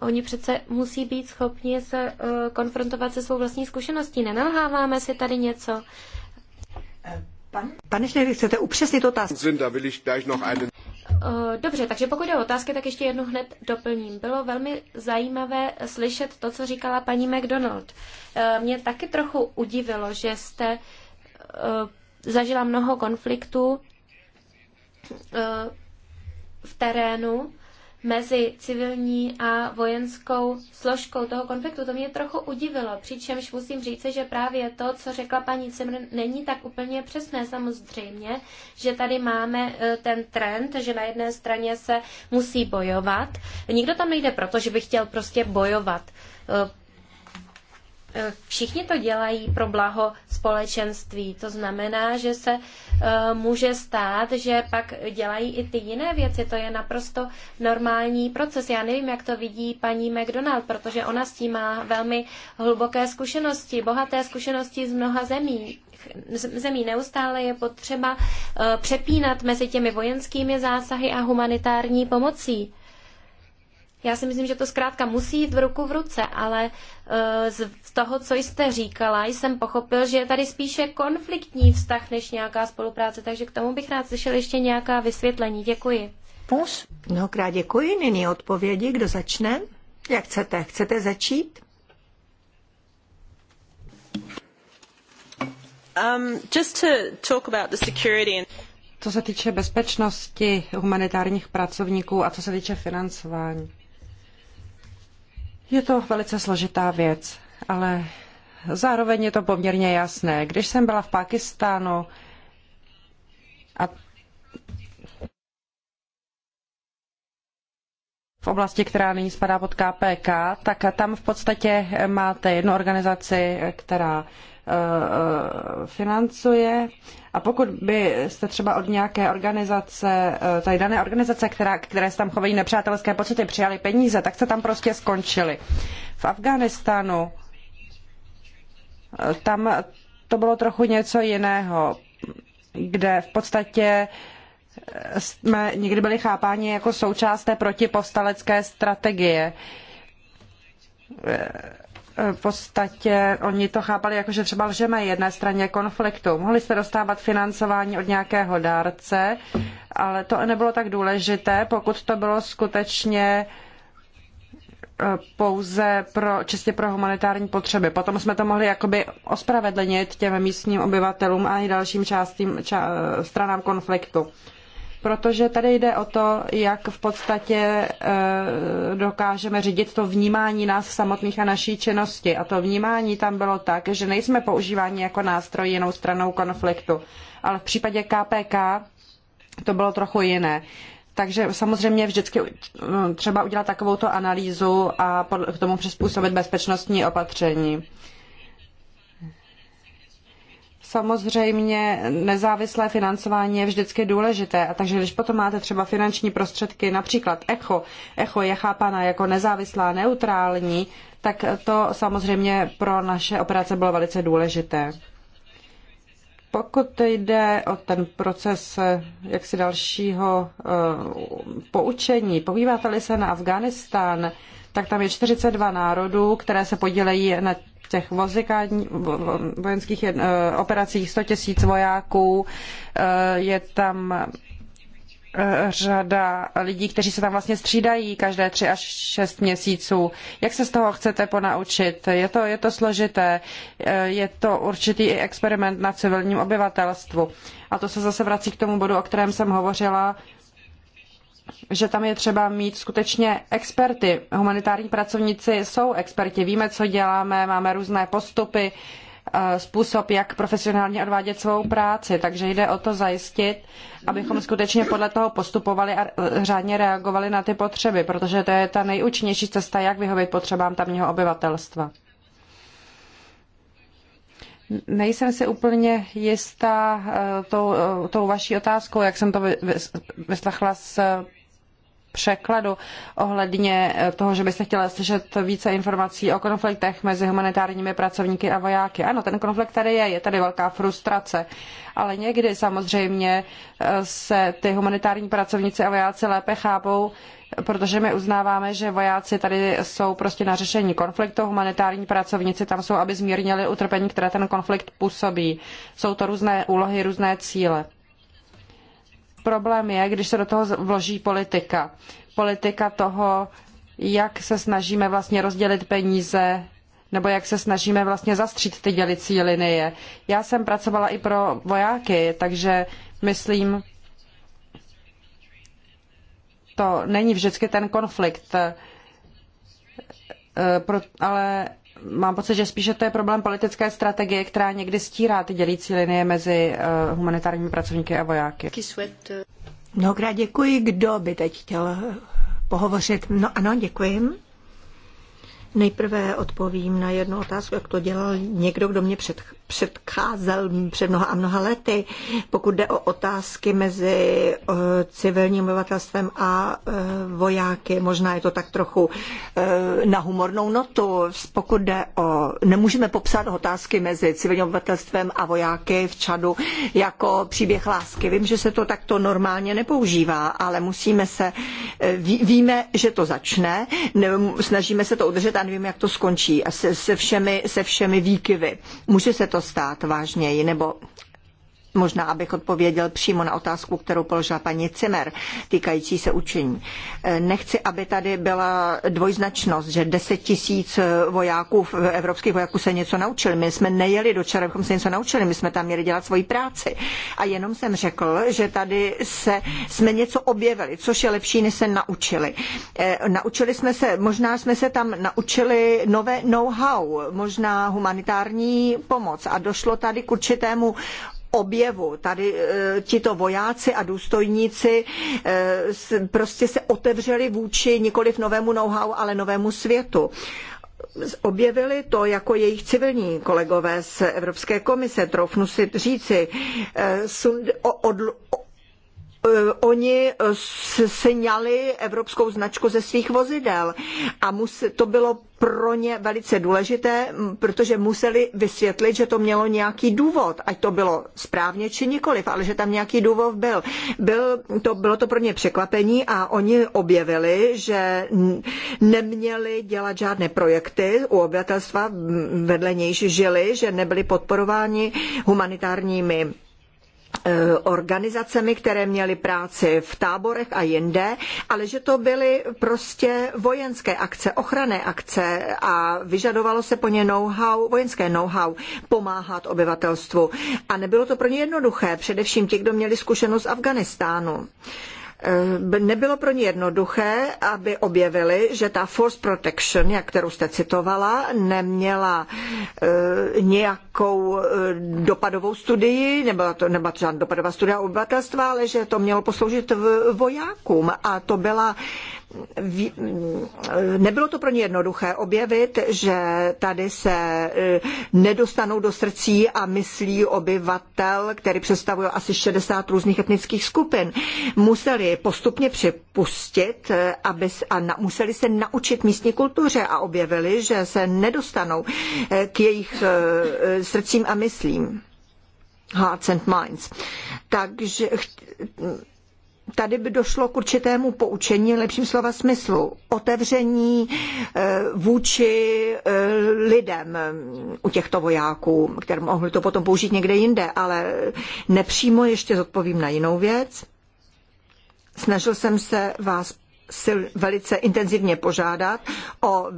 Oni přece musí být schopni se eh, konfrontovat se svou vlastní zkušeností. Nenalháváme si tady něco. Pan, pane Šnery, chcete upřesnit otázku? Eh, dobře, takže pokud je o otázky, tak ještě jednu hned doplním. Bylo velmi zajímavé slyšet to, co říkala paní McDonald. Eh, mě taky trochu udivilo, že jste zažila mnoho konfliktů v terénu mezi civilní a vojenskou složkou toho konfliktu. To mě trochu udivilo, přičemž musím říct, že právě to, co řekla paní Cimr, není tak úplně přesné. Samozřejmě, že tady máme e, ten trend, že na jedné straně se musí bojovat. Nikdo tam nejde proto, že by chtěl prostě bojovat e, Eh, všichni to dělají pro blaho společenství. To znamená, že se eh, může stát, že pak dělají i ty jiné věci. To je naprosto normální proces. Já nevím, jak to vidí paní McDonald, protože ona s tím má velmi hluboké zkušenosti, bohaté zkušenosti z mnoha zemí zemí neustále je potřeba eh, přepínat mezi těmi vojenskými zásahy a humanitární pomocí. Já si myslím, že to zkrátka musí jít v ruku v ruce, ale eh, z toho, co jste říkala, jsem pochopil, že je tady spíše konfliktní vztah než nějaká spolupráce, takže k tomu bych rád slyšel ještě nějaká vysvětlení. Děkuji. Pus, mnohokrát děkuji. Nyní odpovědi, kdo začne? Jak chcete? Chcete začít? Um, just to talk about the security Co se týče bezpečnosti humanitárních pracovníků a co se týče financování. Je to velice složitá věc, ale zároveň je to poměrně jasné. Když jsem byla v Pakistánu a v oblasti, která nyní spadá pod KPK, tak tam v podstatě máte jednu organizaci, která Eh, financuje. A pokud byste třeba od nějaké organizace, eh, tady dané organizace, která, které se tam chovají nepřátelské pocity, přijali peníze, tak se tam prostě skončili. V Afghánistánu eh, tam to bylo trochu něco jiného, kde v podstatě jsme někdy byli chápáni jako součást té protipovstalecké strategie v podstatě oni to chápali jako, že třeba lžeme jedné straně konfliktu. Mohli jste dostávat financování od nějakého dárce, ale to nebylo tak důležité, pokud to bylo skutečně eh, pouze pro, čistě pro humanitární potřeby. Potom jsme to mohli jakoby ospravedlnit těm místním obyvatelům a i dalším částím, ča, eh, stranám konfliktu protože tady jde o to, jak v podstatě eh, dokážeme řídit to vnímání nás samotných a naší činnosti. A to vnímání tam bylo tak, že nejsme používáni jako nástroj jinou stranou konfliktu. Ale v případě KPK to bylo trochu jiné. Takže samozřejmě vždycky eh, třeba udělat takovouto analýzu a k tomu přizpůsobit bezpečnostní opatření. Samozřejmě nezávislé financování je vždycky důležité, a takže když potom máte třeba finanční prostředky, například ECHO, ECHO je chápána jako nezávislá, neutrální, tak to samozřejmě pro naše operace bylo velice důležité. Pokud jde o ten proces jaksi dalšího uh, poučení, podíváte-li se na Afghánistán, tak tam je 42 národů, které se podělejí na těch vojenských eh, operacích 100 tisíc vojáků, eh, je tam eh, řada lidí, kteří se tam vlastně střídají každé tři až šest měsíců. Jak se z toho chcete ponaučit? Je to, je to složité, je to určitý experiment na civilním obyvatelstvu. A to se zase vrací k tomu bodu, o kterém jsem hovořila, že tam je třeba mít skutečně experty. Humanitární pracovníci jsou experti, víme, co děláme, máme různé postupy, eh, způsob, jak profesionálně odvádět svou práci. Takže jde o to zajistit, abychom skutečně podle toho postupovali a řádně reagovali na ty potřeby, protože to je ta nejúčinnější cesta, jak vyhovět potřebám tamního obyvatelstva. Nejsem si úplně jistá eh, tou, eh, tou vaší otázkou, jak jsem to vyslechla z překladu ohledně eh, toho, že byste chtěla slyšet více informací o konfliktech mezi humanitárními pracovníky a vojáky. Ano, ten konflikt tady je, je tady velká frustrace, ale někdy samozřejmě eh, se ty humanitární pracovníci a vojáci lépe chápou, protože my uznáváme, že vojáci tady jsou prostě na řešení konfliktu, humanitární pracovníci tam jsou, aby zmírnili utrpení, které ten konflikt působí. Jsou to různé úlohy, různé cíle. Problém je, když se do toho vloží politika. Politika toho, jak se snažíme vlastně rozdělit peníze nebo jak se snažíme vlastně zastřít ty dělicí linie. Já jsem pracovala i pro vojáky, takže myslím, to není vždycky ten konflikt, eh, ale mám pocit, že spíše to je problém politické strategie, která někdy stírá ty dělící linie mezi eh, humanitárními pracovníky a vojáky. Eh, Mnohokrát děkuji. Kdo by teď chtěl eh, pohovořit? No ano, děkuji. Nejprve odpovím na jednu otázku, jak to dělal někdo, kdo mě před, předcházel před mnoha a mnoha lety, pokud jde o otázky mezi eh, civilním obyvatelstvem a eh, vojáky. Možná je to tak trochu eh, na humornou notu. Pokud jde o... Nemůžeme popsat otázky mezi civilním obyvatelstvem a vojáky v Čadu jako příběh lásky. Vím, že se to takto normálně nepoužívá, ale musíme se... Víme, že to začne, snažíme se to udržet a nevíme, jak to skončí. A se, se všemi, se všemi výkyvy. Může se to to stát vážněji, nebo Možná, abych odpověděl přímo na otázku, kterou položila paní Cimer, týkající se učení. E, nechci, aby tady byla dvojznačnost, že 10 tisíc vojáků, evropských vojáků se něco naučili. My jsme nejeli do čara, abychom se něco naučili, my jsme tam měli dělat svoji práci. A jenom jsem řekl, že tady se, jsme něco objevili, což je lepší, než se naučili. E, naučili jsme se, možná jsme se tam naučili nové know-how, možná humanitární pomoc a došlo tady k určitému objevu. Tady e, tito vojáci a důstojníci e, prostě se otevřeli vůči nikoliv novému know-how, ale novému světu objevili to jako jejich civilní kolegové z Evropské komise, troufnu si říci, e, sund, od, Eh, oni eh, sňali evropskou značku ze svých vozidel a to bylo pro ně velice důležité, protože museli vysvětlit, že to mělo nějaký důvod, ať to bylo správně či nikoliv, ale že tam nějaký důvod byl. byl to, bylo to pro ně překvapení a oni objevili, že neměli dělat žádné projekty u obyvatelstva vedle nějž žili, že nebyli podporováni humanitárními Eh, organizacemi, které měly práci v táborech a jinde, ale že to byly prostě vojenské akce, ochranné akce a vyžadovalo se po ně know-how, vojenské know-how pomáhat obyvatelstvu. A nebylo to pro ně jednoduché, především ti, kdo měli zkušenost z Afganistánu. Eh, nebylo pro ně jednoduché, aby objevili, že ta force protection, jak kterou jste citovala, neměla eh, nějakou eh, dopadovou studii, nebyla to, nebyla to žádná dopadová studia obyvatelstva, ale že to mělo posloužit vojákům. A to byla nebylo to pro ně jednoduché objevit, že tady se e, nedostanou do srdcí a myslí obyvatel, který představuje asi 60 různých etnických skupin. Museli postupně připustit e, aby, a na, museli se naučit místní kultuře a objevili, že se nedostanou e, k jejich srdcím a myslím. Hearts and minds. Takže tady by došlo k určitému poučení, lepším slova smyslu, otevření eh, vůči eh, lidem eh, u těchto vojáků, které mohli to potom použít někde jinde, ale nepřímo ještě zodpovím na jinou věc. Snažil jsem se vás sil, velice intenzivně požádat o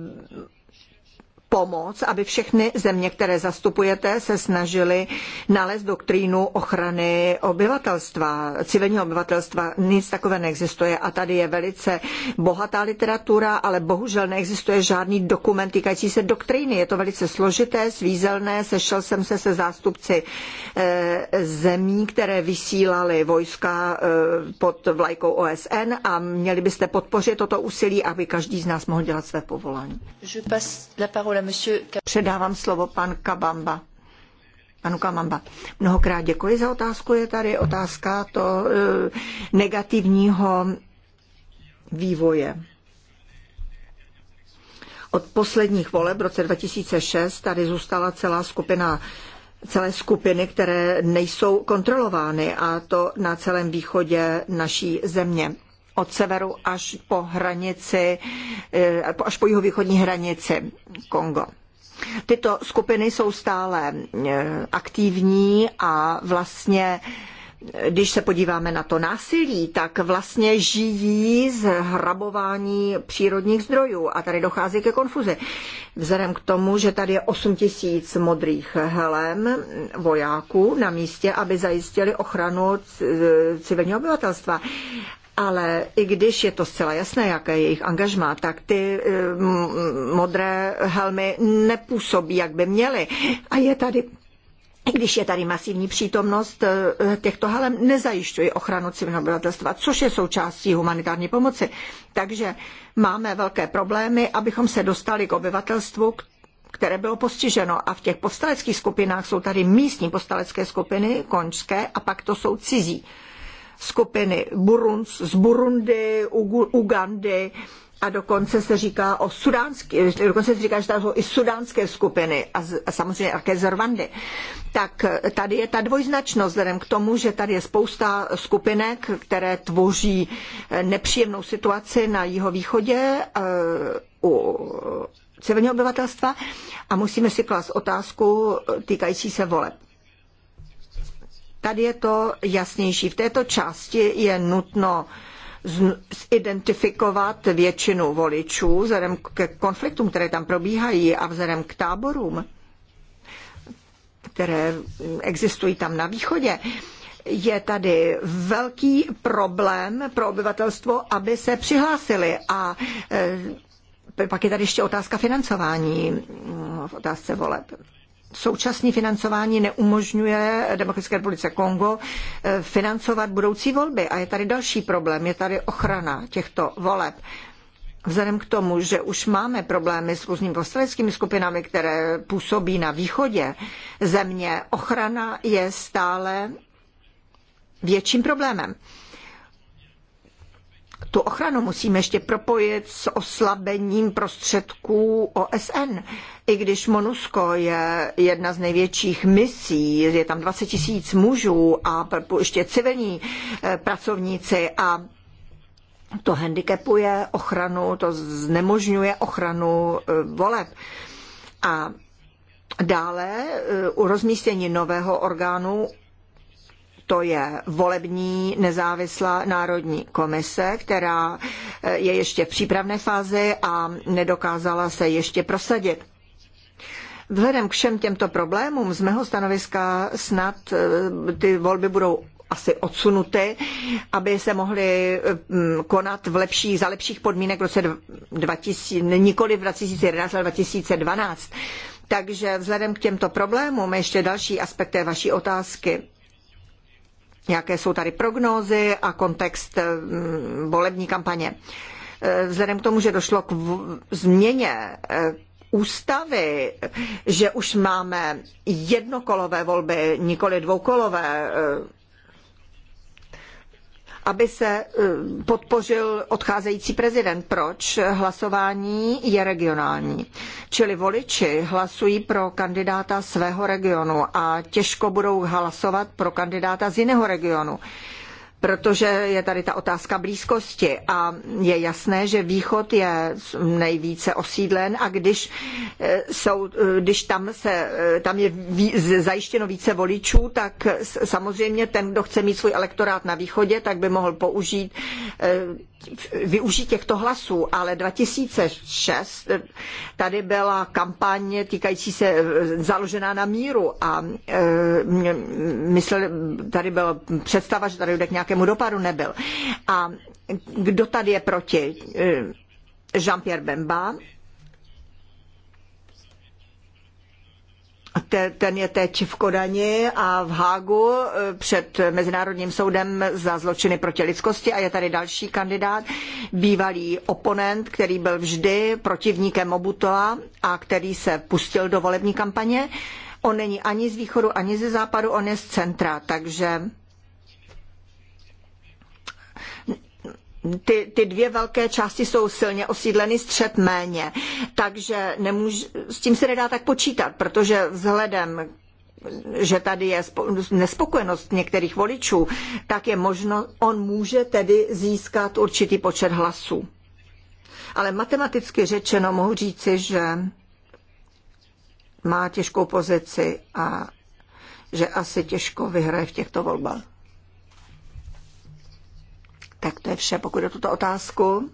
pomoc, aby všechny země, které zastupujete, se snažily nalézt doktrínu ochrany obyvatelstva, civilního obyvatelstva. Nic takové neexistuje a tady je velice bohatá literatura, ale bohužel neexistuje žádný dokument týkající se doktríny. Je to velice složité, svízelné. Sešel jsem se se zástupci eh, zemí, které vysílaly vojska eh, pod vlajkou OSN a měli byste podpořit toto úsilí, aby každý z nás mohl dělat své povolání. Je passe la parole Předávám slovo pan Kabamba. Panu Kamamba, mnohokrát děkuji za otázku. Je tady otázka to e, negativního vývoje. Od posledních voleb v roce 2006 tady zůstala celá skupina celé skupiny, které nejsou kontrolovány a to na celém východě naší země od severu až po hranici, eh, až po jihovýchodní hranici Kongo. Tyto skupiny jsou stále eh, aktivní a vlastně eh, když se podíváme na to násilí, tak vlastně žijí z hrabování přírodních zdrojů a tady dochází ke konfuzi. Vzhledem k tomu, že tady je 8 tisíc modrých helem vojáků na místě, aby zajistili ochranu civilního obyvatelstva ale i když je to zcela jasné, jaké je jejich angažmá, tak ty eh, modré helmy nepůsobí, jak by měly. A je tady když je tady masivní přítomnost eh, těchto helem, nezajišťuje ochranu civilního obyvatelstva, což je součástí humanitární pomoci. Takže máme velké problémy, abychom se dostali k obyvatelstvu, které bylo postiženo. A v těch povstaleckých skupinách jsou tady místní povstalecké skupiny, končské, a pak to jsou cizí skupiny Burunds, z Burundi, Ugandy, a dokonce se říká o sudánské, dokonce se říká, že tam jsou i sudánské skupiny a, z, a samozřejmě také z Rwandy. Tak eh, tady je ta dvojznačnost, vzhledem k tomu, že tady je spousta skupinek, které tvoří eh, nepříjemnou situaci na jihovýchodě eh, u civilního obyvatelstva a musíme si klást otázku týkající se voleb. Tady je to jasnější. V této části je nutno identifikovat většinu voličů vzhledem k konfliktům, které tam probíhají a vzhledem k táborům, které mm, existují tam na východě je tady velký problém pro obyvatelstvo, aby se přihlásili. A e, pak je tady ještě otázka financování mm, v otázce voleb současné financování neumožňuje Demokratické republice Kongo eh, financovat budoucí volby. A je tady další problém, je tady ochrana těchto voleb. Vzhledem k tomu, že už máme problémy s různými povstaleckými skupinami, které působí na východě země, ochrana je stále větším problémem tu ochranu musíme ještě propojit s oslabením prostředků OSN. I když Monusko je jedna z největších misí, je tam 20 tisíc mužů a ještě civilní eh, pracovníci a to handicapuje ochranu, to znemožňuje ochranu eh, voleb. A dále eh, u rozmístění nového orgánu to je volební nezávislá národní komise, která eh, je ještě v přípravné fázi a nedokázala se ještě prosadit. Vzhledem k všem těmto problémům z mého stanoviska snad eh, ty volby budou asi odsunuty, aby se mohly mm, konat v lepší, za lepších podmínek v roce 2000, nikoli v 2011, ale 2012. Takže vzhledem k těmto problémům ještě další aspekty vaší otázky jaké jsou tady prognózy a kontext mm, volební kampaně. Eh, vzhledem k tomu, že došlo k změně eh, ústavy, že už máme jednokolové volby, nikoli dvoukolové eh, aby se eh, podpořil odcházející prezident. Proč? Hlasování je regionální. Čili voliči hlasují pro kandidáta svého regionu a těžko budou hlasovat pro kandidáta z jiného regionu protože je tady ta otázka blízkosti a je jasné, že východ je nejvíce osídlen a když, eh, jsou, eh, když tam, se, eh, tam je zajištěno více voličů, tak samozřejmě ten, kdo chce mít svůj elektorát na východě, tak by mohl použít využít těchto hlasů, ale 2006 tady byla kampaně týkající se eh, založená na míru a e, mysleli, tady byla představa, že tady jde k nějakému dopadu, nebyl. A kdo tady je proti? Eh, Jean-Pierre Bemba, ten je teď v Kodani a v Hágu eh, před Mezinárodním soudem za zločiny proti lidskosti a je tady další kandidát, bývalý oponent, který byl vždy protivníkem Obutoa a který se pustil do volební kampaně. On není ani z východu, ani ze západu, on je z centra, takže ty, ty dvě velké části jsou silně osídleny, střed méně. Takže nemůž, s tím se nedá tak počítat, protože vzhledem že tady je nespokojenost některých voličů, tak je možno, on může tedy získat určitý počet hlasů. Ale matematicky řečeno mohu říci, že má těžkou pozici a že asi těžko vyhraje v těchto volbách. Tak to je vše, pokud je tuto otázku.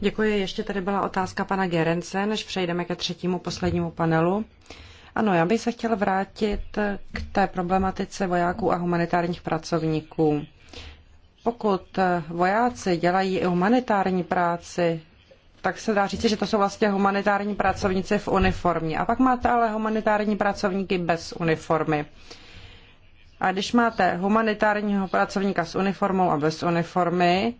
Děkuji. Ještě tady byla otázka pana Gerence, než přejdeme ke třetímu poslednímu panelu. Ano, já bych se chtěl vrátit k té problematice vojáků a humanitárních pracovníků. Pokud vojáci dělají i humanitární práci, tak se dá říci, že to jsou vlastně humanitární pracovníci v uniformě. A pak máte ale humanitární pracovníky bez uniformy. A když máte humanitárního pracovníka s uniformou a bez uniformy,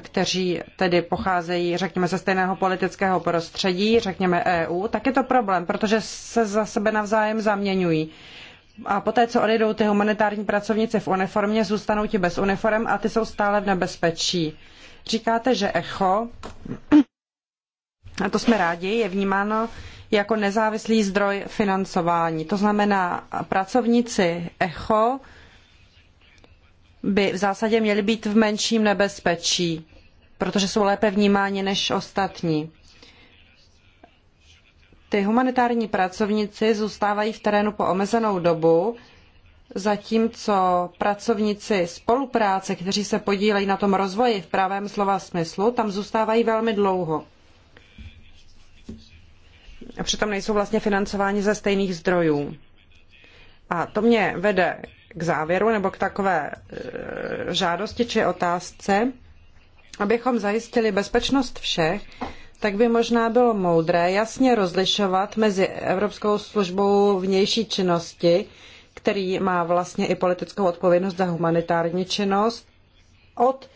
kteří tedy pocházejí, řekněme, ze stejného politického prostředí, řekněme EU, tak je to problém, protože se za sebe navzájem zaměňují. A poté, co odejdou ty humanitární pracovníci v uniformě, zůstanou ti bez uniform a ty jsou stále v nebezpečí. Říkáte, že echo, a to jsme rádi, je vnímáno jako nezávislý zdroj financování. To znamená, pracovníci ECHO by v zásadě měli být v menším nebezpečí, protože jsou lépe vnímáni než ostatní. Ty humanitární pracovníci zůstávají v terénu po omezenou dobu, zatímco pracovníci spolupráce, kteří se podílejí na tom rozvoji v pravém slova smyslu, tam zůstávají velmi dlouho a přitom nejsou vlastně financováni ze stejných zdrojů. A to mě vede k závěru nebo k takové e, žádosti či otázce, abychom zajistili bezpečnost všech, tak by možná bylo moudré jasně rozlišovat mezi Evropskou službou vnější činnosti, který má vlastně i politickou odpovědnost za humanitární činnost, od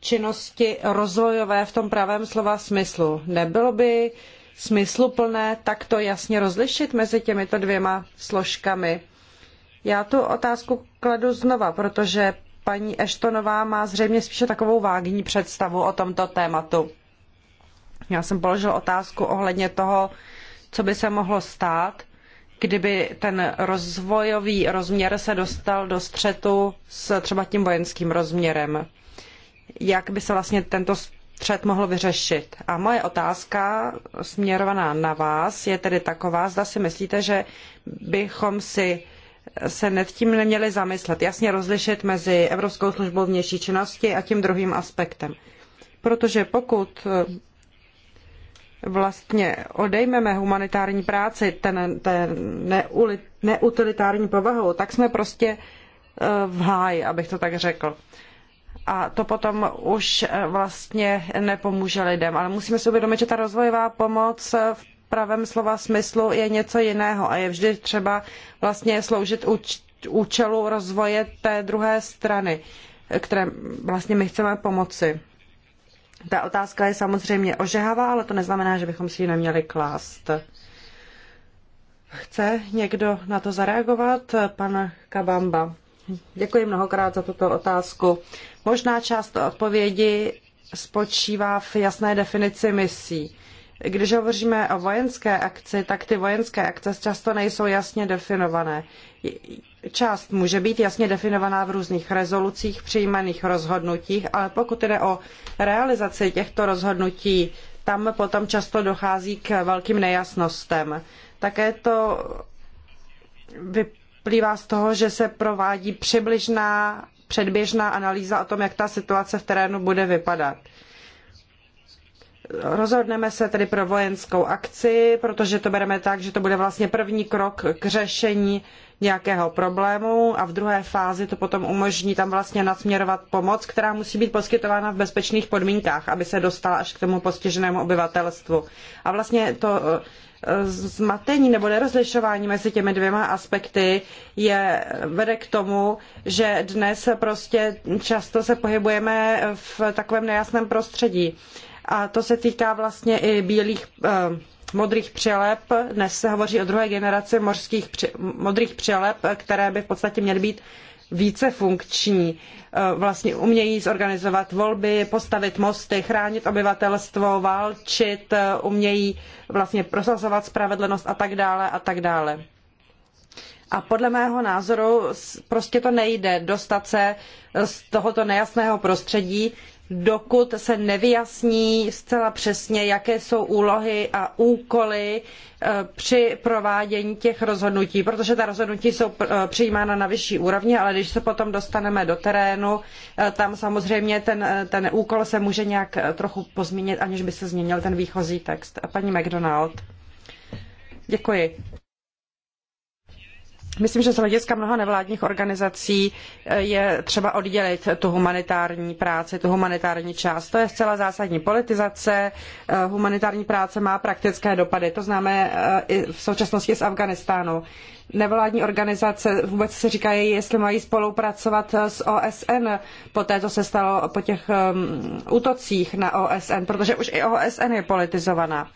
činnosti rozvojové v tom pravém slova smyslu. Nebylo by uh, smysluplné takto jasně rozlišit mezi těmito dvěma složkami? Já tu otázku kladu znova, protože paní Eštonová má zřejmě spíše takovou vágní představu o tomto tématu. Já jsem položil otázku ohledně toho, co by se mohlo stát, kdyby ten rozvojový rozměr se dostal do střetu s třeba tím vojenským rozměrem. Jak by se vlastně tento střed mohl vyřešit. A moje otázka směrovaná na vás je tedy taková, zda si myslíte, že bychom si se nad tím neměli zamyslet, jasně rozlišit mezi Evropskou službou vnější činnosti a tím druhým aspektem. Protože pokud eh, vlastně odejmeme humanitární práci ten, ten neutilitární povahu, tak jsme prostě eh, v háji, abych to tak řekl a to potom už eh, vlastně nepomůže lidem. Ale musíme si uvědomit, že ta rozvojová pomoc v pravém slova smyslu je něco jiného a je vždy třeba vlastně sloužit účelu rozvoje té druhé strany, které vlastně my chceme pomoci. Ta otázka je samozřejmě ožehavá, ale to neznamená, že bychom si ji neměli klást. Chce někdo na to zareagovat? Pan Kabamba. Děkuji mnohokrát za tuto otázku. Možná část odpovědi spočívá v jasné definici misí. Když hovoříme o vojenské akci, tak ty vojenské akce často nejsou jasně definované. Část může být jasně definovaná v různých rezolucích, přijímaných rozhodnutích, ale pokud jde o realizaci těchto rozhodnutí, tam potom často dochází k velkým nejasnostem. Také to vyp- Vyplývá z toho, že se provádí přibližná předběžná analýza o tom, jak ta situace v terénu bude vypadat. Rozhodneme se tedy pro vojenskou akci, protože to bereme tak, že to bude vlastně první krok k řešení nějakého problému a v druhé fázi to potom umožní tam vlastně nasměrovat pomoc, která musí být poskytována v bezpečných podmínkách, aby se dostala až k tomu postiženému obyvatelstvu. A vlastně to zmatení nebo nerozlišování mezi těmi dvěma aspekty je, vede k tomu, že dnes prostě často se pohybujeme v takovém nejasném prostředí. A to se týká vlastně i bílých eh, modrých přelep. Dnes se hovoří o druhé generaci mořských modrých přelep, které by v podstatě měly být vícefunkční. E, vlastně umějí zorganizovat volby, postavit mosty, chránit obyvatelstvo, válčit, e, umějí vlastně prosazovat spravedlnost a tak dále a tak dále. A podle mého názoru prostě to nejde dostat se z tohoto nejasného prostředí dokud se nevyjasní zcela přesně, jaké jsou úlohy a úkoly eh, při provádění těch rozhodnutí, protože ta rozhodnutí jsou eh, přijímána na vyšší úrovni, ale když se potom dostaneme do terénu, eh, tam samozřejmě ten, ten úkol se může nějak trochu pozměnit, aniž by se změnil ten výchozí text. Paní McDonald. Děkuji. Myslím, že z hlediska mnoha nevládních organizací eh, je třeba oddělit tu humanitární práci, tu humanitární část. To je zcela zásadní politizace. Eh, humanitární práce má praktické dopady, to známe eh, i v současnosti z Afganistánu. Nevládní organizace vůbec se říkají, jestli mají spolupracovat s OSN. Poté co se stalo po těch um, útocích na OSN, protože už i OSN je politizovaná. Uh,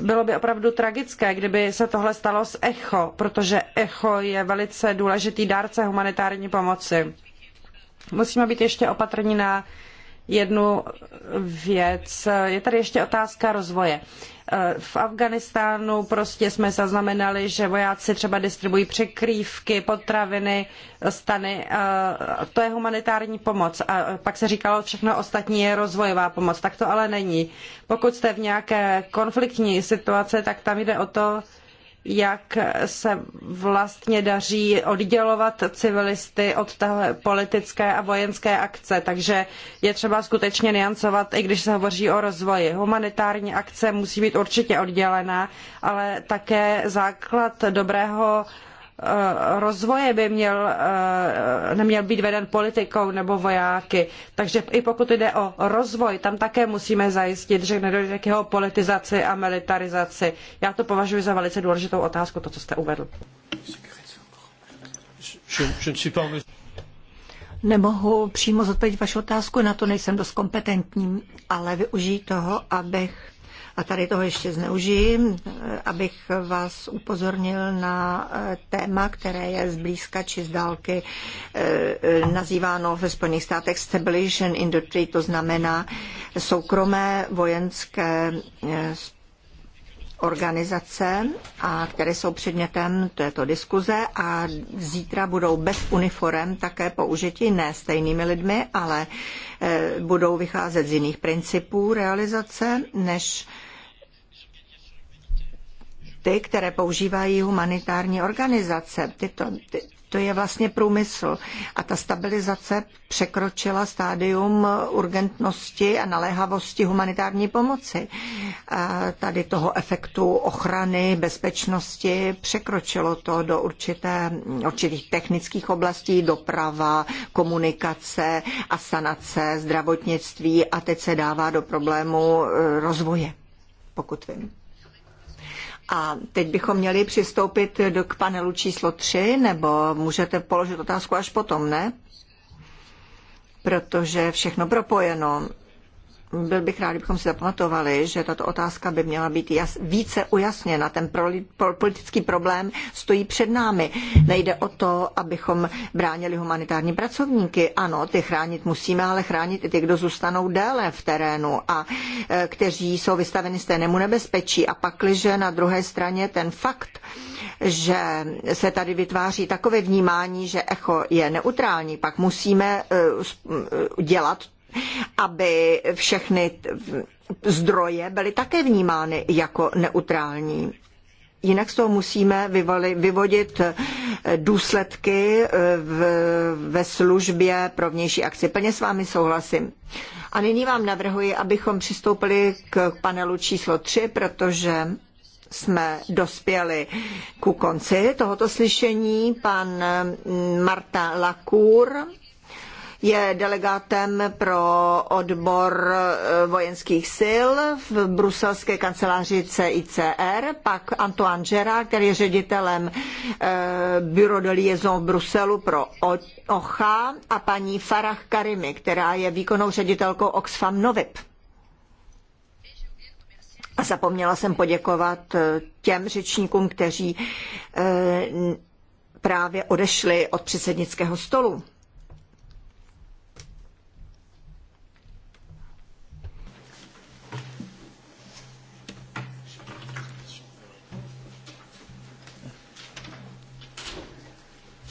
bylo by opravdu tragické, kdyby se tohle stalo s ECHO, protože ECHO je velice důležitý dárce humanitární pomoci. Musíme být ještě opatrní na jednu věc. Je tady ještě otázka rozvoje. Eh, v Afganistánu prostě jsme zaznamenali, že vojáci třeba distribuují překrývky, potraviny, stany. Eh, to je humanitární pomoc. A pak se říkalo, všechno ostatní je rozvojová pomoc. Tak to ale není. Pokud jste v nějaké konfliktní situaci, tak tam jde o to, jak se vlastně daří oddělovat civilisty od té politické a vojenské akce. Takže je třeba skutečně niancovat, i když se hovoří o rozvoji. Humanitární akce musí být určitě oddělená, ale také základ dobrého Eh, rozvoje by měl, eh, neměl být veden politikou nebo vojáky. Takže i pokud jde o rozvoj, tam také musíme zajistit, že nedojde k jeho politizaci a militarizaci. Já to považuji za velice důležitou otázku, to, co jste uvedl. Nemohu přímo zodpovědět vaši otázku, na to nejsem dost kompetentní, ale využiji toho, abych a tady toho ještě zneužiji, abych vás upozornil na eh, téma, které je zblízka či z dálky eh, nazýváno ve Spojených státech Stabilization Industry, to znamená soukromé vojenské eh, organizace, a které jsou předmětem této diskuze a zítra budou bez uniform také použiti ne stejnými lidmi, ale budou vycházet z jiných principů realizace, než ty, které používají humanitární organizace. Tyto, ty, to je vlastně průmysl. A ta stabilizace překročila stádium urgentnosti a naléhavosti humanitární pomoci. A tady toho efektu ochrany, bezpečnosti překročilo to do určité, určitých technických oblastí, doprava, komunikace a sanace, zdravotnictví a teď se dává do problému eh, rozvoje, pokud vím. A teď bychom měli přistoupit do, k panelu číslo 3, nebo můžete položit otázku až potom, ne? Protože všechno propojeno byl bych rád, kdybychom si zapamatovali, že tato otázka by měla být jas, více ujasněna. Ten pro, pro, politický problém stojí před námi. Nejde o to, abychom bránili humanitární pracovníky. Ano, ty chránit musíme, ale chránit i ty, kdo zůstanou déle v terénu a e, kteří jsou vystaveni stejnému nebezpečí. A pakliže na druhé straně ten fakt, že se tady vytváří takové vnímání, že echo je neutrální, pak musíme e, e dělat aby všechny zdroje byly také vnímány jako neutrální. Jinak z toho musíme vyvodit eh, důsledky eh, v, ve službě pro vnější akci. Plně s vámi souhlasím. A nyní vám navrhuji, abychom přistoupili k panelu číslo 3, protože jsme dospěli ku konci tohoto slyšení. Pan mm, Marta Lacour je delegátem pro odbor eh, vojenských sil v bruselské kanceláři CICR, pak Antoine Gerard, který je ředitelem eh, Bureau de liaison v Bruselu pro OCHA a paní Farah Karimi, která je výkonnou ředitelkou Oxfam Novib. A zapomněla jsem poděkovat eh, těm řečníkům, kteří právě odešli od předsednického stolu.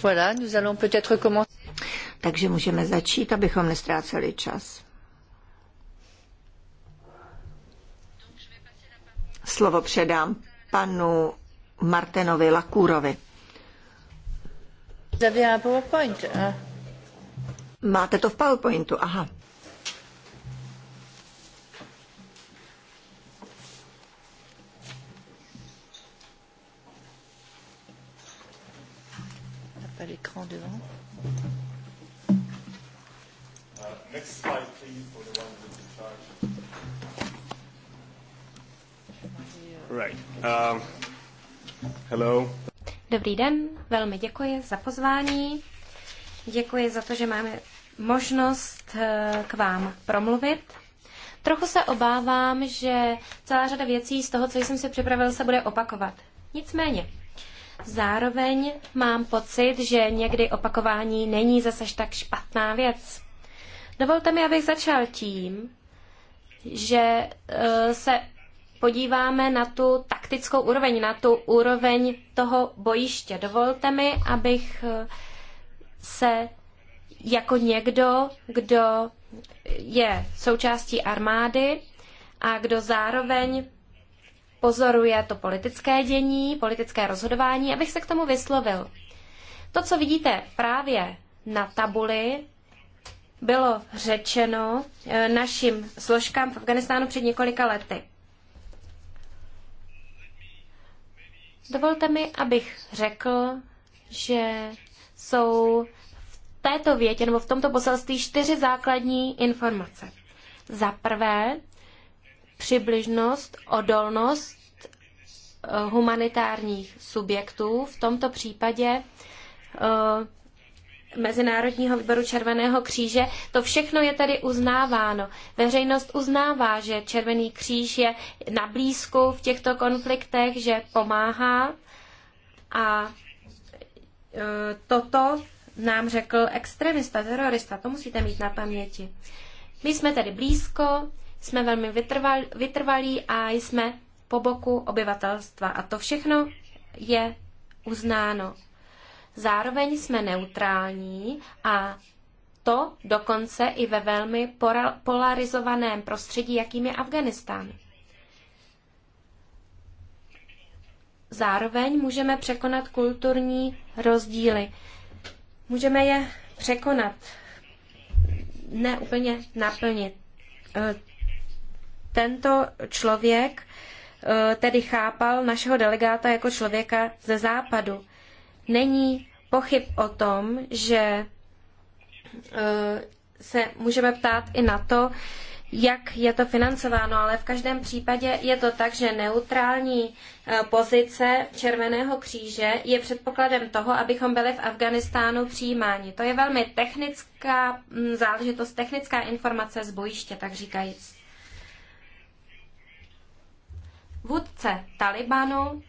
Voilà, nous allons peut-être commencer. Takže můžeme začít, abychom nestráceli čas. Slovo předám panu Martinovi Lakůrovi. Máte to v PowerPointu, aha. den, velmi děkuji za pozvání, děkuji za to, že máme možnost eh, k vám promluvit. Trochu se obávám, že celá řada věcí z toho, co jsem si připravil, se bude opakovat. Nicméně, zároveň mám pocit, že někdy opakování není zase tak špatná věc. Dovolte mi, abych začal tím, že eh, se podíváme na tu taktickou úroveň, na tu úroveň toho bojiště. Dovolte mi, abych eh, se jako někdo, kdo je součástí armády a kdo zároveň pozoruje to politické dění, politické rozhodování, abych se k tomu vyslovil. To, co vidíte právě na tabuli, bylo řečeno eh, našim složkám v Afganistánu před několika lety. Dovolte mi, abych řekl, že jsou v této větě nebo v tomto poselství čtyři základní informace. Za prvé, přibližnost, odolnost eh, humanitárních subjektů, v tomto případě eh, Mezinárodního výboru Červeného kříže. To všechno je tedy uznáváno. Veřejnost uznává, že Červený kříž je na blízku v těchto konfliktech, že pomáhá a e, toto nám řekl extremista, terorista. To musíte mít na paměti. My jsme tedy blízko, jsme velmi vytrval, vytrvalí a jsme po boku obyvatelstva. A to všechno je uznáno. Zároveň jsme neutrální a to dokonce i ve velmi polarizovaném prostředí, jakým je Afganistán. Zároveň můžeme překonat kulturní rozdíly. Můžeme je překonat, ne úplně naplnit. E, tento člověk e, tedy chápal našeho delegáta jako člověka ze západu. Není pochyb o tom, že eh, se můžeme ptát i na to, jak je to financováno, ale v každém případě je to tak, že neutrální eh, pozice Červeného kříže je předpokladem toho, abychom byli v Afganistánu přijímáni. To je velmi technická mm, záležitost, technická informace z bojiště, tak říkajíc. Vůdce Talibanu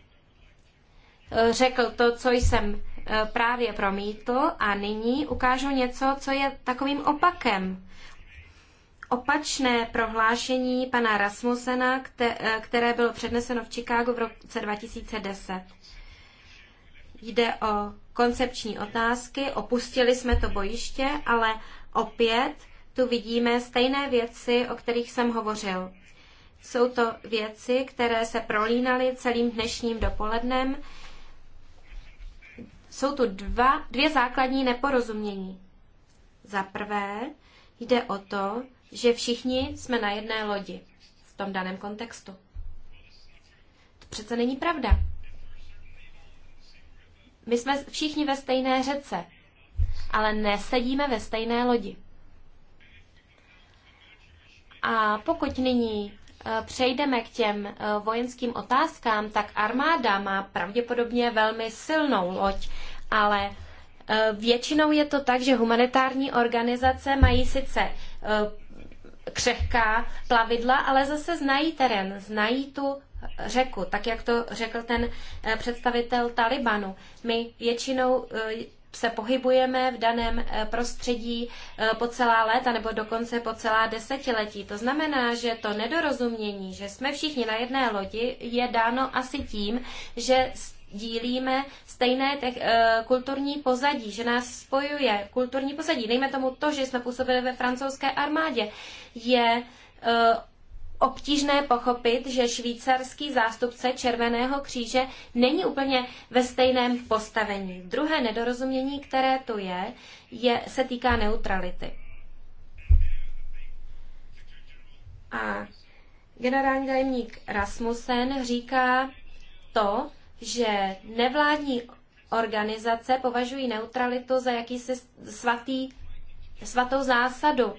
Eh, řekl to, co jsem eh, právě promítl a nyní ukážu něco, co je takovým opakem. Opačné prohlášení pana Rasmusena, eh, které bylo předneseno v Chicagu v roce 2010. Jde o koncepční otázky, opustili jsme to bojiště, ale opět tu vidíme stejné věci, o kterých jsem hovořil. Jsou to věci, které se prolínaly celým dnešním dopolednem jsou tu dva, dvě základní neporozumění. Za prvé jde o to, že všichni jsme na jedné lodi v tom daném kontextu. To přece není pravda. My jsme všichni ve stejné řece, ale nesedíme ve stejné lodi. A pokud nyní e, přejdeme k těm e, vojenským otázkám, tak armáda má pravděpodobně velmi silnou loď, ale e, většinou je to tak, že humanitární organizace mají sice e, křehká plavidla, ale zase znají terén, znají tu řeku, tak jak to řekl ten e, představitel Talibanu. My většinou se pohybujeme v daném prostředí po celá léta nebo dokonce po celá desetiletí. To znamená, že to nedorozumění, že jsme všichni na jedné lodi, je dáno asi tím, že sdílíme stejné te- uh, eh, kulturní pozadí, že nás spojuje kulturní pozadí. Nejme tomu to, že jsme působili ve francouzské armádě. Je uh, obtížné pochopit, že švýcarský zástupce Červeného kříže není úplně ve stejném postavení. Druhé nedorozumění, které tu je, je se týká neutrality. A generální tajemník Rasmussen říká to, že nevládní organizace považují neutralitu za jakýsi svatý, svatou zásadu.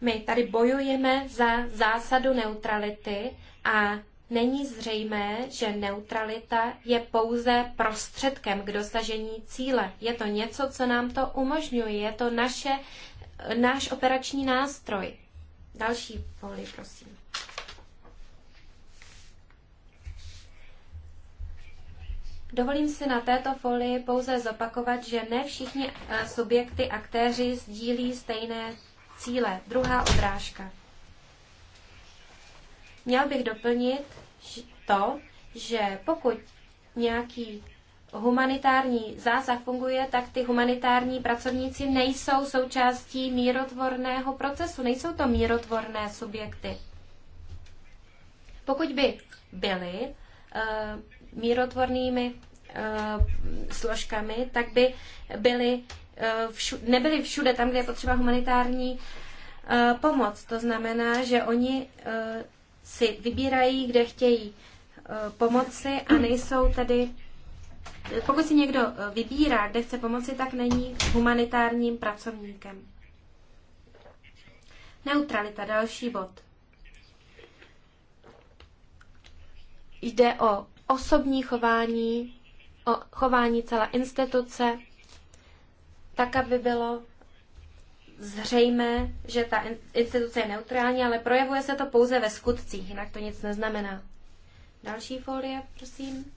My tady bojujeme za zásadu neutrality a není zřejmé, že neutralita je pouze prostředkem k dosažení cíle. Je to něco, co nám to umožňuje, je to naše, náš operační nástroj. Další poli, prosím. Dovolím si na této folii pouze zopakovat, že ne všichni eh, subjekty aktéři sdílí stejné cíle. Druhá obrážka. Měl bych doplnit to, že pokud nějaký humanitární zásah funguje, tak ty humanitární pracovníci nejsou součástí mírotvorného procesu, nejsou to mírotvorné subjekty. Pokud by byly, eh, mírotvornými eh, složkami, tak by byly eh, všu, nebyly všude tam, kde je potřeba humanitární eh, pomoc. To znamená, že oni si vybírají, kde chtějí pomoci a nejsou tedy pokud si někdo vybírá, kde chce pomoci, tak není humanitárním pracovníkem. Neutralita, další bod. Jde o osobní chování, o chování celé instituce, tak, aby bylo zřejmé, že ta instituce je neutrální, ale projevuje se to pouze ve skutcích, jinak to nic neznamená. Další folie, prosím.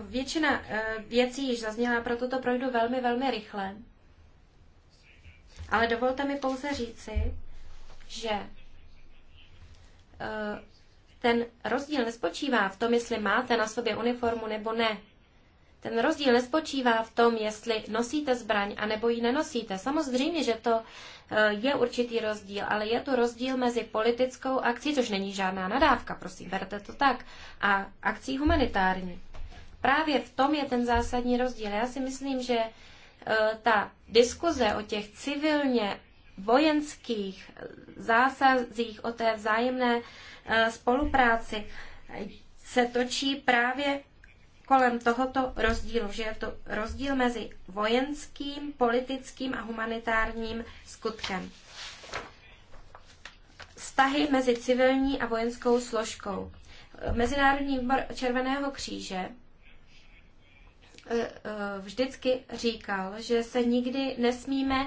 Většina eh, věcí již zazněla, proto to projdu velmi, velmi rychle. Ale dovolte mi pouze říci, že eh, ten rozdíl nespočívá v tom, jestli máte na sobě uniformu nebo ne. Ten rozdíl nespočívá v tom, jestli nosíte zbraň a nebo ji nenosíte. Samozřejmě, že to eh, je určitý rozdíl, ale je to rozdíl mezi politickou akcí, což není žádná nadávka, prosím, berte to tak, a akcí humanitární. Právě v tom je ten zásadní rozdíl. Já si myslím, že Eh, ta diskuze o těch civilně vojenských zásazích, o té vzájemné eh, spolupráci se točí právě kolem tohoto rozdílu, že je to rozdíl mezi vojenským, politickým a humanitárním skutkem. Vztahy mezi civilní a vojenskou složkou. Mezinárodní výbor Červeného kříže Eh, eh, vždycky říkal, že se nikdy nesmíme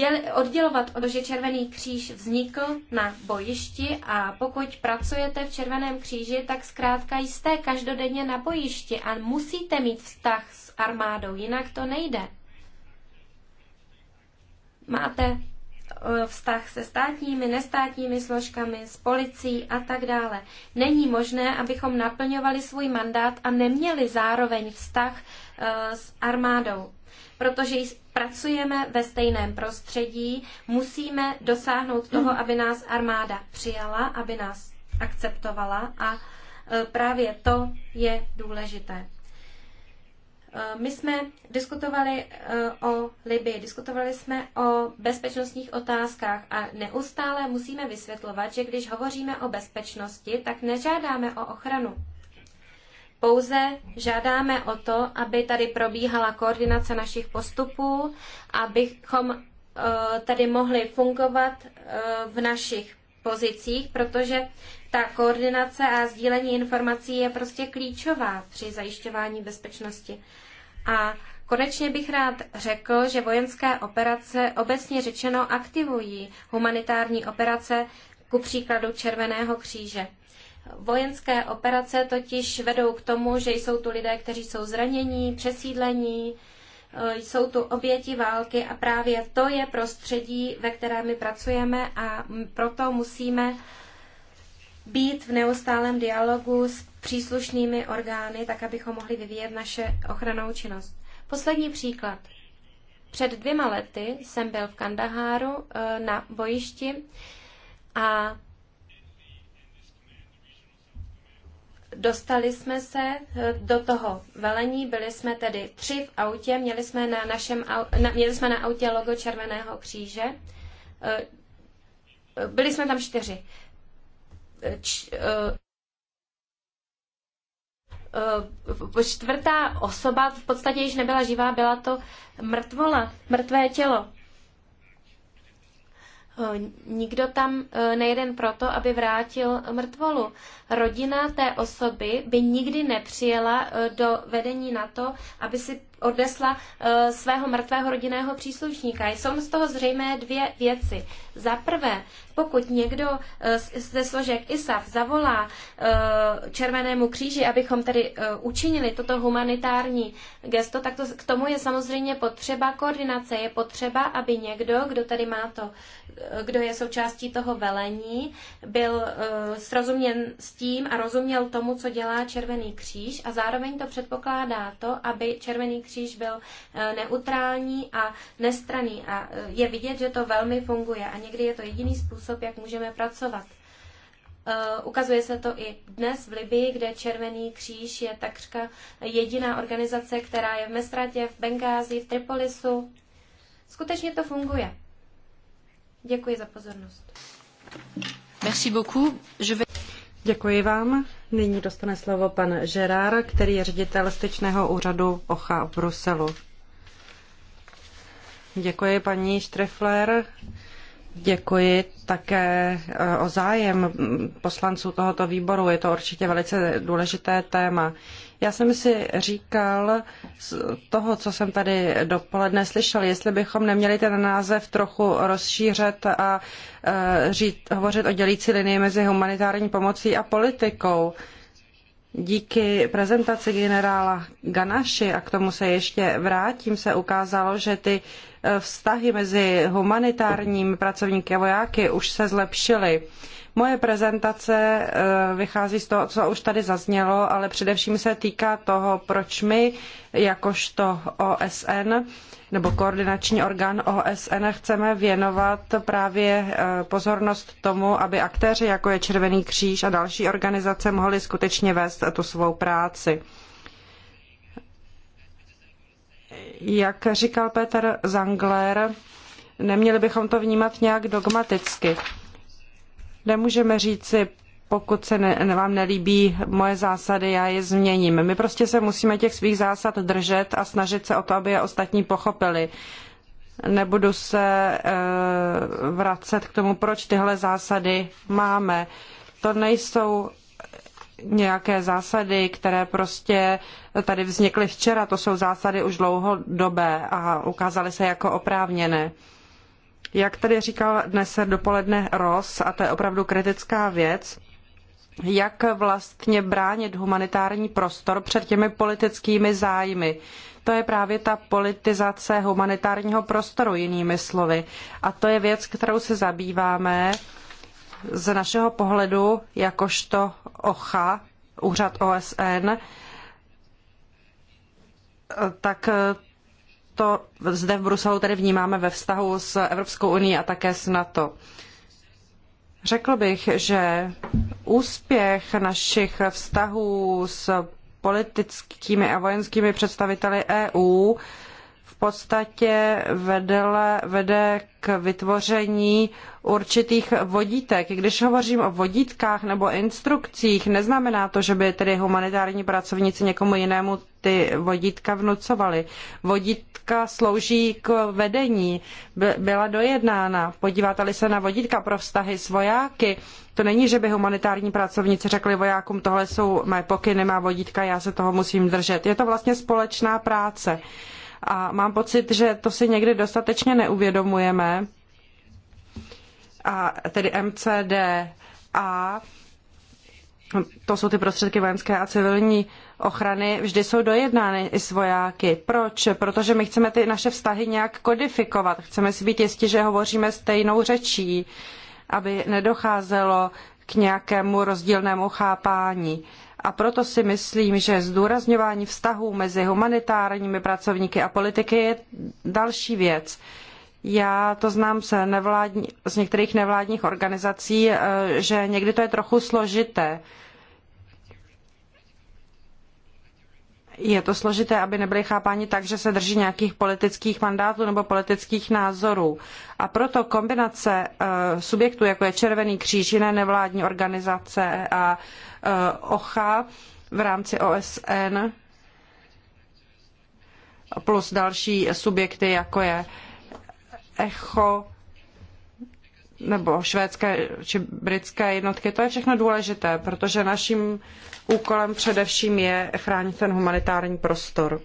eh, oddělovat od že Červený kříž vznikl na bojišti a pokud pracujete v Červeném kříži, tak zkrátka jste každodenně na bojišti a musíte mít vztah s armádou, jinak to nejde. Máte Eh, vztah se státními, nestátními složkami, s policií a tak dále. Není možné, abychom naplňovali svůj mandát a neměli zároveň vztah eh, s armádou. Protože pracujeme ve stejném prostředí, musíme dosáhnout toho, mm. aby nás armáda přijala, aby nás akceptovala a eh, právě to je důležité. Eh, my jsme diskutovali eh, o Libii, diskutovali jsme o bezpečnostních otázkách a neustále musíme vysvětlovat, že když hovoříme o bezpečnosti, tak nežádáme o ochranu. Pouze žádáme o to, aby tady probíhala koordinace našich postupů, abychom eh, tady mohli fungovat v našich pozicích, protože ta koordinace a sdílení informací je prostě klíčová při zajišťování bezpečnosti. A konečně bych rád řekl, že vojenské operace obecně řečeno aktivují humanitární operace, ku příkladu Červeného kříže. Vojenské operace totiž vedou k tomu, že jsou tu lidé, kteří jsou zranění, přesídlení, e, jsou tu oběti války a právě to je prostředí, ve kterém my pracujeme a proto musíme být v neustálém dialogu s příslušnými orgány, tak abychom mohli vyvíjet naše ochranou činnost. Poslední příklad. Před dvěma lety jsem byl v Kandaháru eh, na bojišti a Dostali jsme se eh, do toho velení, byli jsme tedy tři v autě, měli jsme na, našem, na, měli jsme na autě logo Červeného kříže. Eh, byli jsme tam čtyři. Č, Eh, čtvrtá osoba v podstatě již nebyla živá, byla to mrtvola, mrtvé tělo. Eh, nikdo tam eh, nejeden proto, aby vrátil mrtvolu. Rodina té osoby by nikdy nepřijela do vedení na to, aby si odnesla eh, svého mrtvého rodinného příslušníka. Jsou z toho zřejmé dvě věci. Za prvé, pokud někdo eh, ze složek ISAF zavolá eh, Červenému kříži, abychom tedy učinili toto humanitární gesto, tak to, k tomu je samozřejmě potřeba koordinace. Je potřeba, aby někdo, kdo tady má to, kdo je součástí toho velení, byl srozuměn s tím a rozuměl tomu, co dělá Červený kříž a zároveň to předpokládá to, aby Červený kříž kříž byl eh, neutrální a nestraný. A eh, je vidět, že to velmi funguje a někdy je to jediný způsob, jak můžeme pracovat. Eh, ukazuje se to i dnes v Libii, kde Červený kříž je takřka jediná organizace, která je v Mestratě, v Bengázi, v Tripolisu. Skutečně to funguje. Děkuji za pozornost. Merci beaucoup. Je vais... Děkuji vám. Nyní dostane slovo pan Gerard, který je ředitel styčného úřadu OCHA v Bruselu. Děkuji paní Štrefler Děkuji také eh, o zájem poslanců tohoto výboru. Je to určitě velice důležité téma. Já jsem si říkal z toho, co jsem tady dopoledne slyšel, jestli bychom neměli ten název trochu rozšířit a eh, říct, hovořit o dělící linii mezi humanitární pomocí a politikou. Díky prezentaci generála Ganaši, a k tomu se ještě vrátím, se ukázalo, že ty e, vztahy mezi humanitárním pracovníky a vojáky už se zlepšily. Moje prezentace e, vychází z toho, co už tady zaznělo, ale především se týká toho, proč my, jakožto OSN, nebo koordinační orgán OSN chceme věnovat právě eh, pozornost tomu, aby aktéři, jako je Červený kříž a další organizace, mohli skutečně vést tu svou práci. Jak říkal Peter Zangler, neměli bychom to vnímat nějak dogmaticky. Nemůžeme říci, pokud se ne, vám nelíbí moje zásady, já je změním. My prostě se musíme těch svých zásad držet a snažit se o to, aby je ostatní pochopili. Nebudu se eh, vracet k tomu, proč tyhle zásady máme. To nejsou nějaké zásady, které prostě tady vznikly včera, to jsou zásady už dlouhodobé a ukázaly se jako oprávněné. Jak tady říkal dnes dopoledne Ross, a to je opravdu kritická věc, jak vlastně bránit humanitární prostor před těmi politickými zájmy. To je právě ta politizace humanitárního prostoru, jinými slovy. A to je věc, kterou se zabýváme z našeho pohledu jakožto OCHA, úřad OSN, tak to zde v Bruselu tedy vnímáme ve vztahu s Evropskou unií a také s NATO. Řekl bych, že úspěch našich vztahů s politickými a vojenskými představiteli EU v podstatě vedle vede k vytvoření určitých vodítek. Když hovořím o vodítkách nebo instrukcích, neznamená to, že by tedy humanitární pracovníci někomu jinému ty vodítka vnucovali. Vodítka slouží k vedení, byla dojednána. Podíváte-li se na vodítka pro vztahy s vojáky, to není, že by humanitární pracovníci řekli vojákům, tohle jsou mé pokyny, má vodítka, já se toho musím držet. Je to vlastně společná práce. A mám pocit, že to si někdy dostatečně neuvědomujeme. A tedy MCD a to jsou ty prostředky vojenské a civilní ochrany, vždy jsou dojednány i s vojáky. Proč? Protože my chceme ty naše vztahy nějak kodifikovat. Chceme si být jisti, že hovoříme stejnou řečí, aby nedocházelo k nějakému rozdílnému chápání. A proto si myslím, že zdůrazňování vztahů mezi humanitárními pracovníky a politiky je další věc. Já to znám z, nevládní, z některých nevládních organizací, eh, že někdy to je trochu složité. Je to složité, aby nebyli chápáni tak, že se drží nějakých politických mandátů nebo politických názorů. A proto kombinace eh, subjektů, jako je Červený kříž, jiné nevládní organizace a uh, Eh, OCHA v rámci OSN plus další subjekty, jako je ECHO nebo švédské či britské jednotky. To je všechno důležité, protože naším úkolem především je chránit ten humanitární prostor.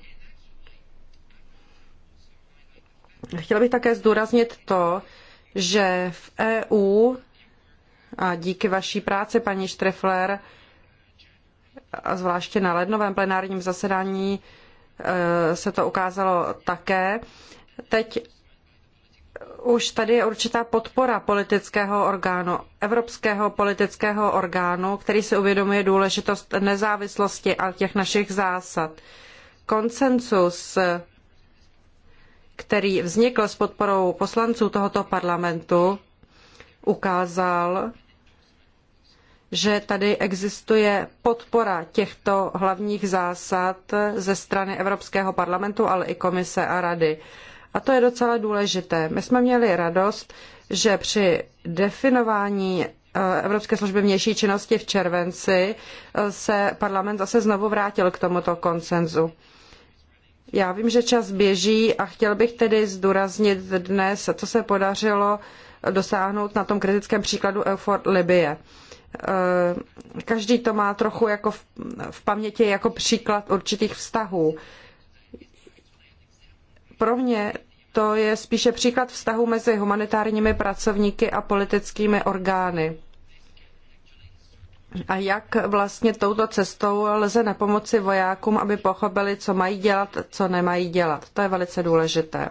Chtěla bych také zdůraznit to, že v EU a díky vaší práci, paní Štrefler, a zvláště na lednovém plenárním zasedání e, se to ukázalo také. Teď už tady je určitá podpora politického orgánu, evropského politického orgánu, který si uvědomuje důležitost nezávislosti a těch našich zásad. Koncensus, který vznikl s podporou poslanců tohoto parlamentu, ukázal, že tady existuje podpora těchto hlavních zásad ze strany Evropského parlamentu, ale i komise a rady. A to je docela důležité. My jsme měli radost, že při definování eh, Evropské služby vnější činnosti v červenci eh, se parlament zase znovu vrátil k tomuto konsenzu. Já vím, že čas běží a chtěl bych tedy zdůraznit dnes, co se podařilo dosáhnout na tom kritickém příkladu Eufor Libye. Eh, každý to má trochu jako v, v paměti jako příklad určitých vztahů. Pro mě to je spíše příklad vztahu mezi humanitárními pracovníky a politickými orgány. A jak vlastně touto cestou lze na pomoci vojákům, aby pochopili, co mají dělat, co nemají dělat. To je velice důležité.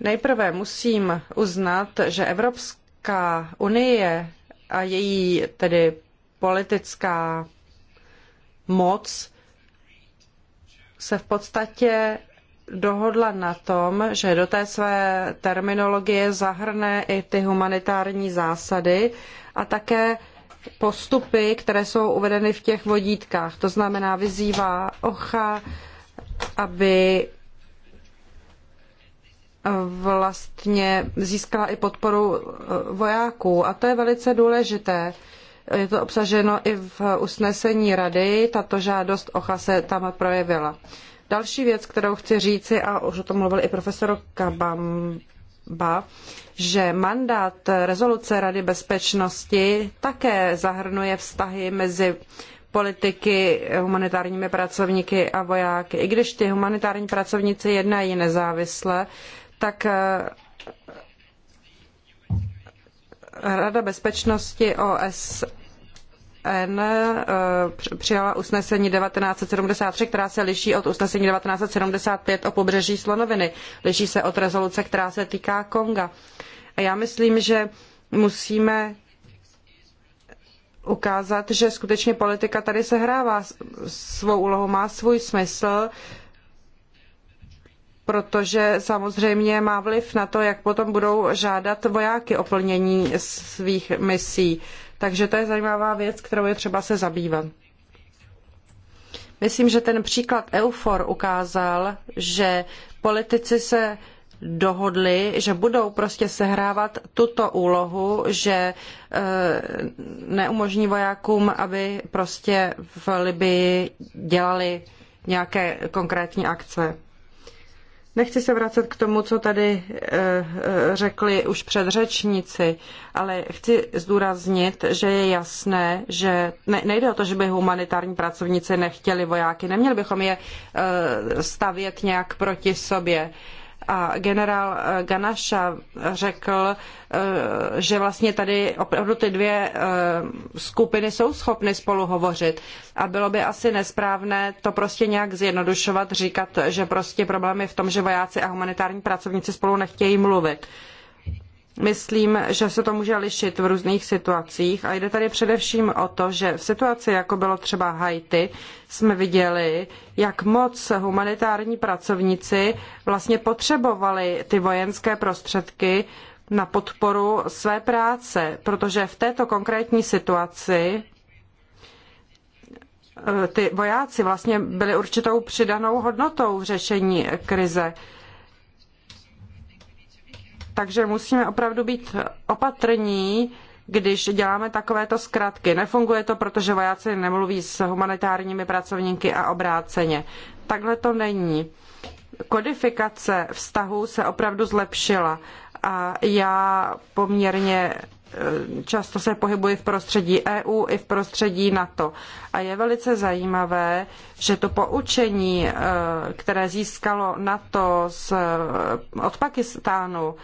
Nejprve musím uznat, že Evropská unie a její tedy politická moc se v podstatě dohodla na tom, že do té své terminologie zahrne i ty humanitární zásady a také postupy, které jsou uvedeny v těch vodítkách. To znamená, vyzývá OCHA, aby vlastně získala i podporu eh, vojáků a to je velice důležité. Je to obsaženo i v usnesení rady, tato žádost OCHA se tam projevila. Další věc, kterou chci říci, a už o tom mluvil i profesor Kabamba, že mandát rezoluce Rady bezpečnosti také zahrnuje vztahy mezi politiky, humanitárními pracovníky a vojáky. I když ti humanitární pracovníci jednají nezávisle, tak eh, Rada bezpečnosti OSN N eh, přijala usnesení 1973, která se liší od usnesení 1975 o pobřeží Slonoviny. Liší se od rezoluce, která se týká Konga. A já myslím, že musíme ukázat, že skutečně politika tady sehrává svou úlohu, má svůj smysl protože samozřejmě má vliv na to, jak potom budou žádat vojáky o plnění svých misí. Takže to je zajímavá věc, kterou je třeba se zabývat. Myslím, že ten příklad EUFOR ukázal, že politici se dohodli, že budou prostě sehrávat tuto úlohu, že eh, neumožní vojákům, aby prostě v Libii dělali nějaké konkrétní akce. Nechci se vracet k tomu, co tady eh, eh, řekli už předřečníci, ale chci zdůraznit, že je jasné, že nejde o to, že by humanitární pracovníci nechtěli vojáky. Neměli bychom je eh, stavět nějak proti sobě. E, a generál eh, Ganaša řekl, eh, že vlastně tady opravdu ty dvě eh, skupiny jsou schopny spolu hovořit a bylo by asi nesprávné to prostě nějak zjednodušovat, říkat, že prostě problém je v tom, že vojáci a humanitární pracovníci spolu nechtějí mluvit. Myslím, že se to může lišit v různých situacích a jde tady především o to, že v situaci, jako bylo třeba Haiti, jsme viděli, jak moc humanitární pracovníci vlastně potřebovali ty vojenské prostředky na podporu své práce, protože v této konkrétní situaci eh, ty vojáci vlastně byli určitou přidanou hodnotou v řešení krize. Takže musíme opravdu být opatrní, když děláme takovéto zkratky. Nefunguje to, protože vojáci nemluví s humanitárními pracovníky a obráceně. Takhle to není. Kodifikace vztahů se opravdu zlepšila a já poměrně eh, často se pohybuji v prostředí EU i v prostředí NATO. A je velice zajímavé, že to poučení, eh, které získalo NATO z, eh, od Pakistánu,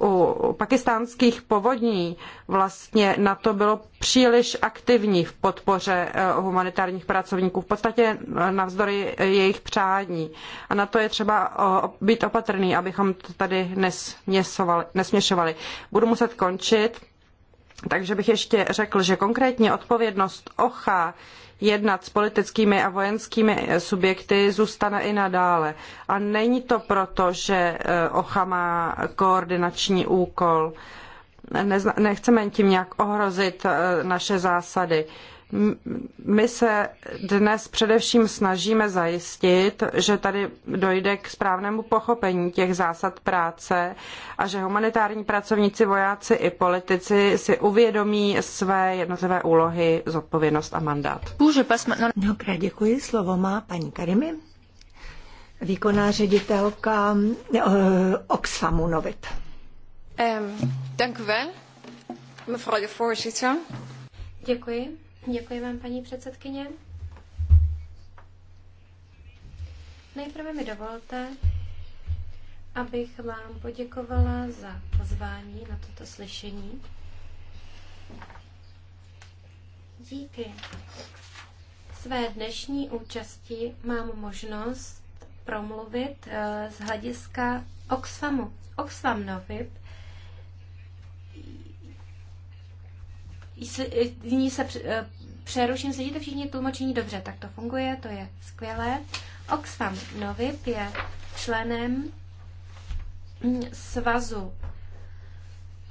u pakistánských povodní vlastně na to bylo příliš aktivní v podpoře eh, humanitárních pracovníků, v podstatě navzdory jejich přání. A na to je třeba být opatrný, abychom to tady nesměšovali. Budu muset končit, takže bych ještě řekl, že konkrétně odpovědnost OCHA jednat s politickými a vojenskými subjekty, zůstane i nadále. A není to proto, že eh, OCHA má koordinační úkol. Nechceme tím nějak ohrozit eh, naše zásady. My se dnes především snažíme zajistit, že tady dojde k správnému pochopení těch zásad práce a že humanitární pracovníci, vojáci i politici si uvědomí své jednotlivé úlohy, zodpovědnost a mandát. No, dobré, děkuji. Slovo má paní Karimi, výkonná ředitelka uh, Oxfamu Novit. Um, dank mevrouw de voorzitter. Děkuji. Děkuji vám, paní předsedkyně. Nejprve mi dovolte, abych vám poděkovala za pozvání na toto slyšení. Díky své dnešní účasti mám možnost promluvit eh, z hlediska Oxfamu. Oxfam Novib Eh, nyní se eh, přeruším, sedíte všichni tlumočení dobře, tak to funguje, to je skvělé. Oxfam Novib je členem mm, svazu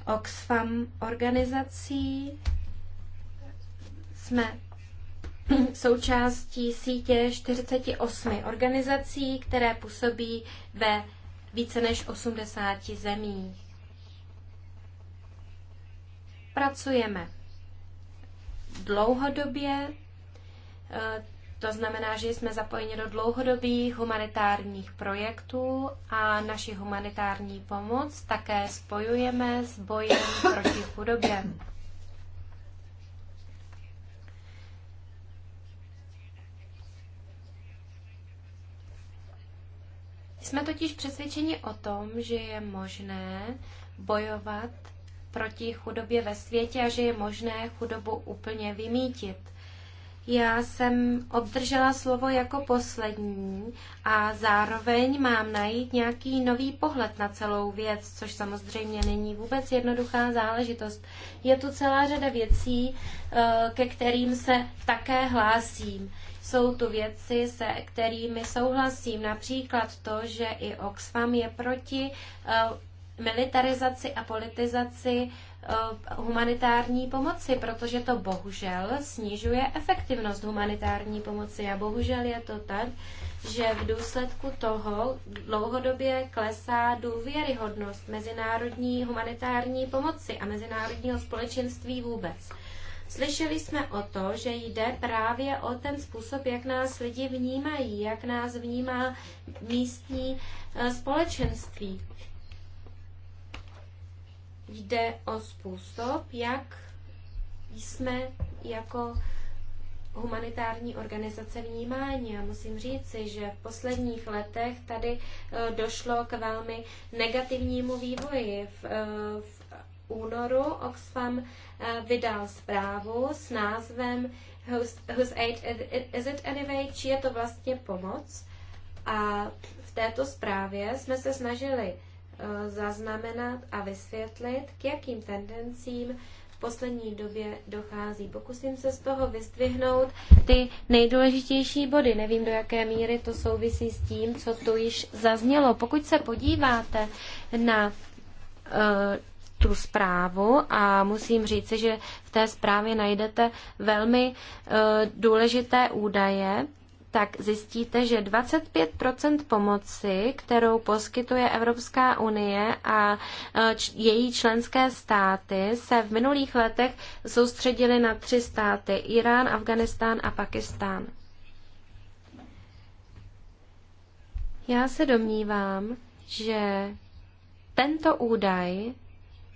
Oxfam organizací. Jsme součástí sítě 48 organizací, které působí ve více než 80 zemích. Pracujeme dlouhodobě. Eh, to znamená, že jsme zapojeni do dlouhodobých humanitárních projektů a naši humanitární pomoc také spojujeme s bojem proti chudobě. Jsme totiž přesvědčeni o tom, že je možné bojovat proti chudobě ve světě a že je možné chudobu úplně vymítit. Já jsem obdržela slovo jako poslední a zároveň mám najít nějaký nový pohled na celou věc, což samozřejmě není vůbec jednoduchá záležitost. Je tu celá řada věcí, eh, ke kterým se také hlásím. Jsou tu věci, se kterými souhlasím, například to, že i Oxfam je proti eh, militarizaci a politizaci eh, humanitární pomoci, protože to bohužel snižuje efektivnost humanitární pomoci a bohužel je to tak, že v důsledku toho dlouhodobě klesá důvěryhodnost mezinárodní humanitární pomoci a mezinárodního společenství vůbec. Slyšeli jsme o to, že jde právě o ten způsob, jak nás lidi vnímají, jak nás vnímá místní eh, společenství jde o způsob, jak jsme jako humanitární organizace vnímání. A musím říci, že v posledních letech tady e, došlo k velmi negativnímu vývoji. V, e, v únoru Oxfam e, vydal zprávu s názvem Whose Aid Is It Anyway? Či je to vlastně pomoc? A v této zprávě jsme se snažili Eh, zaznamenat a vysvětlit, k jakým tendencím v poslední době dochází. Pokusím se z toho vystvihnout ty nejdůležitější body. Nevím, do jaké míry to souvisí s tím, co tu již zaznělo. Pokud se podíváte na eh, tu zprávu a musím říci, že v té zprávě najdete velmi uh, důležité údaje, tak zjistíte, že 25 pomoci, kterou poskytuje Evropská unie a e, její členské státy, se v minulých letech soustředily na tři státy Irán, Afganistán a Pakistán. Já se domnívám, že tento údaj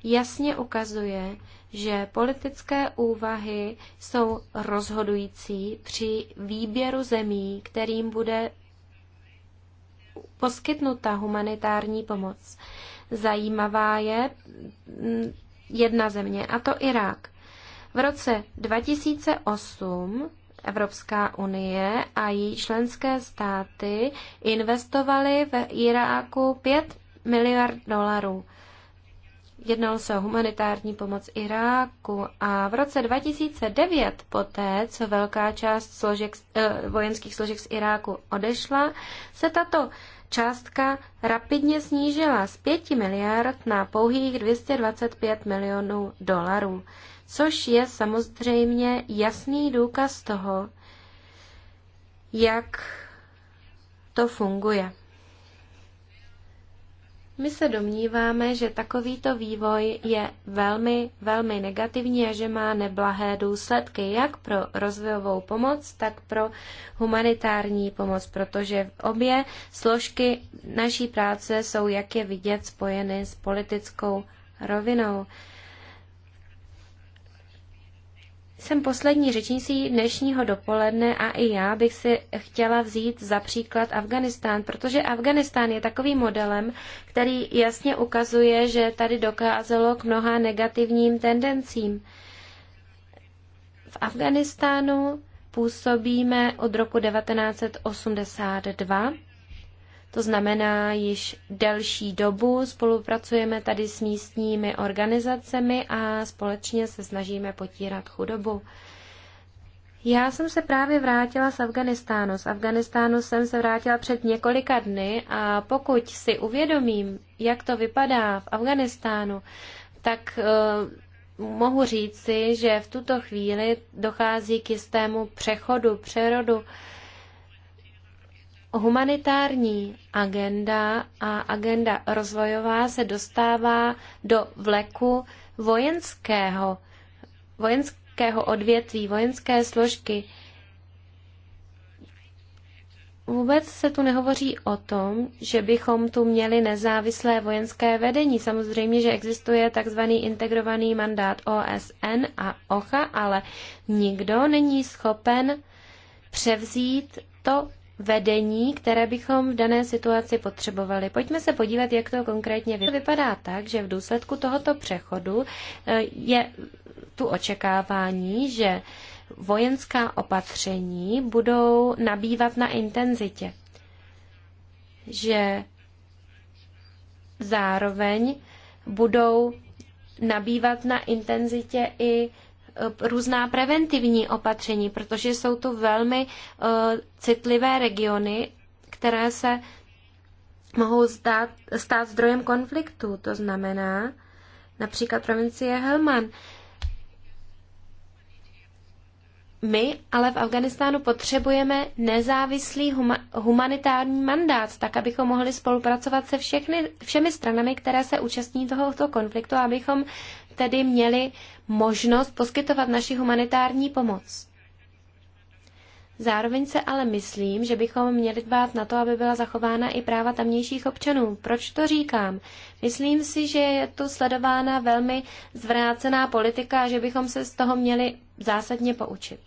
jasně ukazuje, že politické úvahy jsou rozhodující při výběru zemí, kterým bude poskytnuta humanitární pomoc. Zajímavá je mm, jedna země, a to Irák. V roce 2008 Evropská unie a její členské státy investovaly v Iráku 5 miliard dolarů. Jednalo se o humanitární pomoc Iráku a v roce 2009, poté co velká část složek, eh, vojenských složek z Iráku odešla, se tato částka rapidně snížila z 5 miliard na pouhých 225 milionů dolarů, což je samozřejmě jasný důkaz toho, jak to funguje. My se domníváme, že takovýto vývoj je velmi, velmi negativní a že má neblahé důsledky jak pro rozvojovou pomoc, tak pro humanitární pomoc, protože obě složky naší práce jsou, jak je vidět, spojeny s politickou rovinou. Jsem poslední řečnící dnešního dopoledne a i já bych si chtěla vzít za příklad Afganistán, protože Afganistán je takovým modelem, který jasně ukazuje, že tady dokázalo k mnoha negativním tendencím. V Afganistánu působíme od roku 1982 to znamená, již delší dobu spolupracujeme tady s místními organizacemi a společně se snažíme potírat chudobu. Já jsem se právě vrátila z Afganistánu. Z Afganistánu jsem se vrátila před několika dny a pokud si uvědomím, jak to vypadá v Afganistánu, tak uh, mohu říci, že v tuto chvíli dochází k jistému přechodu, přerodu uh, humanitární agenda a agenda rozvojová se dostává do vleku vojenského, vojenského odvětví, vojenské složky. Vůbec se tu nehovoří o tom, že bychom tu měli nezávislé vojenské vedení. Samozřejmě, že existuje takzvaný integrovaný mandát OSN a OCHA, ale nikdo není schopen převzít to vedení, které bychom v dané situaci potřebovali. Pojďme se podívat, jak to konkrétně vypadá. Vypadá tak, že v důsledku tohoto přechodu eh, je tu očekávání, že vojenská opatření budou nabývat na intenzitě. Že zároveň budou nabývat na intenzitě i Eh, různá preventivní opatření, protože jsou to velmi eh, citlivé regiony, které se mohou stát, stát zdrojem konfliktu. To znamená například provincie Helman. My ale v Afganistánu potřebujeme nezávislý huma- humanitární mandát, tak abychom mohli spolupracovat se všechny, všemi stranami, které se účastní tohoto konfliktu, abychom tedy měli možnost poskytovat naši humanitární pomoc. Zároveň se ale myslím, že bychom měli dbát na to, aby byla zachována i práva tamnějších občanů. Proč to říkám? Myslím si, že je tu sledována velmi zvrácená politika a že bychom se z toho měli zásadně poučit.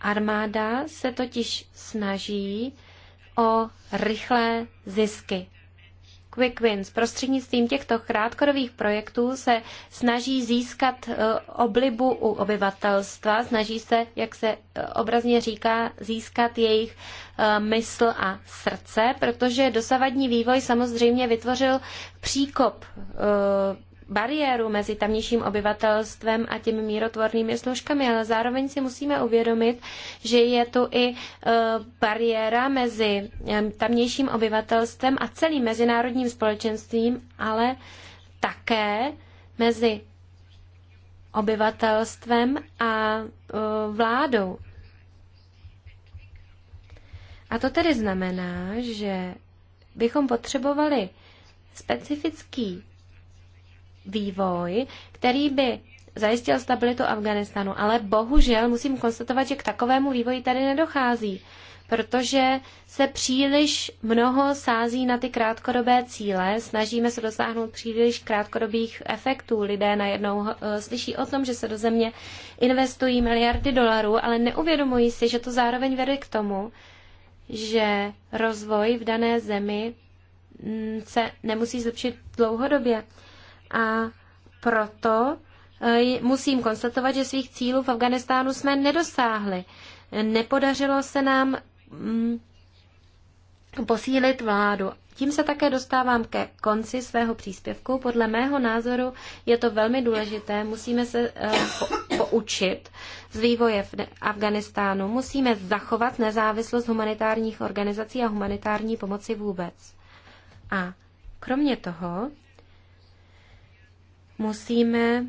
Armáda se totiž snaží o rychlé zisky. Quick Wins. Prostřednictvím těchto krátkodových projektů se snaží získat e, oblibu u obyvatelstva, snaží se, jak se e, obrazně říká, získat jejich e, mysl a srdce, protože dosavadní vývoj samozřejmě vytvořil příkop bariéru mezi tamnějším obyvatelstvem a těmi mírotvornými složkami, ale zároveň si musíme uvědomit, že je tu i e, bariéra mezi e, tamnějším obyvatelstvem a celým mezinárodním společenstvím, ale také mezi obyvatelstvem a e, vládou. A to tedy znamená, že bychom potřebovali specifický vývoj, který by zajistil stabilitu Afganistanu. Ale bohužel musím konstatovat, že k takovému vývoji tady nedochází, protože se příliš mnoho sází na ty krátkodobé cíle, snažíme se dosáhnout příliš krátkodobých efektů. Lidé najednou eh, slyší o tom, že se do země investují miliardy dolarů, ale neuvědomují si, že to zároveň vede k tomu, že rozvoj v dané zemi mm, se nemusí zlepšit dlouhodobě a proto e, musím konstatovat, že svých cílů v Afganistánu jsme nedosáhli. Nepodařilo se nám mm, posílit vládu. Tím se také dostávám ke konci svého příspěvku. Podle mého názoru je to velmi důležité. Musíme se e, poučit z vývoje v Afganistánu. Musíme zachovat nezávislost humanitárních organizací a humanitární pomoci vůbec. A kromě toho musíme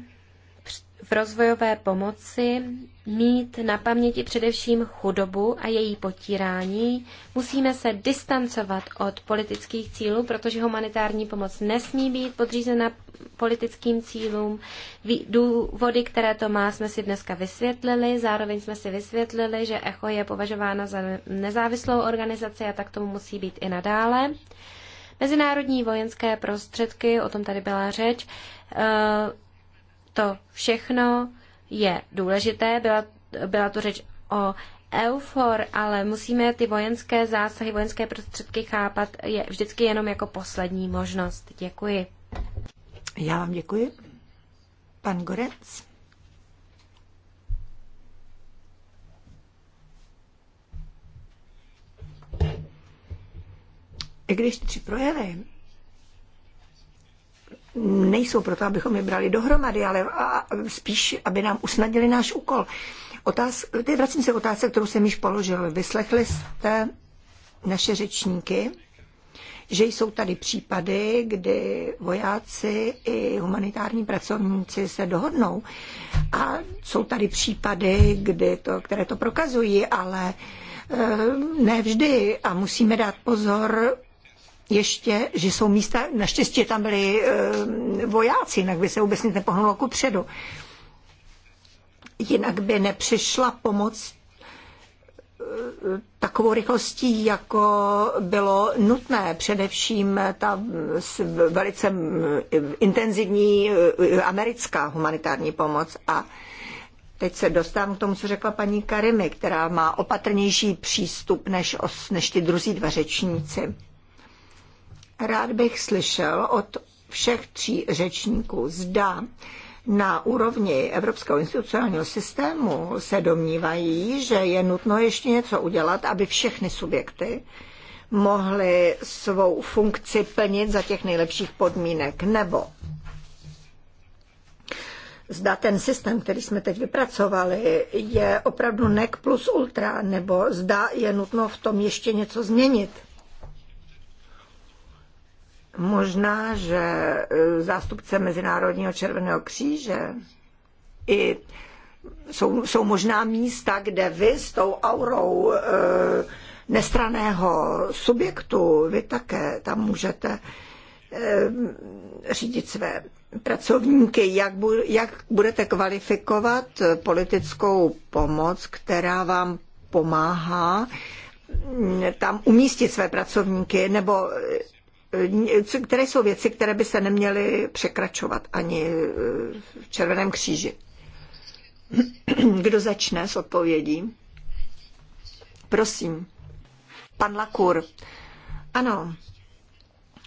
v rozvojové pomoci mít na paměti především chudobu a její potírání. Musíme se distancovat od politických cílů, protože humanitární pomoc nesmí být podřízena politickým cílům. Důvody, které to má, jsme si dneska vysvětlili. Zároveň jsme si vysvětlili, že ECHO je považována za nezávislou organizaci a tak tomu musí být i nadále. Mezinárodní vojenské prostředky, o tom tady byla řeč, to všechno je důležité. Byla, byla to řeč o EUFOR, ale musíme ty vojenské zásahy, vojenské prostředky chápat je vždycky jenom jako poslední možnost. Děkuji. Já vám děkuji. Pan Gorec. I když tři projevy nejsou proto, abychom je brali dohromady, ale a, spíš, aby nám usnadili náš úkol. Otáz, teď vracím se k otázce, kterou jsem již položil. Vyslechli jste naše řečníky, že jsou tady případy, kdy vojáci i humanitární pracovníci se dohodnou a jsou tady případy, kdy to, které to prokazují, ale eh, ne vždy a musíme dát pozor ještě, že jsou místa, naštěstí tam byli e, vojáci, jinak by se vůbec nic nepohnulo ku předu. Jinak by nepřišla pomoc eh, takovou rychlostí, jako bylo nutné. Především ta eh, velice intenzivní americká humanitární pomoc. A teď se dostávám k tomu, co řekla paní Karimi, která má opatrnější přístup než, os, než ty druzí dva řečníci Rád bych slyšel od všech tří řečníků, zda na úrovni Evropského institucionálního systému se domnívají, že je nutno ještě něco udělat, aby všechny subjekty mohly svou funkci plnit za těch nejlepších podmínek, nebo zda ten systém, který jsme teď vypracovali, je opravdu nek plus ultra, nebo zda je nutno v tom ještě něco změnit. Možná, že e, zástupce Mezinárodního červeného kříže i jsou, jsou možná místa, kde vy s tou aurou e, nestraného subjektu, vy také tam můžete e, řídit své pracovníky, jak, bu, jak budete kvalifikovat politickou pomoc, která vám pomáhá tam umístit své pracovníky, nebo e, E, které jsou věci, které by se neměly překračovat ani e, v Červeném kříži. Kdo začne s odpovědí? Prosím. Pan Lakur. Ano,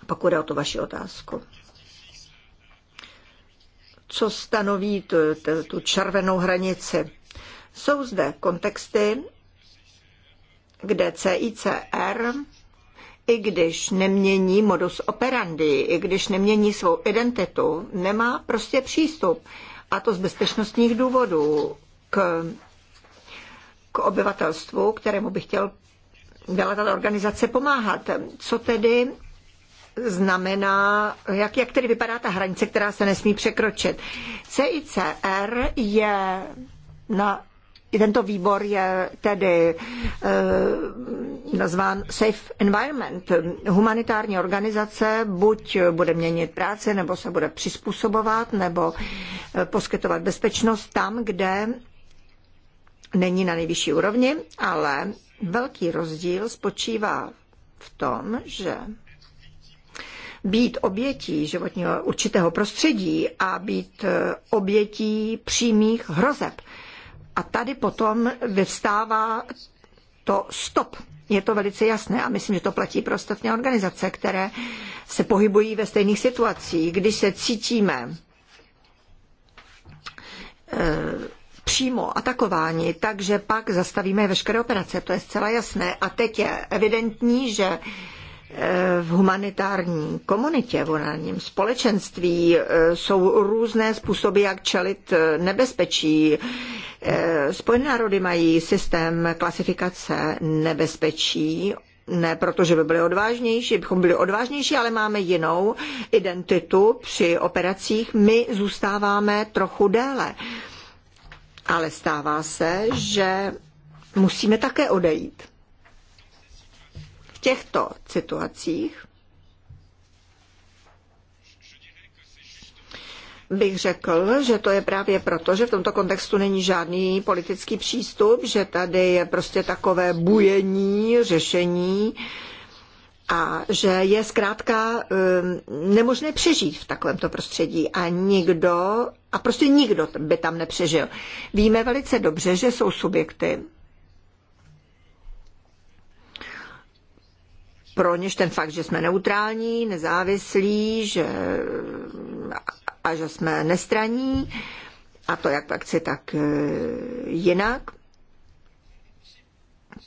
pokud je o tu vaši otázku. Co stanoví tu, tu, tu červenou hranici? Jsou zde kontexty, kde CICR i když nemění modus operandi, i když nemění svou identitu, nemá prostě přístup. A to z bezpečnostních důvodů k, k obyvatelstvu, kterému by chtěl byla tato organizace pomáhat. Co tedy znamená, jak, jak tedy vypadá ta hranice, která se nesmí překročit. CICR je na tento výbor je tedy e, nazván Safe Environment. Humanitární organizace buď bude měnit práce, nebo se bude přizpůsobovat, nebo eh, poskytovat bezpečnost tam, kde není na nejvyšší úrovni, ale velký rozdíl spočívá v tom, že být obětí životního určitého prostředí a být eh, obětí přímých hrozeb a tady potom vyvstává to stop. Je to velice jasné a myslím, že to platí pro ostatní organizace, které se pohybují ve stejných situacích. Když se cítíme e, přímo atakováni, takže pak zastavíme veškeré operace, to je zcela jasné. A teď je evidentní, že Eh, v humanitární komunitě, v humanitárním společenství eh, jsou různé způsoby, jak čelit eh, nebezpečí. Spojené národy mají systém klasifikace nebezpečí, ne proto, že by byli odvážnější, bychom byli odvážnější, ale máme jinou identitu při operacích. My zůstáváme trochu déle. Ale stává se, že musíme také odejít těchto situacích bych řekl, že to je právě proto, že v tomto kontextu není žádný politický přístup, že tady je prostě takové bujení, řešení a že je zkrátka eh, nemožné přežít v takovémto prostředí a nikdo, a prostě nikdo by tam nepřežil. Víme velice dobře, že jsou subjekty, pro něž ten fakt, že jsme neutrální, nezávislí že, a že jsme nestraní, a to jak pak si tak e, jinak,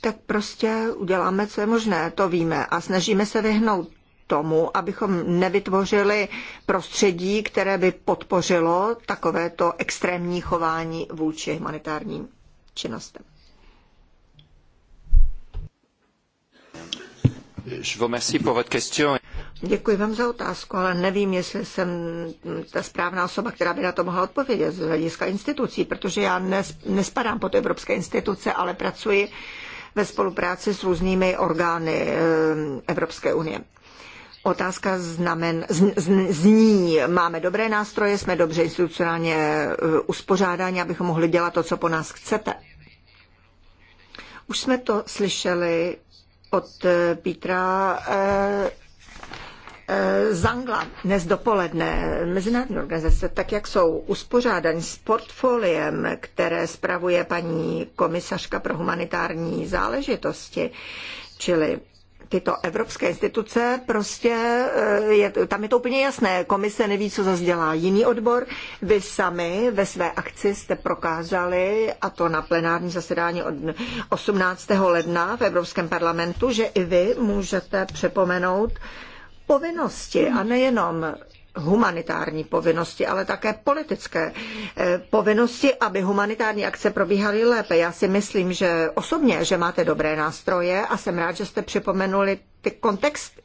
tak prostě uděláme, co je možné, to víme a snažíme se vyhnout tomu, abychom nevytvořili prostředí, které by podpořilo takovéto extrémní chování vůči humanitárním činnostem. Děkuji vám za otázku, ale nevím, jestli jsem ta správná osoba, která by na to mohla odpovědět z hlediska institucí, protože já nespadám pod evropské instituce, ale pracuji ve spolupráci s různými orgány eh, Evropské unie. Otázka znamen, z, zní, máme dobré nástroje, jsme dobře institucionálně eh, uspořádáni, abychom mohli dělat to, co po nás chcete. Už jsme to slyšeli od eh, Petra eh, eh, Zangla dnes dopoledne mezinárodní organizace, tak jak jsou uspořádaní s portfoliem, které spravuje paní komisařka pro humanitární záležitosti, čili tyto evropské instituce prostě, eh, je, tam je to úplně jasné, komise neví, co zase dělá jiný odbor. Vy sami ve své akci jste prokázali, a to na plenární zasedání od 18. ledna v Evropském parlamentu, že i vy můžete přepomenout povinnosti a nejenom humanitární povinnosti, ale také politické eh, povinnosti, aby humanitární akce probíhaly lépe. Já si myslím, že osobně, že máte dobré nástroje a jsem rád, že jste připomenuli ty kontexty,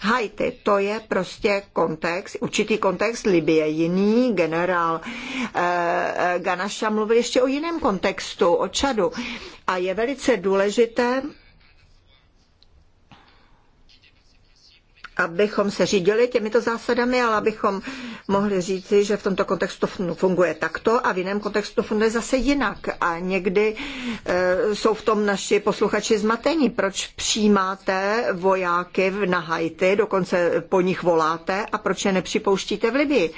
Haiti, to je prostě kontext, určitý kontext Libie, jiný generál eh, eh, Ganaša mluvil ještě o jiném kontextu, o Čadu. A je velice důležité abychom se řídili těmito zásadami, ale abychom mohli říci, že v tomto kontextu funguje takto a v jiném kontextu funguje zase jinak. A někdy e, jsou v tom naši posluchači zmatení. Proč přijímáte vojáky na Haiti, dokonce po nich voláte a proč je nepřipouštíte v Libii?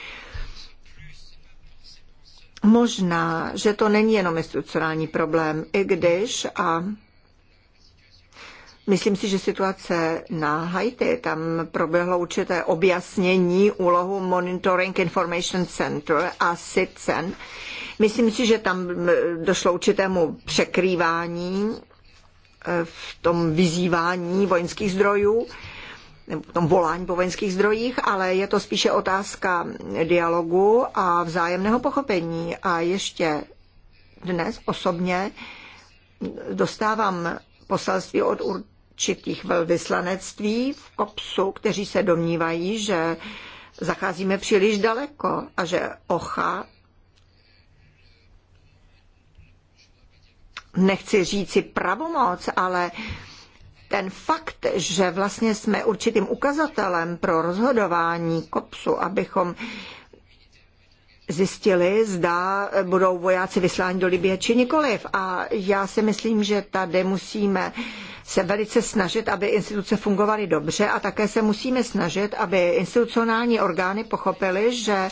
Možná, že to není jenom institucionální problém, i když a Myslím si, že situace na Haiti, tam proběhlo určité objasnění úlohu Monitoring Information Center a SITCEN. Myslím si, že tam eh, došlo určitému překrývání eh, v tom vyzývání vojenských zdrojů, nebo v tom volání po vojenských zdrojích, ale je to spíše otázka dialogu a vzájemného pochopení. A ještě dnes osobně dostávám poselství od určitých velvyslanectví v KOPSu, kteří se domnívají, že zacházíme příliš daleko a že OCHA nechci říci pravomoc, ale ten fakt, že vlastně jsme určitým ukazatelem pro rozhodování KOPSu, abychom zjistili, zda budou vojáci vysláni do Libie či nikoliv. A já si myslím, že tady musíme se velice snažit, aby instituce fungovaly dobře a také se musíme snažit, aby institucionální orgány pochopily, že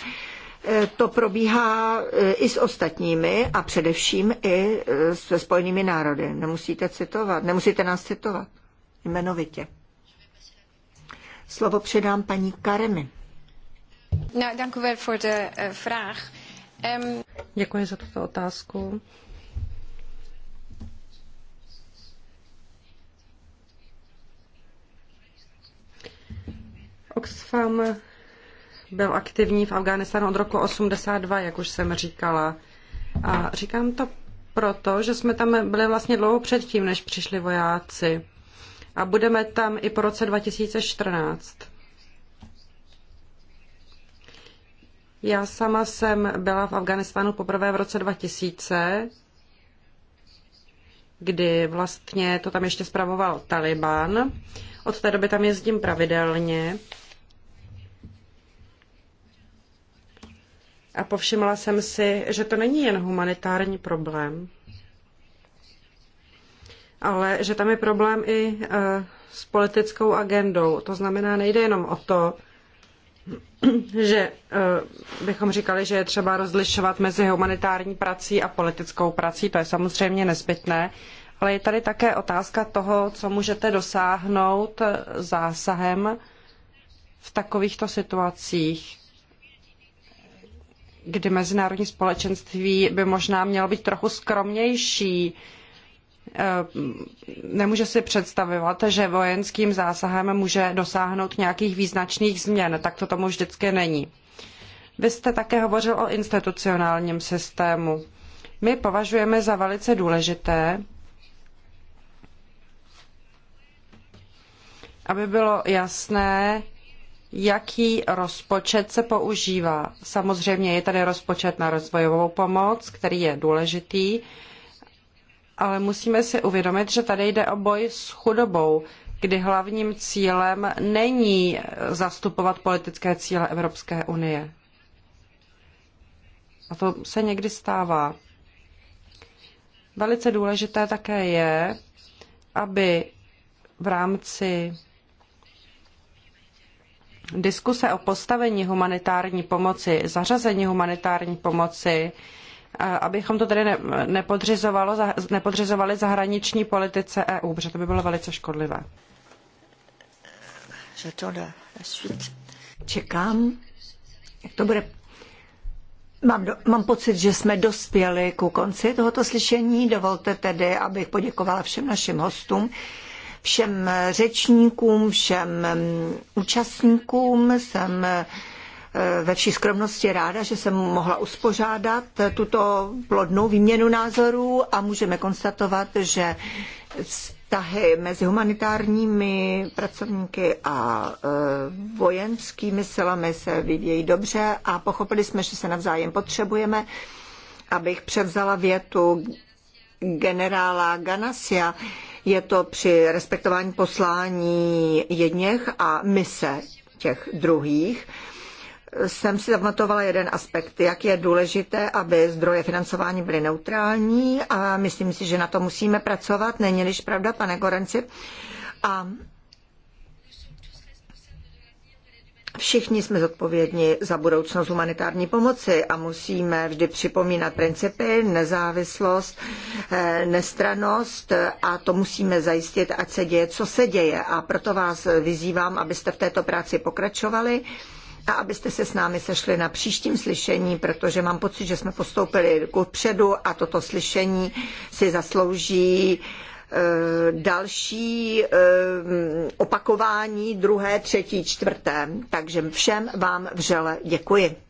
e, to probíhá e, i s ostatními a především i e, se spojenými národy. Nemusíte citovat, nemusíte nás citovat jmenovitě. Slovo předám paní Karemi. No, eh, ehm, Děkuji za tuto otázku. Oxfam byl aktivní v Afghánistánu od roku 82, jak už jsem říkala. A říkám to proto, že jsme tam byli vlastně dlouho předtím, než přišli vojáci. A budeme tam i po roce 2014. Já sama jsem byla v Afganistánu poprvé v roce 2000, kdy vlastně to tam ještě spravoval Taliban. Od té doby tam jezdím pravidelně A povšimla jsem si, že to není jen humanitární problém, ale že tam je problém i eh, s politickou agendou. To znamená, nejde jenom o to, že eh, bychom říkali, že je třeba rozlišovat mezi humanitární prací a politickou prací, to je samozřejmě nezbytné, ale je tady také otázka toho, co můžete dosáhnout eh, zásahem v takovýchto situacích kdy mezinárodní společenství by možná mělo být trochu skromnější. Eh, nemůže si představovat, že vojenským zásahem může dosáhnout nějakých význačných změn. Tak to tomu vždycky není. Vy jste také hovořil o institucionálním systému. My považujeme za velice důležité, aby bylo jasné, jaký rozpočet se používá. Samozřejmě je tady rozpočet na rozvojovou pomoc, který je důležitý, ale musíme si uvědomit, že tady jde o boj s chudobou, kdy hlavním cílem není zastupovat politické cíle Evropské unie. A to se někdy stává. Velice důležité také je, aby v rámci Diskuse o postavení humanitární pomoci, zařazení humanitární pomoci, eh, abychom to tedy nepodřizovalo, nepodřizovali zahraniční politice EU, protože to by bylo velice škodlivé. Čekám, jak to bude. Mám, do, mám pocit, že jsme dospěli ku konci tohoto slyšení. Dovolte tedy, abych poděkovala všem našim hostům všem řečníkům, všem účastníkům. Jsem eh, ve vší skromnosti ráda, že jsem mohla uspořádat tuto plodnou výměnu názorů a můžeme konstatovat, že vztahy mezi humanitárními pracovníky a eh, vojenskými silami se vyvíjejí dobře a pochopili jsme, že se navzájem potřebujeme. Abych převzala větu generála Ganasia, je to při respektování poslání jedněch a mise těch druhých jsem si zapamatovala jeden aspekt, jak je důležité, aby zdroje financování byly neutrální a myslím si, že na to musíme pracovat, není-liž pravda, pane Gorenci. A Všichni jsme zodpovědní za budoucnost humanitární pomoci a musíme vždy připomínat principy, nezávislost, eh, nestranost a to musíme zajistit, ať se děje, co se děje. A proto vás vyzývám, abyste v této práci pokračovali a abyste se s námi sešli na příštím slyšení, protože mám pocit, že jsme postoupili ku předu a toto slyšení si zaslouží Eh, další eh, opakování druhé, třetí, čtvrté. Takže všem vám vřele děkuji.